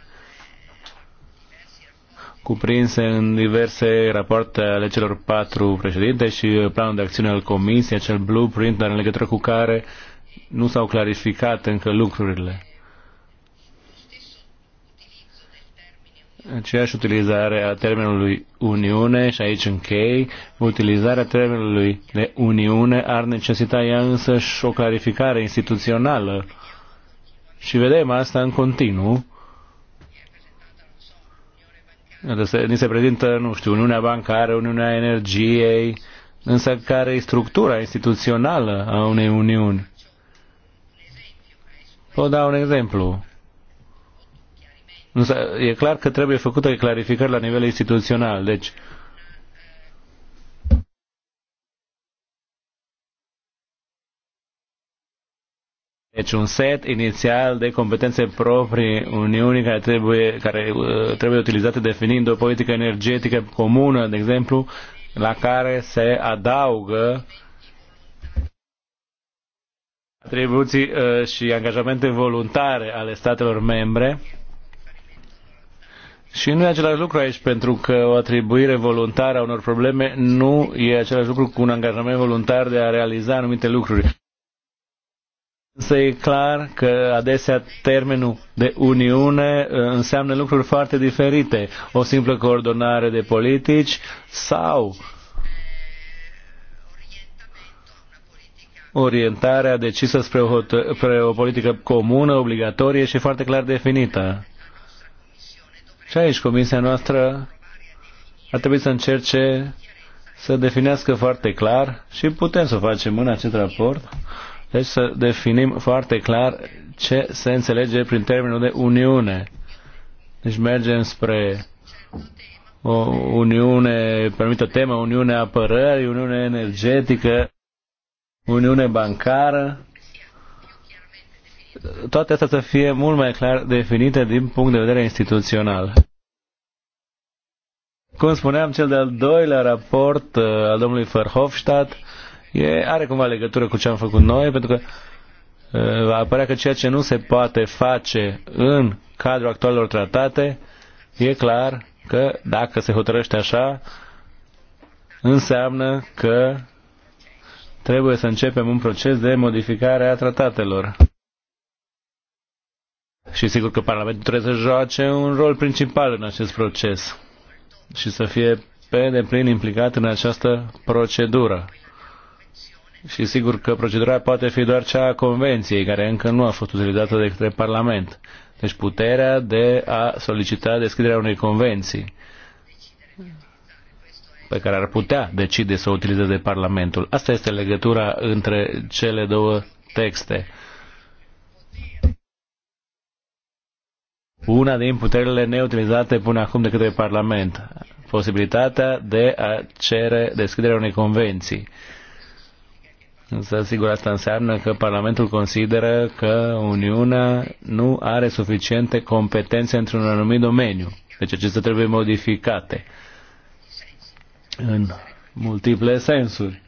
cuprinse în diverse rapoarte ale celor patru președinte și planul de acțiune al Comisiei, acel blueprint, dar în legătură cu care nu s-au clarificat încă lucrurile. Aceeași utilizare a termenului Uniune, și aici închei, utilizarea termenului de Uniune ar necesita ea însă și o clarificare instituțională și vedem asta în continuu. Adică ni se prezintă, nu știu, Uniunea Bancară, Uniunea Energiei, însă care e structura instituțională a unei uniuni? Pot da un exemplu. Însă e clar că trebuie făcută clarificări la nivel instituțional. Deci, Deci un set inițial de competențe proprii Uniunii care trebuie, care, uh, trebuie utilizate definind o politică energetică comună, de exemplu, la care se adaugă atribuții uh, și angajamente voluntare ale statelor membre. Și nu e același lucru aici, pentru că o atribuire voluntară a unor probleme nu e același lucru cu un angajament voluntar de a realiza anumite lucruri. Însă e clar că adesea termenul de uniune uh, înseamnă lucruri foarte diferite. O simplă coordonare de politici sau orientarea decisă spre o, spre o politică comună, obligatorie și foarte clar definită. Și aici comisia noastră ar trebui să încerce să definească foarte clar și putem să o facem în acest raport deci să definim foarte clar ce se înțelege prin termenul de Uniune. Deci mergem spre o Uniune, permită temă, Uniune apărării, Uniune energetică, Uniune bancară. Toate astea să fie mult mai clar definite din punct de vedere instituțional. Cum spuneam, cel de-al doilea raport uh, al domnului Verhofstadt e, are cumva legătură cu ce am făcut noi, pentru că va apărea că ceea ce nu se poate face în cadrul actualelor tratate, e clar că dacă se hotărăște așa, înseamnă că trebuie să începem un proces de modificare a tratatelor. Și sigur că Parlamentul trebuie să joace un rol principal în acest proces și să fie pe deplin implicat în această procedură. Și sigur că procedura poate fi doar cea a Convenției, care încă nu a fost utilizată de către Parlament. Deci puterea de a solicita deschiderea unei convenții pe care ar putea decide să o utilizeze Parlamentul. Asta este legătura între cele două texte. Una din puterile neutilizate până acum de către Parlament, posibilitatea de a cere deschiderea unei convenții. Însă, sigur, asta înseamnă că Parlamentul consideră că Uniunea nu are suficiente competențe într-un anumit domeniu. Deci acestea trebuie modificate în multiple sensuri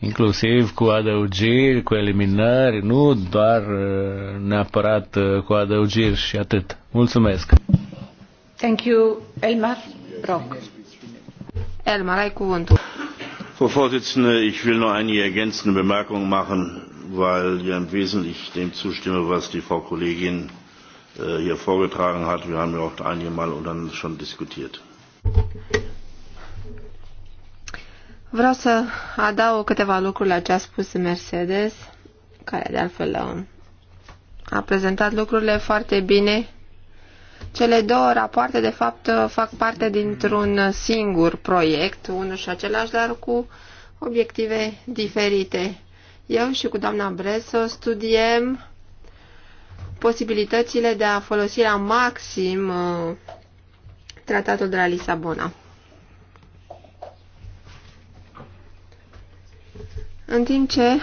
inclusiv cu adăugiri, cu eliminări, nu doar uh, neapărat uh, cu adăugiri și atât. Mulțumesc! Thank you, Elmar Brock. Elmar, ai cuvântul frau präsidentin! ich will nur einige ergänzende bemerkungen machen weil ich im wesentlichen dem zustimme was die frau kollegin äh, hier vorgetragen hat. wir haben ja auch einige male untereinander schon diskutiert. Vreau să adaug câteva lucruri la ce a spus Mercedes, care de altfel a prezentat lucrurile foarte bine cele două rapoarte, de fapt, fac parte dintr-un singur proiect, unul și același, dar cu obiective diferite. Eu și cu doamna Breso studiem posibilitățile de a folosi la maxim uh, tratatul de la Lisabona. În timp ce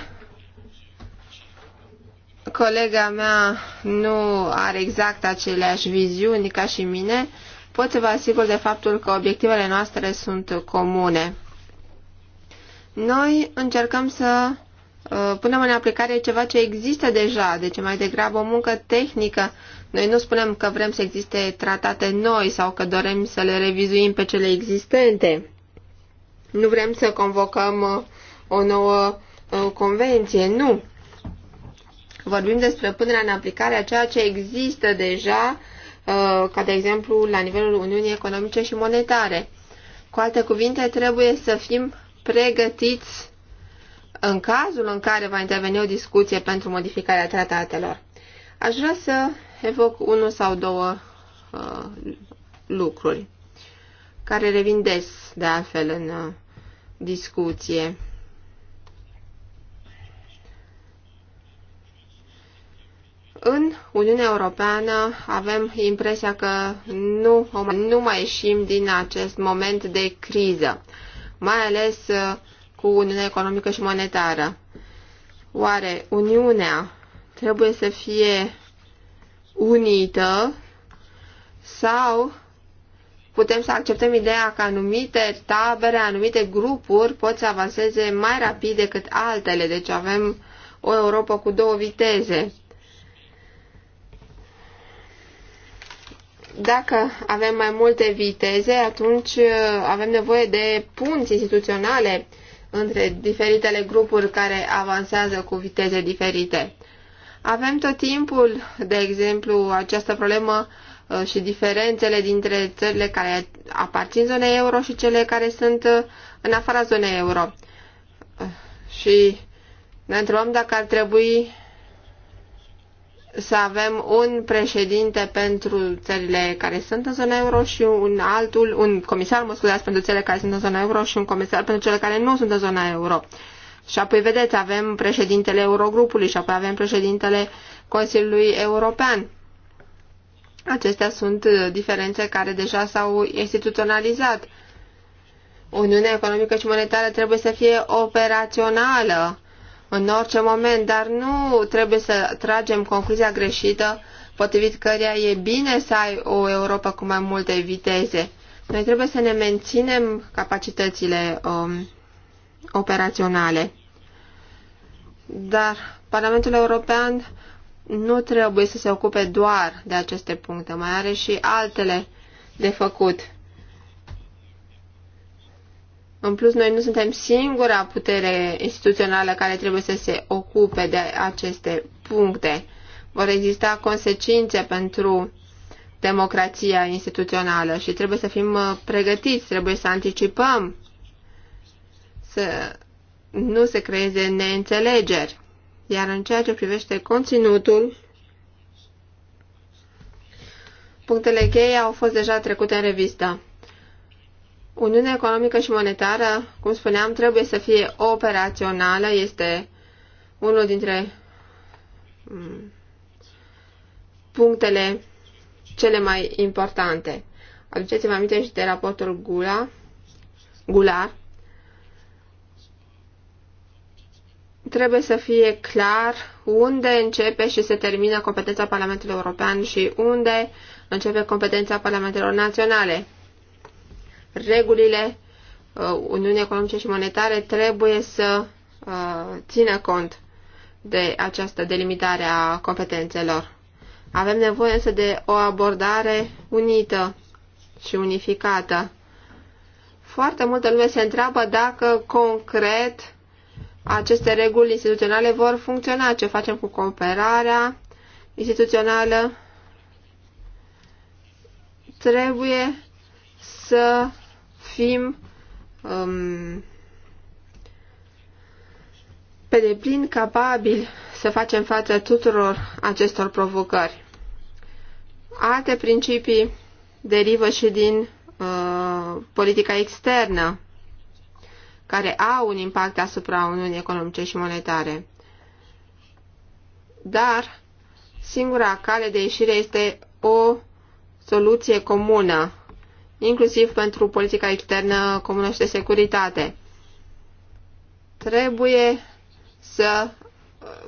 colega mea nu are exact aceleași viziuni ca și mine, pot să vă asigur de faptul că obiectivele noastre sunt comune. Noi încercăm să uh, punem în aplicare ceva ce există deja, deci mai degrabă o muncă tehnică. Noi nu spunem că vrem să existe tratate noi sau că dorem să le revizuim pe cele existente. Nu vrem să convocăm uh, o nouă uh, convenție, nu. Vorbim despre punerea în aplicare a ceea ce există deja, uh, ca de exemplu la nivelul Uniunii Economice și Monetare. Cu alte cuvinte, trebuie să fim pregătiți în cazul în care va interveni o discuție pentru modificarea tratatelor. Aș vrea să evoc unul sau două uh, lucruri care revin des, de altfel, în uh, discuție. în Uniunea Europeană avem impresia că nu, nu mai ieșim din acest moment de criză, mai ales uh, cu Uniunea Economică și Monetară. Oare Uniunea trebuie să fie unită sau putem să acceptăm ideea că anumite tabere, anumite grupuri pot să avanseze mai rapid decât altele, deci avem o Europa cu două viteze. dacă avem mai multe viteze, atunci uh, avem nevoie de punți instituționale între diferitele grupuri care avansează cu viteze diferite. Avem tot timpul, de exemplu, această problemă uh, și diferențele dintre țările care aparțin zonei euro și cele care sunt uh, în afara zonei euro. Și ne întrebăm dacă ar trebui să avem un președinte pentru țările care sunt în zona euro și un altul, un comisar, mă scuzați, pentru țările care sunt în zona euro și un comisar pentru cele care nu sunt în zona euro. Și apoi, vedeți, avem președintele Eurogrupului și apoi avem președintele Consiliului European. Acestea sunt uh, diferențe care deja s-au instituționalizat. Uniunea economică și monetară trebuie să fie operațională în orice moment, dar nu trebuie să tragem concluzia greșită potrivit căreia e bine să ai o Europa cu mai multe viteze. Noi trebuie să ne menținem capacitățile um, operaționale. Dar Parlamentul European nu trebuie să se ocupe doar de aceste puncte, mai are și altele de făcut. În plus, noi nu suntem singura putere instituțională care trebuie să se ocupe de aceste puncte. Vor exista consecințe pentru democrația instituțională și trebuie să fim uh, pregătiți, trebuie să anticipăm, să nu se creeze neînțelegeri. Iar în ceea ce privește conținutul, punctele cheie au fost deja trecute în revistă. Uniunea economică și monetară, cum spuneam, trebuie să fie operațională, este unul dintre mm, punctele cele mai importante. Aduceți-vă aminte și de raportul Gula, Gular. Trebuie să fie clar unde începe și se termină competența Parlamentului European și unde începe competența Parlamentelor Naționale regulile uh, Uniunii Economice și Monetare trebuie să uh, țină cont de această delimitare a competențelor. Avem nevoie însă de o abordare unită și unificată. Foarte multă lume se întreabă dacă concret aceste reguli instituționale vor funcționa, ce facem cu cooperarea instituțională. Trebuie să fim um, pe deplin capabil să facem față tuturor acestor provocări. Alte principii derivă și din uh, politica externă, care au un impact asupra Uniunii Economice și Monetare. Dar singura cale de ieșire este o soluție comună inclusiv pentru politica externă comună și de securitate. Trebuie să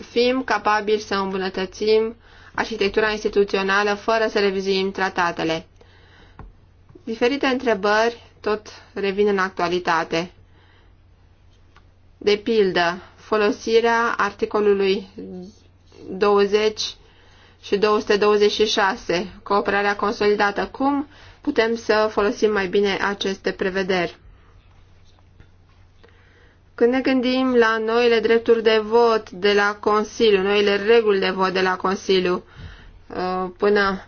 fim capabili să îmbunătățim arhitectura instituțională fără să revizuim tratatele. Diferite întrebări tot revin în actualitate. De pildă, folosirea articolului 20 și 226, cooperarea consolidată. Cum putem să folosim mai bine aceste prevederi. Când ne gândim la noile drepturi de vot de la Consiliu, noile reguli de vot de la Consiliu uh, până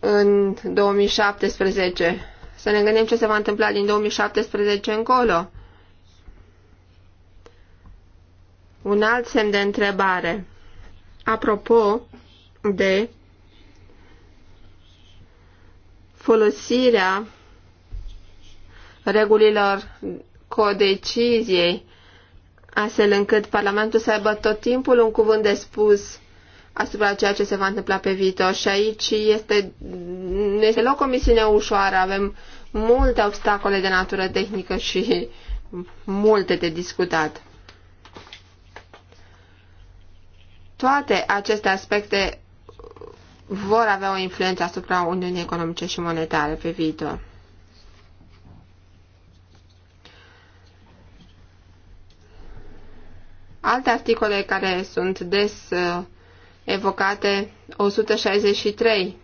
în 2017, să ne gândim ce se va întâmpla din 2017 încolo. Un alt semn de întrebare. Apropo de folosirea regulilor codeciziei, astfel încât Parlamentul să aibă tot timpul un cuvânt de spus asupra ceea ce se va întâmpla pe viitor. Și aici este, nu este loc o misiune ușoară, avem multe obstacole de natură tehnică și multe de discutat. Toate aceste aspecte vor avea o influență asupra Uniunii Economice și Monetare pe viitor. Alte articole care sunt des uh, evocate, 163.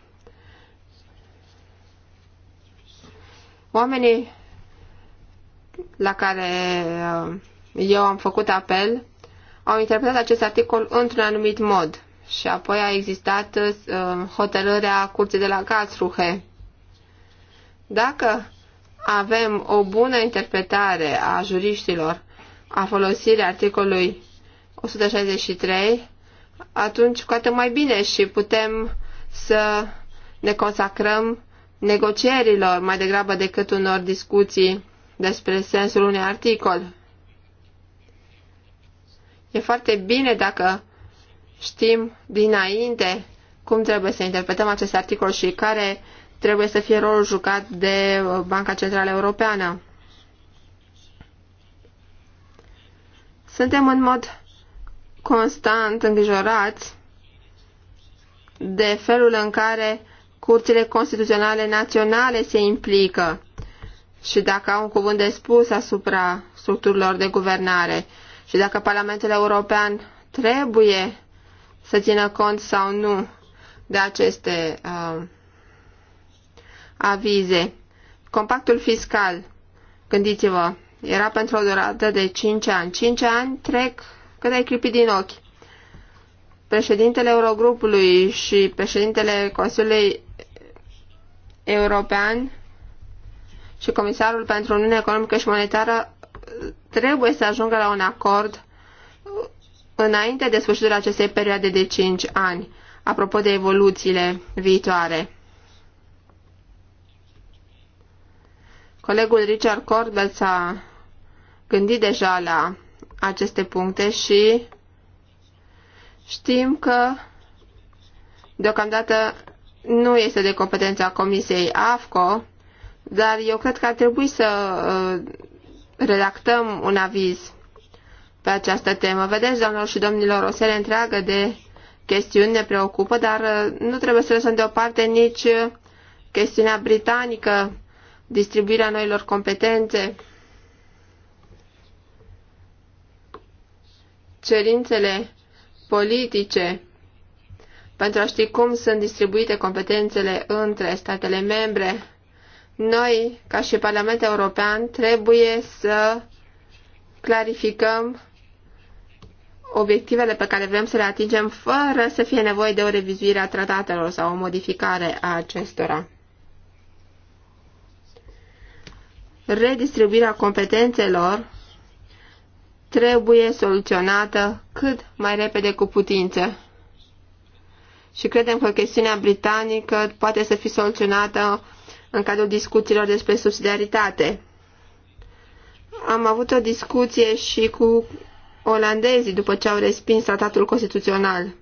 Oamenii la care uh, eu am făcut apel au interpretat acest articol într-un anumit mod și apoi a existat uh, hotărârea curții de la Karlsruhe. Dacă avem o bună interpretare a juriștilor a folosirii articolului 163, atunci cu atât mai bine și putem să ne consacrăm negocierilor mai degrabă decât unor discuții despre sensul unui articol. E foarte bine dacă știm dinainte cum trebuie să interpretăm acest articol și care trebuie să fie rolul jucat de uh, Banca Centrală Europeană. Suntem în mod constant îngrijorați de felul în care curțile constituționale naționale se implică și dacă au un cuvânt de spus asupra structurilor de guvernare și dacă Parlamentul European trebuie să țină cont sau nu de aceste uh, avize. Compactul fiscal, gândiți-vă, era pentru o durată de 5 ani. 5 ani trec cât ai clipi din ochi. Președintele Eurogrupului și președintele Consiliului European și Comisarul pentru Uniunea Economică și Monetară trebuie să ajungă la un acord înainte de sfârșitul acestei perioade de 5 ani, apropo de evoluțiile viitoare. Colegul Richard Cordwell s-a gândit deja la aceste puncte și știm că deocamdată nu este de competența Comisiei AFCO, dar eu cred că ar trebui să uh, redactăm un aviz pe această temă. Vedeți, doamnelor și domnilor, o serie întreagă de chestiuni ne preocupă, dar uh, nu trebuie să lăsăm deoparte nici uh, chestiunea britanică, distribuirea noilor competențe, cerințele politice pentru a ști cum sunt distribuite competențele între statele membre. Noi, ca și Parlamentul European, trebuie să clarificăm obiectivele pe care vrem să le atingem fără să fie nevoie de o revizuire a tratatelor sau o modificare a acestora. Redistribuirea competențelor trebuie soluționată cât mai repede cu putință. Și credem că chestiunea britanică poate să fie soluționată în cadrul discuțiilor despre subsidiaritate. Am avut o discuție și cu olandezii după ce au respins tratatul constituțional.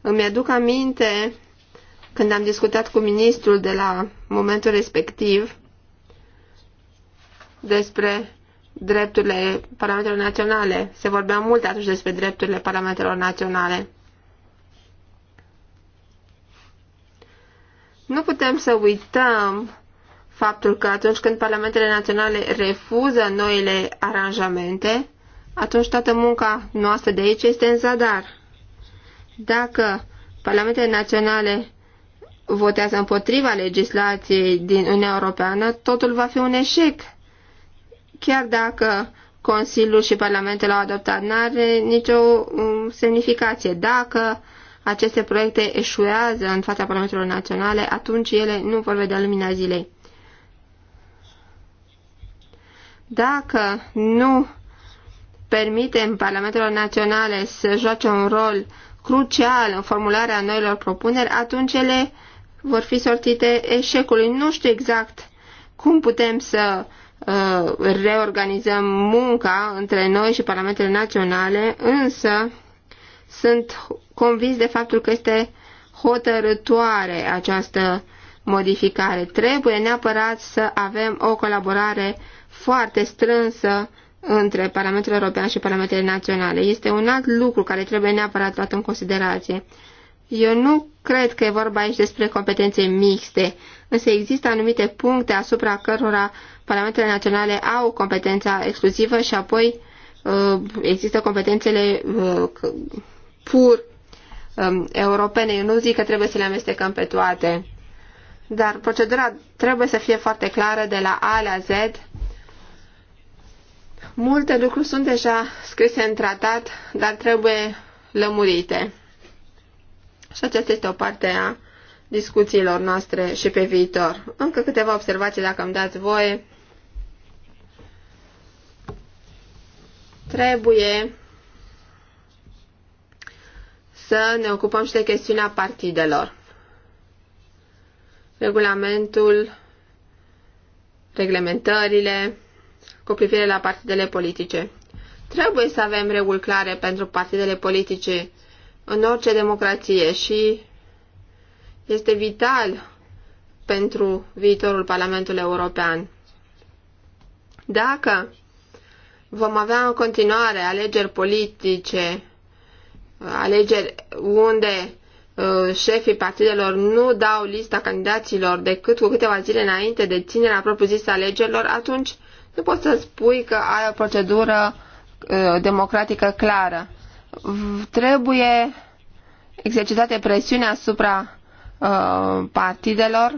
Îmi aduc aminte când am discutat cu ministrul de la momentul respectiv despre drepturile parlamentelor naționale. Se vorbea mult atunci despre drepturile parlamentelor naționale. Nu putem să uităm faptul că atunci când parlamentele naționale refuză noile aranjamente, atunci toată munca noastră de aici este în zadar. Dacă parlamentele naționale votează împotriva legislației din Uniunea Europeană, totul va fi un eșec. Chiar dacă Consiliul și Parlamentul au adoptat, nu are nicio um, semnificație. Dacă aceste proiecte eșuează în fața Parlamentelor Naționale, atunci ele nu vor vedea lumina zilei. Dacă nu permitem Parlamentelor Naționale să joace un rol crucial în formularea noilor propuneri, atunci ele vor fi sortite eșecului. Nu știu exact cum putem să uh, reorganizăm munca între noi și Parlamentele Naționale, însă sunt convins de faptul că este hotărătoare această modificare. Trebuie neapărat să avem o colaborare foarte strânsă între Parlamentul European și Parlamentele Naționale. Este un alt lucru care trebuie neapărat luat în considerație. Eu nu cred că e vorba aici despre competențe mixte, însă există anumite puncte asupra cărora Parlamentele Naționale au competența exclusivă și apoi uh, există competențele uh, pur um, europene. Eu nu zic că trebuie să le amestecăm pe toate, dar procedura trebuie să fie foarte clară de la A la Z Multe lucruri sunt deja scrise în tratat, dar trebuie lămurite. Și aceasta este o parte a discuțiilor noastre și pe viitor. Încă câteva observații, dacă îmi dați voie. Trebuie să ne ocupăm și de chestiunea partidelor. Regulamentul, reglementările, cu privire la partidele politice. Trebuie să avem reguli clare pentru partidele politice în orice democrație și este vital pentru viitorul Parlamentului European. Dacă vom avea în continuare alegeri politice, alegeri unde uh, șefii partidelor nu dau lista candidaților decât cu câteva zile înainte de ținerea propriu-zisă alegerilor, atunci nu poți să spui că ai o procedură uh, democratică clară. Trebuie exercitate presiune asupra uh, partidelor,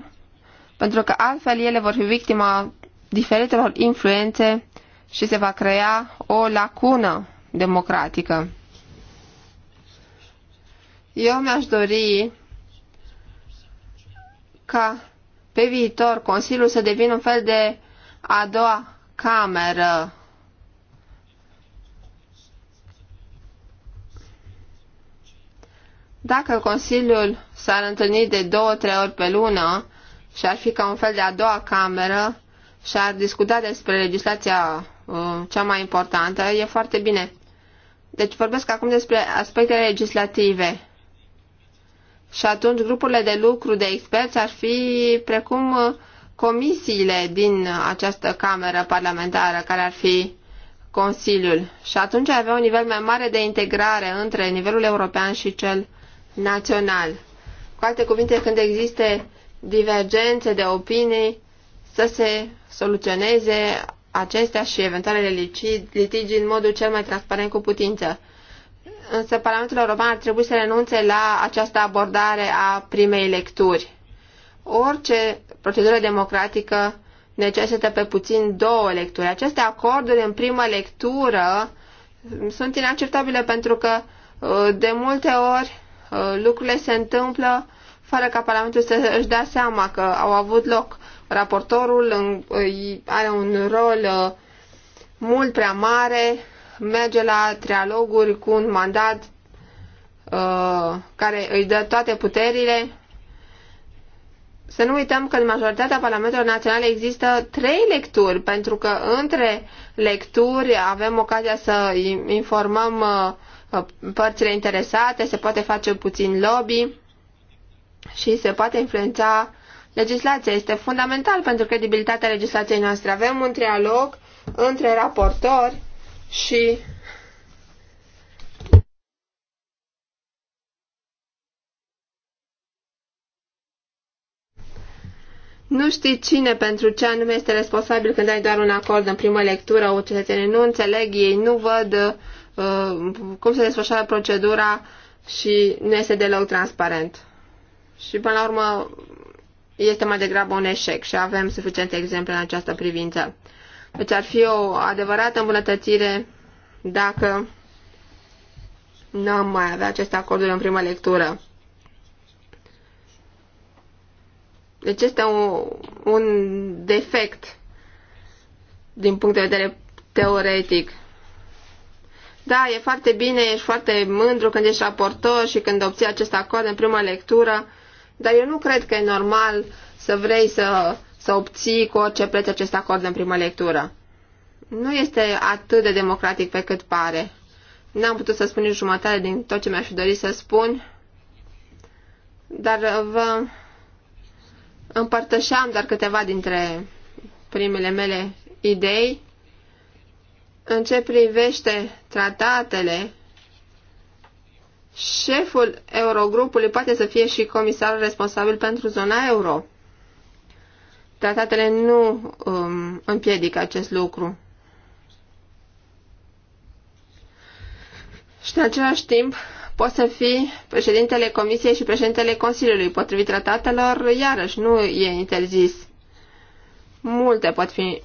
pentru că altfel ele vor fi victima diferitelor influențe și se va crea o lacună democratică. Eu mi-aș dori ca pe viitor Consiliul să devină un fel de a doua cameră Dacă Consiliul s-ar întâlni de două-trei ori pe lună și ar fi ca un fel de a doua cameră și ar discuta despre legislația uh, cea mai importantă, e foarte bine. Deci vorbesc acum despre aspectele legislative. Și atunci grupurile de lucru de experți ar fi precum uh, comisiile din această cameră parlamentară, care ar fi Consiliul. Și atunci avea un nivel mai mare de integrare între nivelul european și cel național. Cu alte cuvinte, când există divergențe de opinii, să se soluționeze acestea și eventualele litigi în modul cel mai transparent cu putință. Însă Parlamentul European ar trebui să renunțe la această abordare a primei lecturi orice procedură democratică necesită pe puțin două lecturi. Aceste acorduri în primă lectură sunt inacceptabile pentru că uh, de multe ori uh, lucrurile se întâmplă fără ca Parlamentul să își dea seama că au avut loc. Raportorul are un rol uh, mult prea mare, merge la trialoguri cu un mandat care îi dă toate puterile să nu uităm că în majoritatea parlamentelor naționale există trei lecturi, pentru că între lecturi avem ocazia să informăm uh, uh, părțile interesate, se poate face puțin lobby și se poate influența legislația. Este fundamental pentru credibilitatea legislației noastre. Avem un trialog între raportori și Nu știi cine pentru ce anume este responsabil când ai doar un acord în primă lectură, cetățenie nu înțeleg, ei nu văd uh, cum se desfășoară procedura și nu este deloc transparent. Și până la urmă este mai degrabă un eșec și avem suficiente exemple în această privință. Deci ar fi o adevărată îmbunătățire dacă n-am mai avea aceste acorduri în primă lectură. Deci este un, un defect din punct de vedere teoretic. Da, e foarte bine, ești foarte mândru când ești raportor și când obții acest acord în prima lectură, dar eu nu cred că e normal să vrei să, să obții cu orice preț acest acord în prima lectură. Nu este atât de democratic pe cât pare. N-am putut să spun jumătate din tot ce mi-aș fi dorit să spun, dar uh, vă împărtășeam doar câteva dintre primele mele idei în ce privește tratatele Șeful Eurogrupului poate să fie și comisarul responsabil pentru zona euro. Tratatele nu um, împiedică acest lucru. Și în același timp poți să fii președintele Comisiei și președintele Consiliului. Potrivit tratatelor, iarăși nu e interzis. Multe pot fi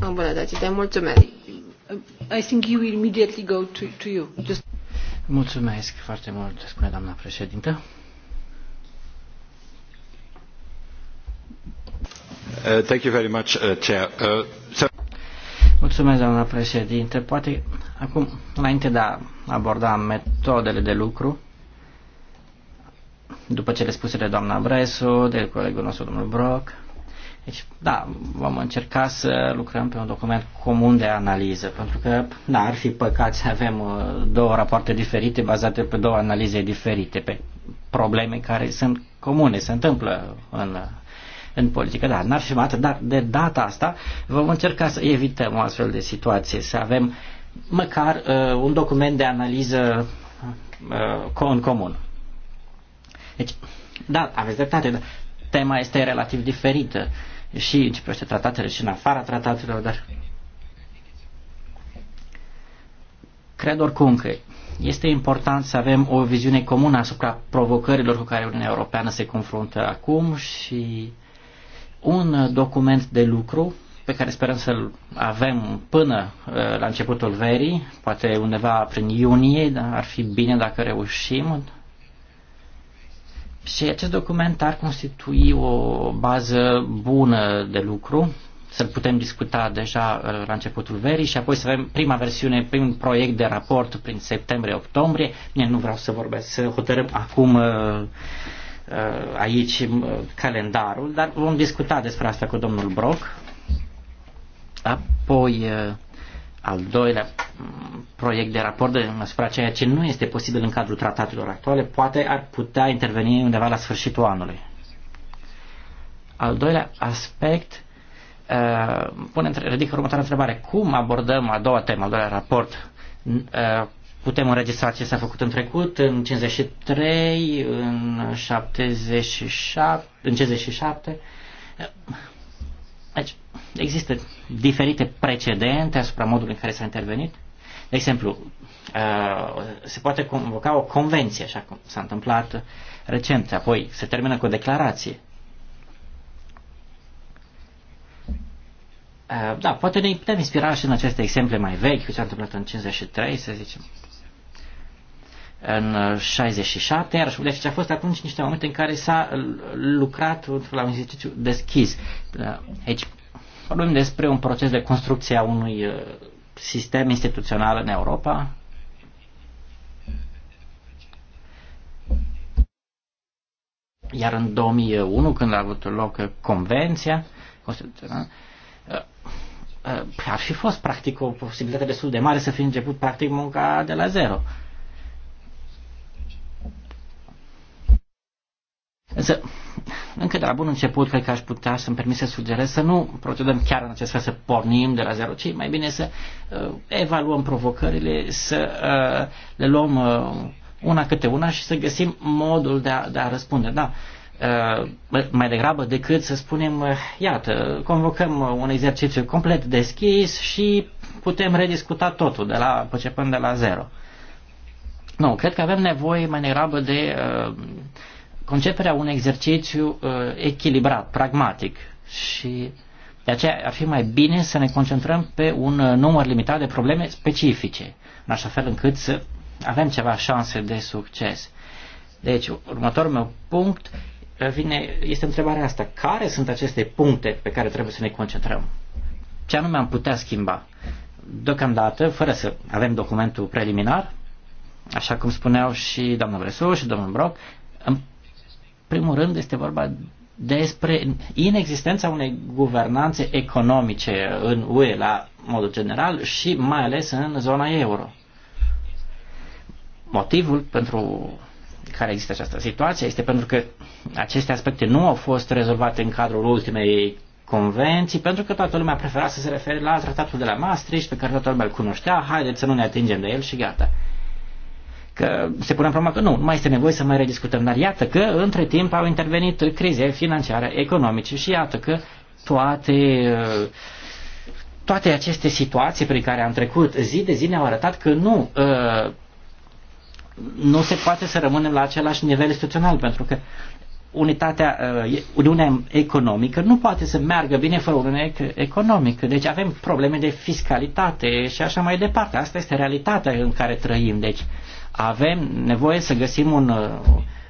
îmbunătățite. Mulțumesc. I think you will immediately go to, to you. Just... Mulțumesc foarte mult, spune doamna președintă. Uh, thank you very much, uh, Chair. Uh, so... Mulțumesc, doamna președinte. Poate acum, înainte de a aborda metodele de lucru după cele spuse de doamna Bresu, de colegul nostru domnul Brock. Deci, da, vom încerca să lucrăm pe un document comun de analiză, pentru că, da, ar fi păcat să avem uh, două rapoarte diferite bazate pe două analize diferite, pe probleme care sunt comune, se întâmplă în, în politică. Da, n-ar fi mată, dar de data asta vom încerca să evităm o astfel de situație, să avem uh, măcar uh, un document de analiză uh, în comun. Deci, da, aveți dreptate, dar tema este relativ diferită și în ce privește tratatele și în afara tratatelor, dar cred oricum că este important să avem o viziune comună asupra provocărilor cu care Uniunea Europeană se confruntă acum și un document de lucru pe care sperăm să-l avem până uh, la începutul verii, poate undeva prin iunie, dar ar fi bine dacă reușim. Și acest document ar constitui o bază bună de lucru, să-l putem discuta deja uh, la începutul verii și apoi să avem prima versiune, primul proiect de raport prin septembrie-octombrie. Bine, nu vreau să vorbesc, să hotărâm acum uh, aici calendarul, dar vom discuta despre asta cu domnul Brock Apoi, uh, al doilea mm, proiect de raport de, asupra ceea ce nu este posibil în cadrul tratatelor actuale, poate ar putea interveni undeva la sfârșitul anului. Al doilea aspect uh, pune, ridică următoarea întrebare. Cum abordăm a doua temă, al doilea raport? Uh, putem înregistra ce s-a făcut în trecut, în 53, în 77, în 57. Deci, există diferite precedente asupra modului în care s-a intervenit. De exemplu, uh, se poate convoca o convenție, așa cum s-a întâmplat recent, apoi se termină cu o declarație. Uh, da, poate ne putem inspira și în aceste exemple mai vechi, ce s-a întâmplat în 53, să zicem în 67, uh, iar deci a fost atunci niște momente în care s-a uh, lucrat la un exercițiu deschis. Uh, aici vorbim despre un proces de construcție a unui sistem instituțional în Europa. Iar în 2001, când a avut loc convenția constituțională, ar fi fost practic o posibilitate destul de mare să fi început practic munca de la zero. Însă, încă de la bun început, cred că aș putea să-mi permis să sugerez să nu procedăm chiar în acest fel, să pornim de la zero, ci mai bine să uh, evaluăm provocările, să uh, le luăm uh, una câte una și să găsim modul de a, de a răspunde. Da, uh, mai degrabă decât să spunem, uh, iată, convocăm uh, un exercițiu complet deschis și putem rediscuta totul, de la, începând de la zero. Nu, cred că avem nevoie mai degrabă de uh, conceperea unui exercițiu uh, echilibrat, pragmatic și de aceea ar fi mai bine să ne concentrăm pe un uh, număr limitat de probleme specifice, în așa fel încât să avem ceva șanse de succes. Deci, următorul meu punct uh, vine, este întrebarea asta. Care sunt aceste puncte pe care trebuie să ne concentrăm? Ce anume am putea schimba? Deocamdată, fără să avem documentul preliminar, așa cum spuneau și doamna Bresu și domnul Broc, primul rând este vorba despre inexistența unei guvernanțe economice în UE la modul general și mai ales în zona euro. Motivul pentru care există această situație este pentru că aceste aspecte nu au fost rezolvate în cadrul ultimei convenții, pentru că toată lumea prefera să se refere la tratatul de la Maastricht, pe care toată lumea îl cunoștea, haideți să nu ne atingem de el și gata că se pune problema că nu, nu mai este nevoie să mai rediscutăm. Dar iată că între timp au intervenit crize financiare, economice și iată că toate toate aceste situații prin care am trecut zi de zi ne-au arătat că nu, uh, nu se poate să rămânem la același nivel instituțional, pentru că unitatea, uh, uniunea economică nu poate să meargă bine fără Uniunea economică. Deci avem probleme de fiscalitate și așa mai departe. Asta este realitatea în care trăim. Deci avem nevoie să găsim un, uh,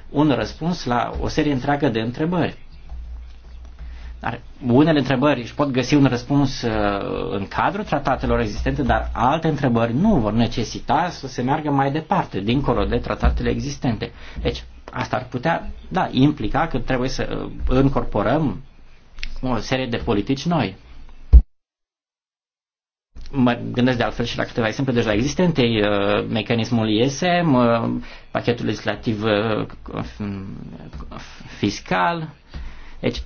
un răspuns la o serie întreagă de întrebări. Dar unele întrebări își pot găsi un răspuns uh, în cadrul tratatelor existente, dar alte întrebări nu vor necesita să se meargă mai departe, dincolo de tratatele existente. Deci, asta ar putea, da, implica că trebuie să uh, încorporăm o serie de politici noi mă gândesc de altfel și la câteva exemple deja existente, uh, mecanismul ISM, uh, pachetul legislativ uh, fiscal. Deci,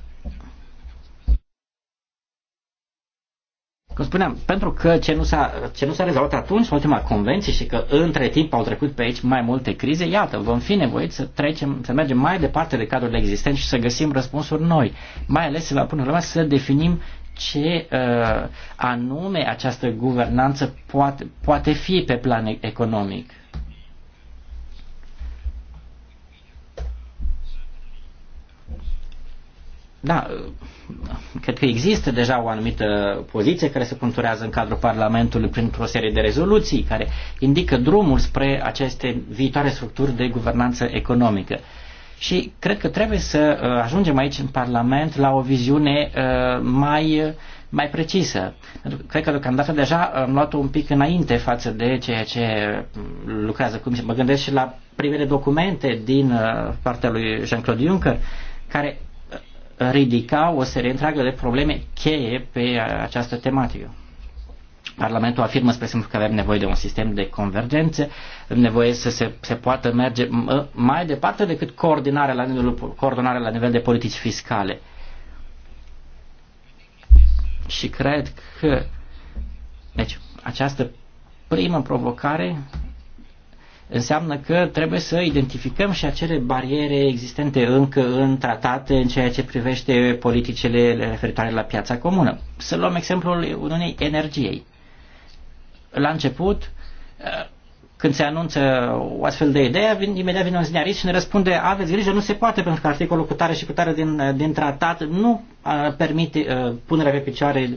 cum spuneam, pentru că ce nu, s-a, ce nu s-a rezolvat atunci, ultima convenție, și că între timp au trecut pe aici mai multe crize, iată, vom fi nevoiți să trecem, să mergem mai departe de cadrul existent și să găsim răspunsuri noi. Mai ales se va pune la să definim ce uh, anume această guvernanță poate, poate fi pe plan economic. Da, uh, cred că există deja o anumită poziție care se conturează în cadrul Parlamentului printr-o serie de rezoluții care indică drumul spre aceste viitoare structuri de guvernanță economică. Uh, și cred că trebuie să uh, ajungem aici în Parlament la o viziune uh, mai, mai precisă. Cred că deocamdată deja am luat-o un pic înainte față de ceea ce mm, lucrează cum Mă gândesc și la primele documente din uh, partea lui Jean-Claude Juncker, care ridicau o serie întreagă de probleme cheie pe această tematică. Parlamentul afirmă, spre exemplu, că avem nevoie de un sistem de convergențe, avem nevoie să se, se poată merge ă, mai departe decât coordonarea la, nivel, coordonarea la nivel de politici fiscale. Și cred că deci, această primă provocare înseamnă că trebuie să identificăm și acele bariere existente încă în tratate în ceea ce privește politicile referitoare la piața comună. Să luăm exemplul Uniunii Energiei la început, uh, când se anunță o astfel de idee, vin, imediat vine un ziarist și ne răspunde aveți grijă, nu se poate, pentru că articolul cu tare și cu tare din, uh, din tratat nu uh, permite punerea pe picioare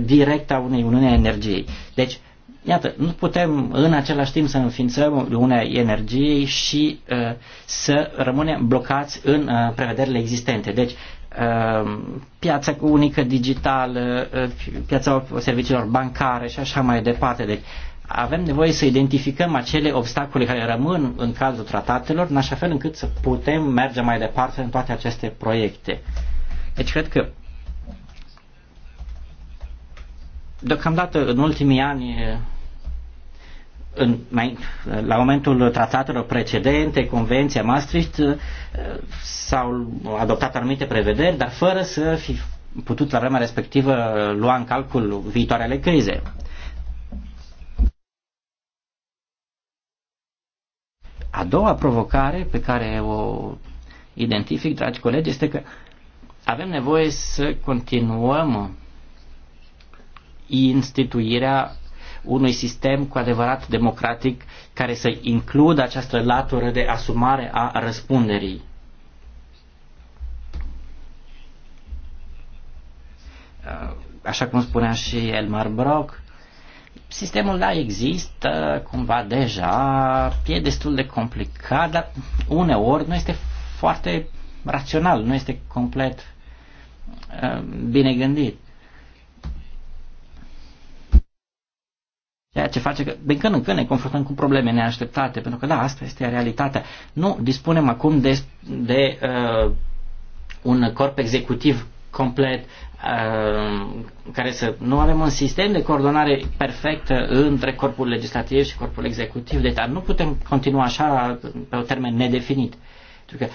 directă a unei uniuni a energiei. Deci, Iată, nu putem în același timp să înființăm unei Energiei și uh, să rămânem blocați în uh, prevederile existente. Deci, uh, piața unică digitală, uh, piața serviciilor bancare și așa mai departe. Deci, avem nevoie să identificăm acele obstacole care rămân în cazul tratatelor, în așa fel încât să putem merge mai departe în toate aceste proiecte. Deci cred că Deocamdată, în ultimii ani, în, mai, la momentul tratatelor precedente, Convenția Maastricht, eh, s-au adoptat anumite prevederi, dar fără să fi putut la vremea respectivă lua în calcul viitoarele crize. A doua provocare pe care o identific, dragi colegi, este că avem nevoie să continuăm instituirea unui sistem cu adevărat democratic care să includă această latură de asumare a răspunderii. Uh, așa cum spunea și Elmar Brock, sistemul da există cumva deja, e destul de complicat, dar uneori nu este foarte rațional, nu este complet uh, bine gândit. Ceea ce face că din când în când ne confruntăm cu probleme neașteptate, pentru că da, asta este realitatea. Nu dispunem acum de, de uh, un corp executiv complet, uh, care să nu avem un sistem de coordonare perfect între corpul legislativ și corpul executiv, deci dar nu putem continua așa pe un termen nedefinit. Pentru că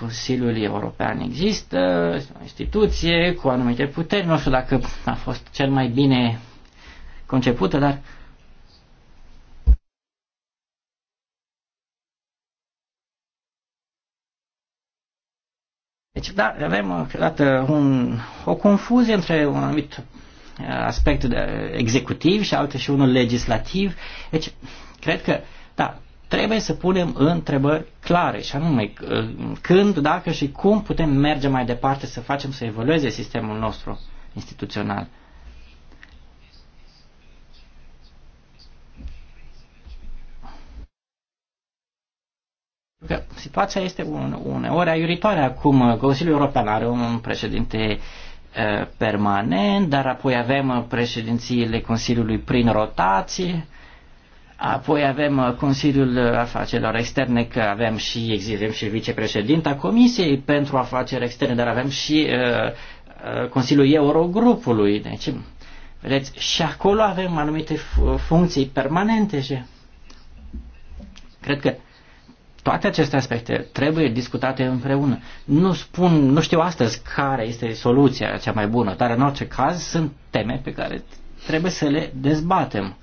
Consiliul European există, este o instituție cu anumite puteri, nu știu dacă a fost cel mai bine concepută, dar uh, Deci, da, avem uh, dată un, o confuzie între un anumit uh, aspect de executiv și alte și unul legislativ. Deci, cred că, da, trebuie să punem întrebări clare și anume uh, când, dacă și cum putem merge mai departe să facem să evolueze sistemul nostru instituțional. Că situația este un, uneori aiuritoare acum. Uh, Consiliul European are un președinte uh, permanent, dar apoi avem uh, președințiile Consiliului prin rotație, apoi avem Consiliul Afacerilor Externe, că avem și, existăm și vicepreședinta Comisiei pentru Afaceri Externe, dar avem și uh, Consiliul Eurogrupului. Deci, vedeți, și acolo avem anumite funcții permanente. Și cred că toate aceste aspecte trebuie discutate împreună. Nu spun, nu știu astăzi care este soluția cea mai bună, dar în orice caz sunt teme pe care trebuie să le dezbatem.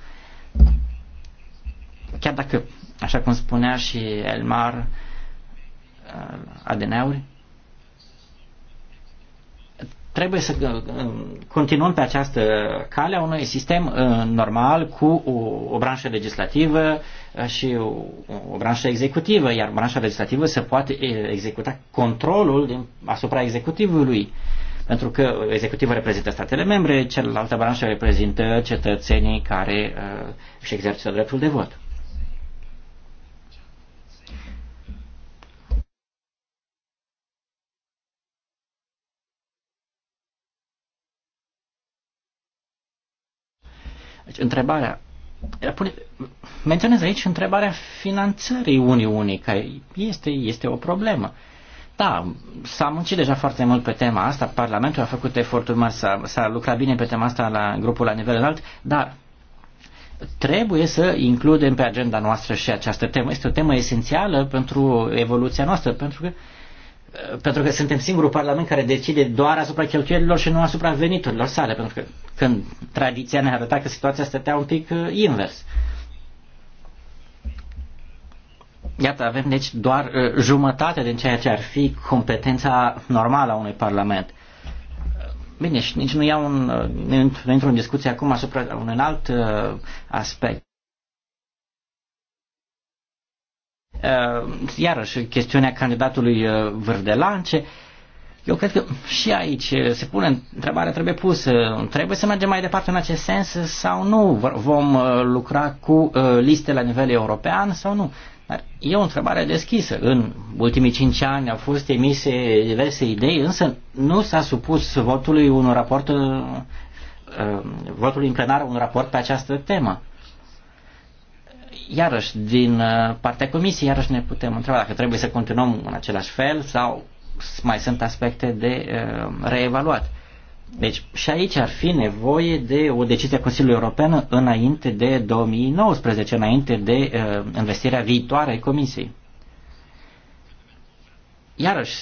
Chiar dacă, așa cum spunea și Elmar uh, Adeneuri, trebuie să uh, continuăm pe această cale a unui sistem uh, normal cu o, o branșă legislativă uh, și o, o branșă executivă, iar branșa legislativă se poate executa controlul din, asupra executivului. Pentru că executivul reprezintă statele membre, celălaltă branșă reprezintă cetățenii care uh, își exercită dreptul de vot. Deci, întrebarea. menționez aici întrebarea finanțării Uniunii, care este, este o problemă. Da, s-a muncit deja foarte mult pe tema asta, Parlamentul a făcut eforturi mari, s-a, lucrat bine pe tema asta la grupul la nivel înalt, dar trebuie să includem pe agenda noastră și această temă. Este o temă esențială pentru evoluția noastră, pentru că pentru că suntem singurul parlament care decide doar asupra cheltuielilor și nu asupra veniturilor sale, pentru că când tradiția ne arăta că situația stătea un pic uh, invers. Iată, avem deci doar uh, jumătate din ceea ce ar fi competența normală a unui parlament. Bine, și nici nu iau un, uh, intru în discuție acum asupra un alt uh, aspect. Uh, iarăși, chestiunea candidatului uh, Vârdelancea, eu cred că și aici eh, se pune întrebarea, trebuie pusă, eh, trebuie să mergem mai departe în acest sens eh, sau nu? Vom lucra cu liste la nivel european sau nu? Dar e o întrebare deschisă. În ultimii cinci ani au fost emise diverse idei, însă nu s-a supus votului un raport, votului în plenar un raport pe această temă iarăși din partea comisiei, iarăși ne putem întreba dacă trebuie să continuăm în același fel sau mai sunt aspecte de uh, reevaluat. Deci și aici ar fi nevoie de o decizie a Consiliului European înainte de 2019, înainte de uh, investirea viitoare a Comisiei. Iarăși,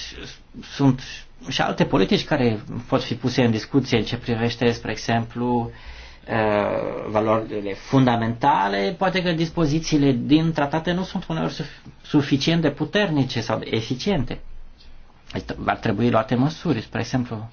sunt și alte politici care pot fi puse în discuție în ce privește, spre exemplu, uh, valorile fundamentale, poate că dispozițiile din tratate nu sunt uneori suficient de puternice sau de eficiente ar trebui luate măsuri, spre exemplu.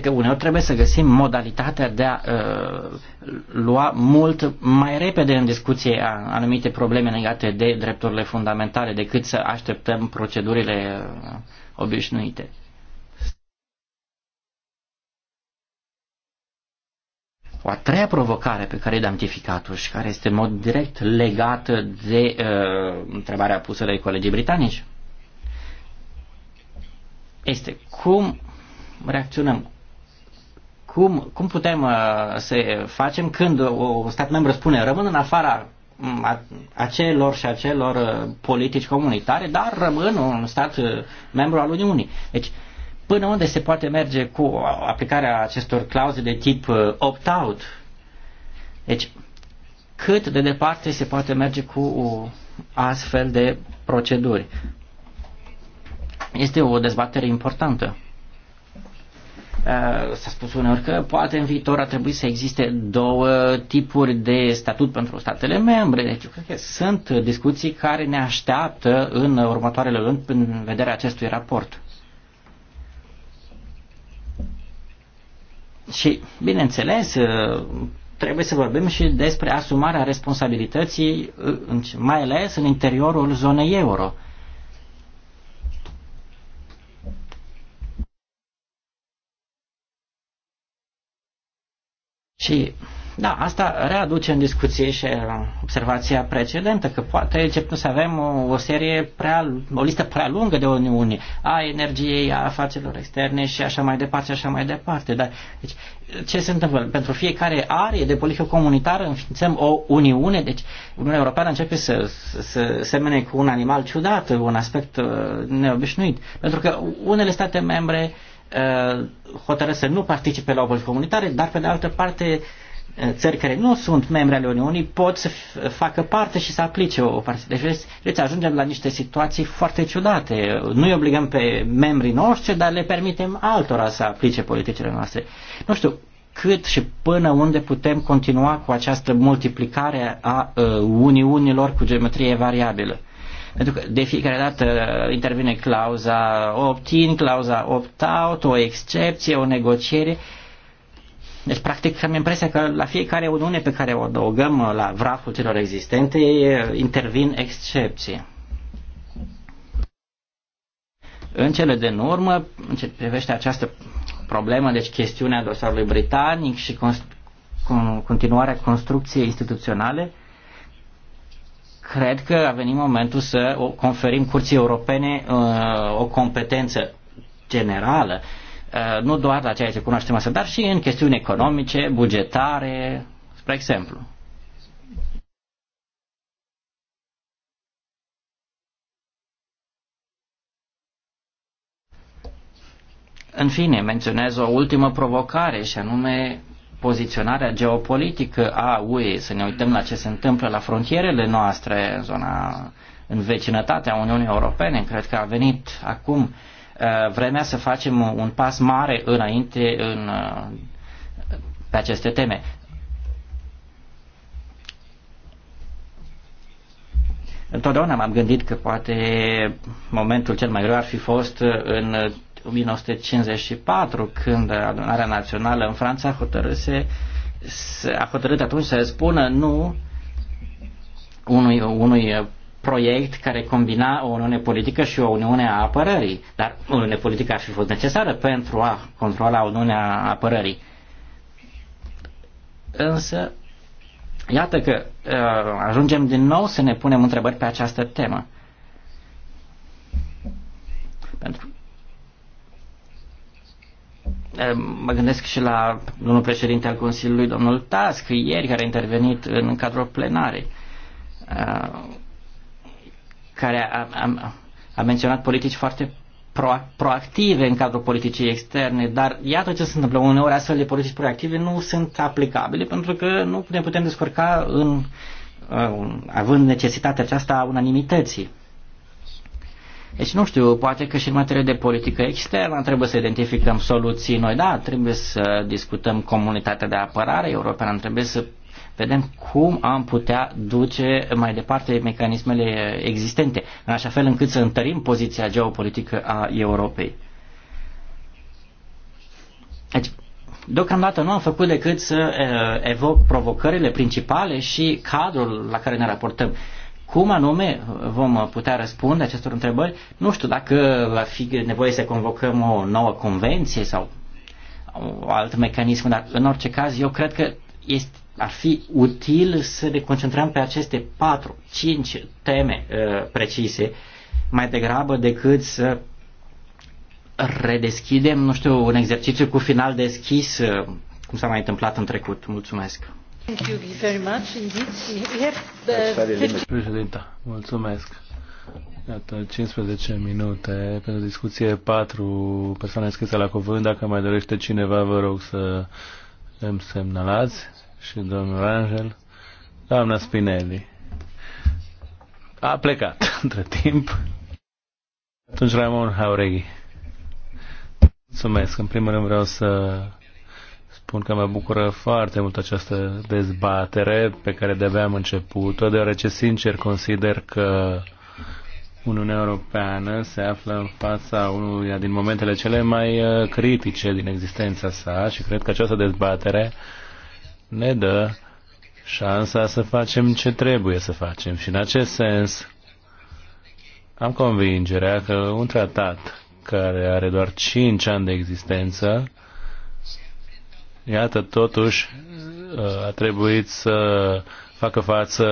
că uneori trebuie să găsim modalitatea de a uh, lua mult mai repede în discuție anumite probleme legate de drepturile fundamentale decât să așteptăm procedurile uh, obișnuite. O a treia provocare pe care am identificat-o și care este în mod direct legată de uh, întrebarea pusă de colegii britanici este cum reacționăm, cum, cum putem uh, să facem când o stat membru spune rămân în afara mm, acelor și acelor uh, politici comunitare, dar rămân un stat uh, membru al Uniunii. Deci Până unde se poate merge cu aplicarea acestor clauze de tip uh, opt-out? Deci, cât de departe se poate merge cu uh, astfel de proceduri? Este o dezbatere importantă. Uh, s-a spus uneori că poate în viitor ar trebui să existe două tipuri de statut pentru statele membre. Deci eu cred că sunt discuții care ne așteaptă în următoarele luni în vederea acestui raport. Și, bineînțeles, uh, trebuie să vorbim și despre asumarea responsabilității, uh, mai ales în interiorul zonei euro. Și da, asta readuce în discuție și uh, observația precedentă, că poate începem să avem o, o serie prea, o listă prea lungă de uniuni, a energiei, a afacerilor externe și așa mai departe, așa mai departe. Dar, deci, ce se întâmplă? Pentru fiecare arie de politică comunitară înființăm o uniune, deci Uniunea Europeană începe să, să, să semene cu un animal ciudat, un aspect uh, neobișnuit. Pentru că unele state membre uh, hotărăsc să nu participe la o politică comunitară, dar pe de altă parte uh, Eh, țări care nu sunt membre ale Uniunii pot să facă parte și să aplice o parte. Deci, vezi, deci ajungem la niște situații foarte ciudate. Nu îi obligăm pe membrii noștri, dar le permitem altora să aplice politicile noastre. Nu știu cât și până unde putem continua cu această multiplicare a uh, uniunilor cu geometrie variabilă. Pentru că de fiecare dată intervine clauza opt-in, clauza opt-out, o excepție, o negociere. Uh, deci, practic, am impresia că la fiecare uniune pe care o adăugăm uh, la vraful celor existente, uh, intervin excepții. În cele din urmă, în ce privește această problemă, deci chestiunea dosarului britanic și continuarea construcției instituționale, cred că a venit momentul să o conferim Curții Europene uh, o competență generală Eh, nu doar la ceea ce cunoaștem astăzi, dar și în chestiuni economice, bugetare, spre exemplu. În fine, menționez o ultimă provocare și anume poziționarea geopolitică a UE, să ne uităm la ce se întâmplă la frontierele noastre, în zona, în vecinătatea Uniunii Europene, cred că a venit acum uh, Uh, vremea să facem un pas mare înainte în, uh, pe aceste teme. Întotdeauna m-am gândit că poate momentul cel mai greu ar fi fost uh, în 1954, când adunarea națională în Franța hotărâse, a hotărât atunci să spună nu unui, unui proiect care combina o uniune politică și o uniune a apărării. Dar o uniune politică ar fi fost necesară pentru a controla uniunea apărării. Însă, iată că uh, ajungem din nou să ne punem întrebări pe această temă. Pentru uh, mă gândesc și la domnul președinte al Consiliului, domnul Task, ieri, care a intervenit în cadrul plenarei. Uh, care a, a, a menționat politici foarte pro, proactive în cadrul politicii externe, dar iată ce se întâmplă. Uneori astfel de politici proactive nu sunt aplicabile pentru că nu ne putem descurca în, uh, având necesitatea aceasta a unanimității. Deci nu știu, poate că și în materie de politică externă trebuie să identificăm soluții noi, da, trebuie să discutăm comunitatea de apărare europeană, trebuie să vedem cum am putea duce mai departe mecanismele existente, în așa fel încât să întărim poziția geopolitică a Europei. Deci, deocamdată nu am făcut decât să evoc provocările principale și cadrul la care ne raportăm. Cum anume vom putea răspunde acestor întrebări? Nu știu dacă va fi nevoie să convocăm o nouă convenție sau un alt mecanism, dar în orice caz eu cred că este, ar fi util să ne concentrăm pe aceste 4-5 teme uh, precise mai degrabă decât să redeschidem, nu știu, un exercițiu cu final deschis, uh, cum s-a mai întâmplat în trecut. Mulțumesc! Thank Președinta, mulțumesc. Iată, 15 minute pentru discuție, 4 persoane scrise la cuvânt. Dacă mai dorește cineva, vă rog să îmi semnalați și domnul Angel. Doamna Spinelli a plecat între timp. Atunci Ramon Haureghi. Mulțumesc. În primul rând vreau să spun că mă bucură foarte mult această dezbatere pe care de-abia am început-o, deoarece sincer consider că Uniunea Europeană se află în fața unuia din momentele cele mai uh, critice din existența sa și cred că această dezbatere ne dă șansa să facem ce trebuie să facem. Și în acest sens am convingerea că un tratat care are doar 5 ani de existență, iată, totuși uh, a trebuit să facă față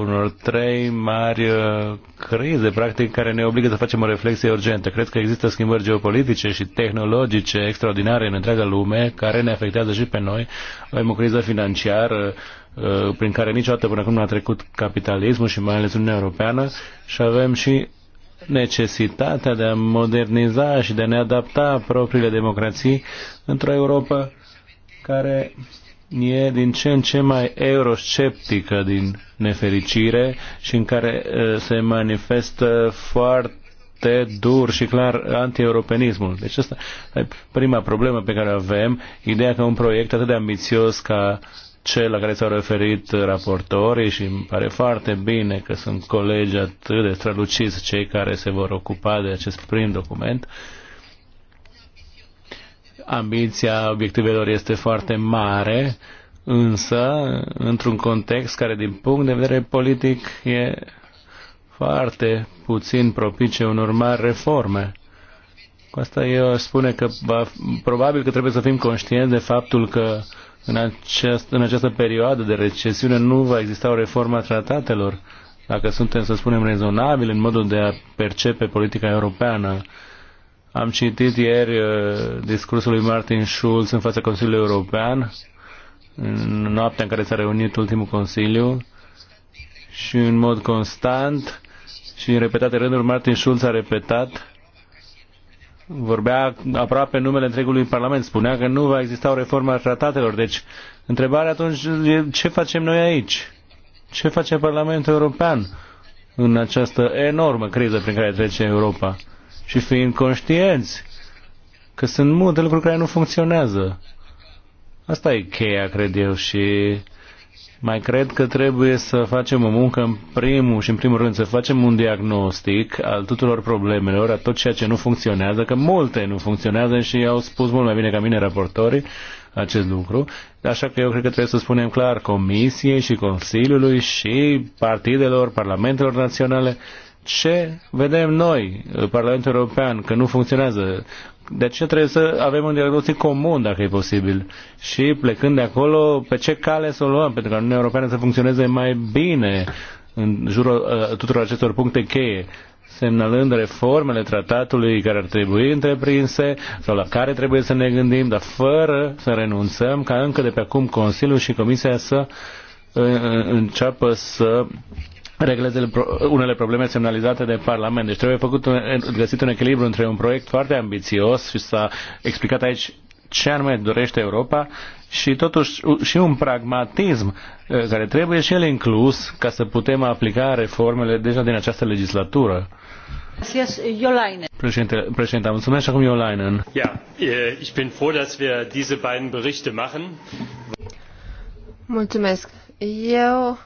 unor trei mari uh, crize, practic, care ne obligă să facem o reflexie urgentă. Cred că există schimbări geopolitice și tehnologice extraordinare în întreaga lume, care ne afectează și pe noi. Avem o criză financiară uh, prin care niciodată până acum nu a trecut capitalismul și mai ales Uniunea Europeană și avem și necesitatea de a moderniza și de a ne adapta propriile democrații într-o Europa care e din ce în ce mai eurosceptică din nefericire și în care se manifestă foarte dur și clar anti anti-europenismul. Deci asta e prima problemă pe care o avem, ideea că un proiect atât de ambițios ca cel la care s-au referit raportorii și îmi pare foarte bine că sunt colegi atât de străluciți cei care se vor ocupa de acest prim document, uh, ambiția obiectivelor este foarte mare, însă într-un context care din punct de vedere politic e foarte puțin propice unor mari reforme. Cu asta eu spune că va, probabil că trebuie să fim conștienți de faptul că în, aceast, în această perioadă de recesiune nu va exista o reformă a tratatelor, dacă suntem, să spunem, rezonabili în modul de a percepe politica europeană am citit ieri uh, discursul lui Martin Schulz în fața Consiliului European, în noaptea în care s-a reunit ultimul Consiliu, și în mod constant și în repetate rânduri Martin Schulz a repetat vorbea aproape numele întregului Parlament, spunea că nu va exista o reformă a tratatelor. Deci, întrebarea atunci e ce facem noi aici? Ce face Parlamentul European în această enormă criză prin care trece Europa? și fiind conștienți că sunt multe lucruri care nu funcționează. Asta e cheia, cred eu, și mai cred că trebuie să facem o muncă în primul și în primul rând să facem un diagnostic al tuturor problemelor, a tot ceea ce nu funcționează, că multe nu funcționează și au spus mult mai bine ca mine raportorii acest lucru. Așa că eu cred că trebuie să spunem clar Comisiei și Consiliului și partidelor, parlamentelor naționale ce vedem noi, uh, Parlamentul European, că nu funcționează. De ce trebuie să avem un diagnostic comun, dacă e posibil. Și plecând de acolo, pe ce cale să o luăm, pentru că Uniunea Europeană să funcționeze mai bine în jurul uh, tuturor acestor puncte cheie semnalând reformele tratatului care ar trebui întreprinse sau la care trebuie să ne gândim, dar fără să renunțăm ca încă de pe acum Consiliul și Comisia să uh, uh, înceapă să regleze unele probleme semnalizate de Parlament. Deci trebuie făcut un, găsit un echilibru între un proiect foarte ambițios și s-a explicat aici ce anume dorește Europa și totuși și un pragmatism eh, care trebuie și el inclus ca să putem aplica reformele deja din această legislatură. Președinte, președinte, mulțumesc și acum Iolainen. Ja, eh, ich bin froh, dass wir diese beiden Berichte machen. Mulțumesc. Eu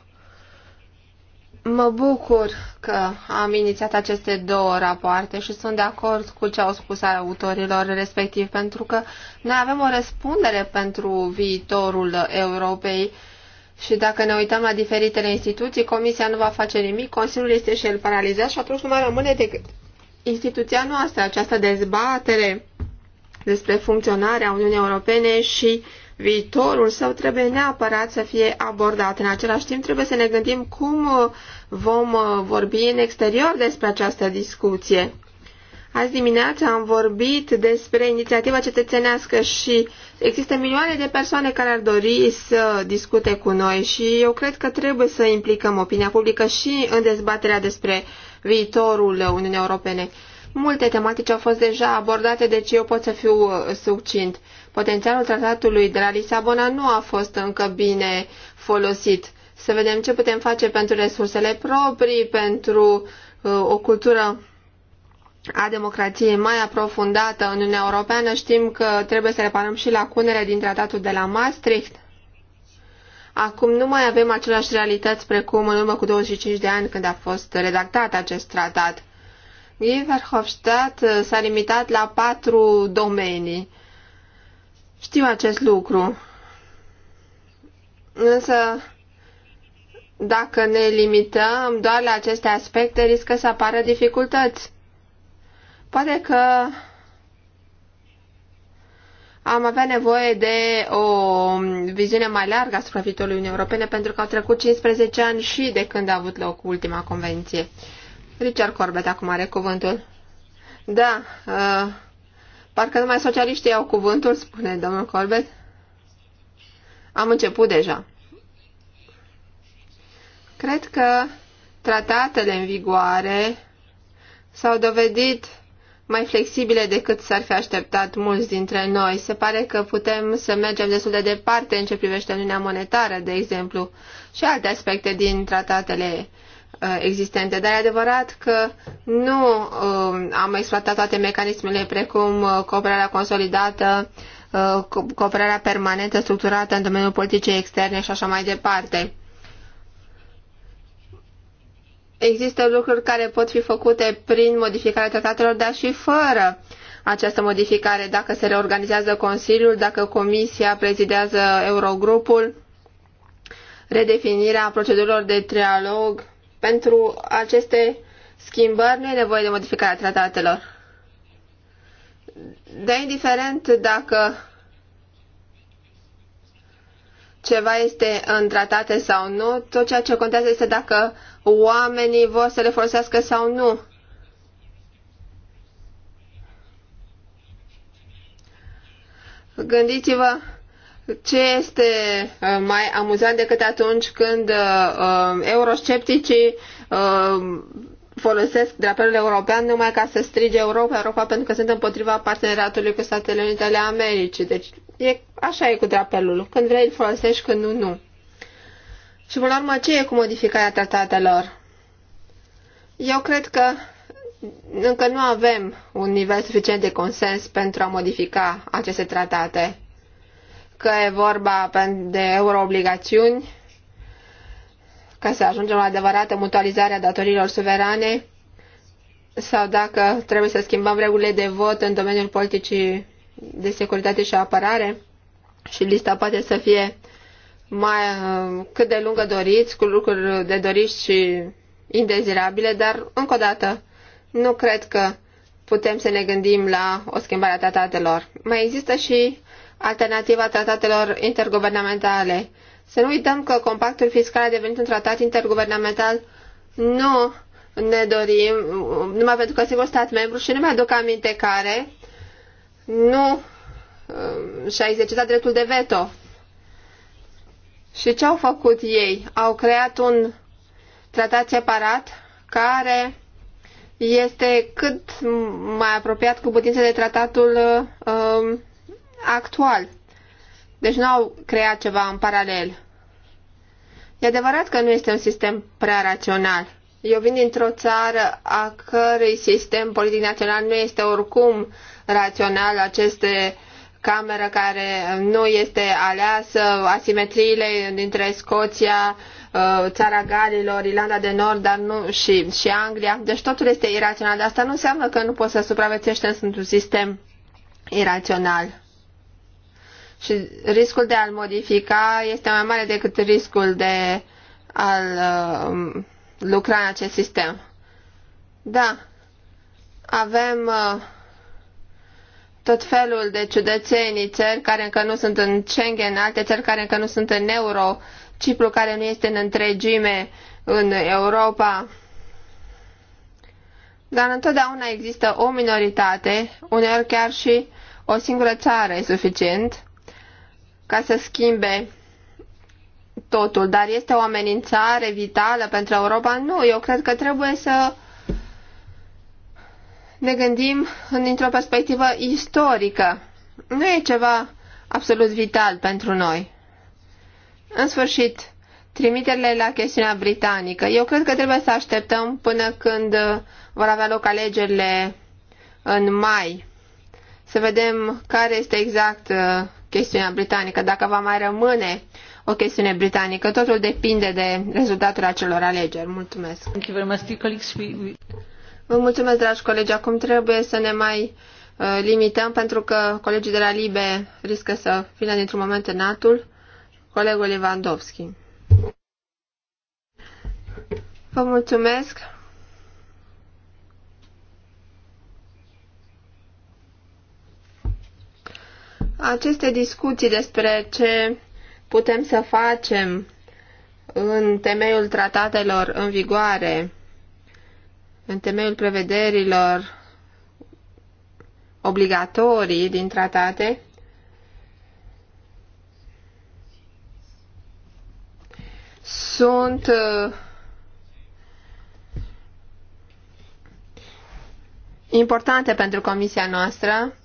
Mă bucur că am inițiat aceste două rapoarte și sunt de acord cu ce au spus autorilor respectiv, pentru că noi avem o răspundere pentru viitorul Europei și dacă ne uităm la diferitele instituții, Comisia nu va face nimic, Consiliul este și el paralizat și atunci nu mai rămâne decât instituția noastră, această dezbatere despre funcționarea Uniunii Europene și viitorul său trebuie neapărat să fie abordat. În același timp trebuie să ne gândim cum vom uh, vorbi în exterior despre această discuție. Azi dimineața am vorbit despre inițiativa cetățenească și există milioane de persoane care ar dori să discute cu noi și eu cred că trebuie să implicăm opinia publică și în dezbaterea despre viitorul Uniunii Europene. Multe tematici au fost deja abordate, deci eu pot să fiu uh, succint. Potențialul tratatului de la Lisabona nu a fost încă bine folosit să vedem ce putem face pentru resursele proprii, pentru uh, o cultură a democrației mai aprofundată în Uniunea Europeană. Știm că trebuie să reparăm și lacunele din tratatul de la Maastricht. Acum nu mai avem aceleași realități precum în urmă cu 25 de ani când a fost redactat acest tratat. Guy Verhofstadt uh, s-a limitat la patru domenii. Știu acest lucru. Însă dacă ne limităm doar la aceste aspecte, riscă să apară dificultăți. Poate că am avea nevoie de o viziune mai largă asupra viitorului Uniunii Europene pentru că au trecut 15 ani și de când a avut loc ultima convenție. Richard Corbett acum are cuvântul. Da, uh, parcă numai socialiștii au cuvântul, spune domnul Corbett. Am început deja. Cred că tratatele în vigoare s-au dovedit mai flexibile decât s-ar fi așteptat mulți dintre noi. Se pare că putem să mergem destul de departe în ce privește Uniunea Monetară, de exemplu, și alte aspecte din tratatele uh, existente, dar e adevărat că nu um, am exploatat toate mecanismele precum uh, cooperarea consolidată, uh, cooperarea permanentă structurată în domeniul politicii externe și așa mai departe există lucruri care pot fi făcute prin modificarea tratatelor, dar și fără această modificare, dacă se reorganizează Consiliul, dacă Comisia prezidează Eurogrupul, redefinirea procedurilor de trialog. Pentru aceste schimbări nu e nevoie de modificarea tratatelor. De indiferent dacă ceva este în tratate sau nu, tot ceea ce contează este dacă oamenii vor să le folosească sau nu. Gândiți-vă ce este uh, mai amuzant decât atunci când uh, um, euroscepticii uh, folosesc drapelul european numai ca să strige Europa, Europa pentru că sunt împotriva parteneriatului cu Statele Unite ale Americii. Deci E, așa e cu drapelul. Când vrei îl folosești, când nu, nu. Și până la urmă, ce e cu modificarea tratatelor? Eu cred că încă nu avem un nivel suficient de consens pentru a modifica aceste tratate. Că e vorba de euroobligațiuni, ca să ajungem la adevărată mutualizare a datorilor suverane, sau dacă trebuie să schimbăm regulile de vot în domeniul politicii de securitate și apărare și lista poate să fie mai uh, cât de lungă doriți, cu lucruri de doriți și indezirabile, dar încă o dată nu cred că putem să ne gândim la o schimbare a tratatelor. Mai există și alternativa tratatelor interguvernamentale. Să nu uităm că compactul fiscal a devenit un tratat interguvernamental nu ne dorim, numai pentru că singur stat membru și nu mi-aduc aminte care, nu um, și-a deci exercitat dreptul de veto. Și ce au făcut ei? Au creat un tratat separat care este cât mai apropiat cu putință de tratatul uh, actual. Deci nu au creat ceva în paralel. E adevărat că nu este un sistem prea rațional. Eu vin dintr-o țară a cărei sistem politic național nu este oricum rațional aceste cameră care nu este aleasă, asimetriile dintre Scoția, uh, țara Galilor, Irlanda de Nord dar nu, și, și Anglia. Deci totul este irațional, dar asta nu înseamnă că nu poți să supraviețuiești într-un sistem irațional. Și riscul de a-l modifica este mai mare decât riscul de a uh, lucra în acest sistem. Da, avem uh, tot felul de ciudățenii, țări care încă nu sunt în Schengen, alte țări care încă nu sunt în euro, Cipru care nu este în întregime în Europa. Dar întotdeauna există o minoritate, uneori chiar și o singură țară e suficient ca să schimbe totul. Dar este o amenințare vitală pentru Europa? Nu, eu cred că trebuie să ne gândim dintr-o perspectivă istorică. Nu e ceva absolut vital pentru noi. În sfârșit, trimiterile la chestiunea britanică. Eu cred că trebuie să așteptăm până când uh, vor avea loc alegerile în mai. Să vedem care este exact uh, chestiunea britanică, dacă va mai rămâne o chestiune britanică. Totul depinde de rezultatul acelor alegeri. Mulțumesc. Vă mulțumesc, dragi colegi. Acum trebuie să ne mai uh, limităm pentru că colegii de la Libe riscă să vină dintr-un moment în altul. Colegul Lewandowski. Vă mulțumesc. Aceste discuții despre ce putem să facem în temeiul tratatelor în vigoare în temeiul prevederilor obligatorii din tratate, sunt uh, importante pentru comisia noastră,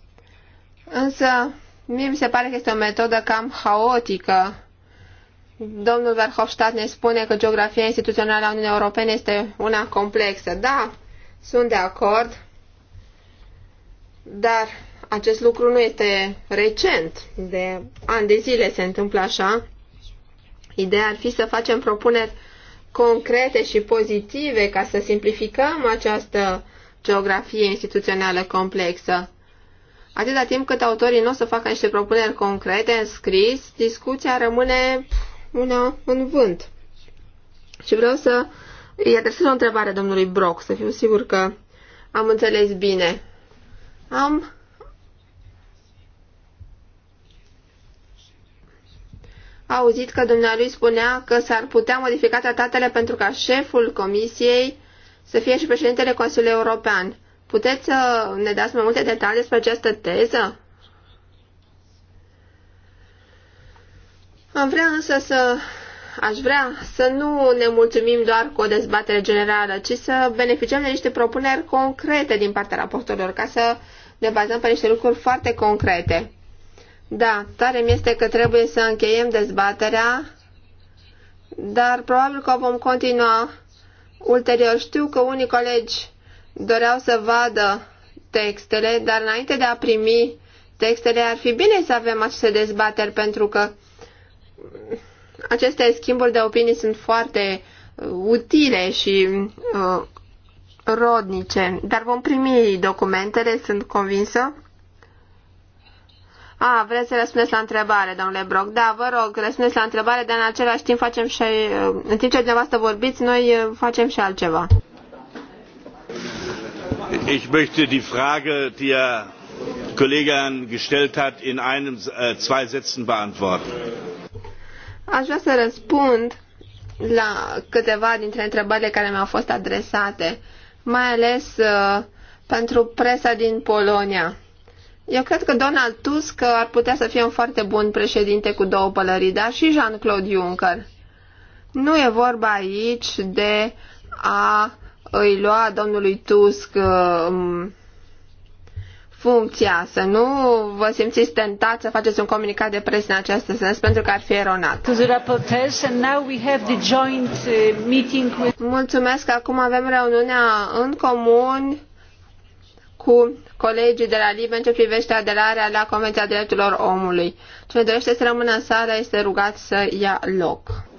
însă mie mi se pare că este o metodă cam haotică Domnul Verhofstadt ne spune că geografia instituțională a Uniunii Europene este una complexă. Da, sunt de acord, dar acest lucru nu este recent. De ani de zile se întâmplă așa. Ideea ar fi să facem propuneri concrete și pozitive ca să simplificăm această geografie instituțională complexă. Atâta timp cât autorii nu o să facă niște propuneri concrete în scris, discuția rămâne una în vânt. Și vreau să îi adresez o întrebare domnului Brock, să fiu sigur că am înțeles bine. Am auzit că dumnealui spunea că s-ar putea modifica tratatele pentru ca șeful comisiei să fie și președintele Consiliului European. Puteți să ne dați mai multe detalii despre această teză? Am vrea însă să aș vrea să nu ne mulțumim doar cu o dezbatere generală, ci să beneficiem de niște propuneri concrete din partea raportorilor, ca să ne bazăm pe niște lucruri foarte concrete. Da, tare mi este că trebuie să încheiem dezbaterea, dar probabil că o vom continua ulterior. Știu că unii colegi doreau să vadă textele, dar înainte de a primi textele ar fi bine să avem aceste dezbateri pentru că aceste schimburi de opinii sunt foarte uh, utile și uh, rodnice, dar vom primi documentele, sunt convinsă. A, ah, vreți să răspundeți la întrebare, domnule Broc. Da, vă rog, răspundeți la întrebare, dar în același timp facem și, uh, în timp ce dumneavoastră vorbiți, noi uh, facem și altceva. Ich möchte die Frage, die Herr Kollege gestellt hat, in einem, äh, zwei Sätzen beantworten Aș vrea să răspund la câteva dintre întrebările care mi-au fost adresate, mai ales uh, pentru presa din Polonia. Eu cred că Donald Tusk ar putea să fie un foarte bun președinte cu două pălării, dar și Jean-Claude Juncker. Nu e vorba aici de a îi lua domnului Tusk uh, funcția, să nu vă simțiți tentat să faceți un comunicat de presă în această sens, pentru că ar fi eronat. Uh, Mulțumesc, acum avem reuniunea în comun cu colegii de la Libe în ce privește aderarea la Convenția Drepturilor Omului. Cine dorește să rămână în sală este rugat să ia loc.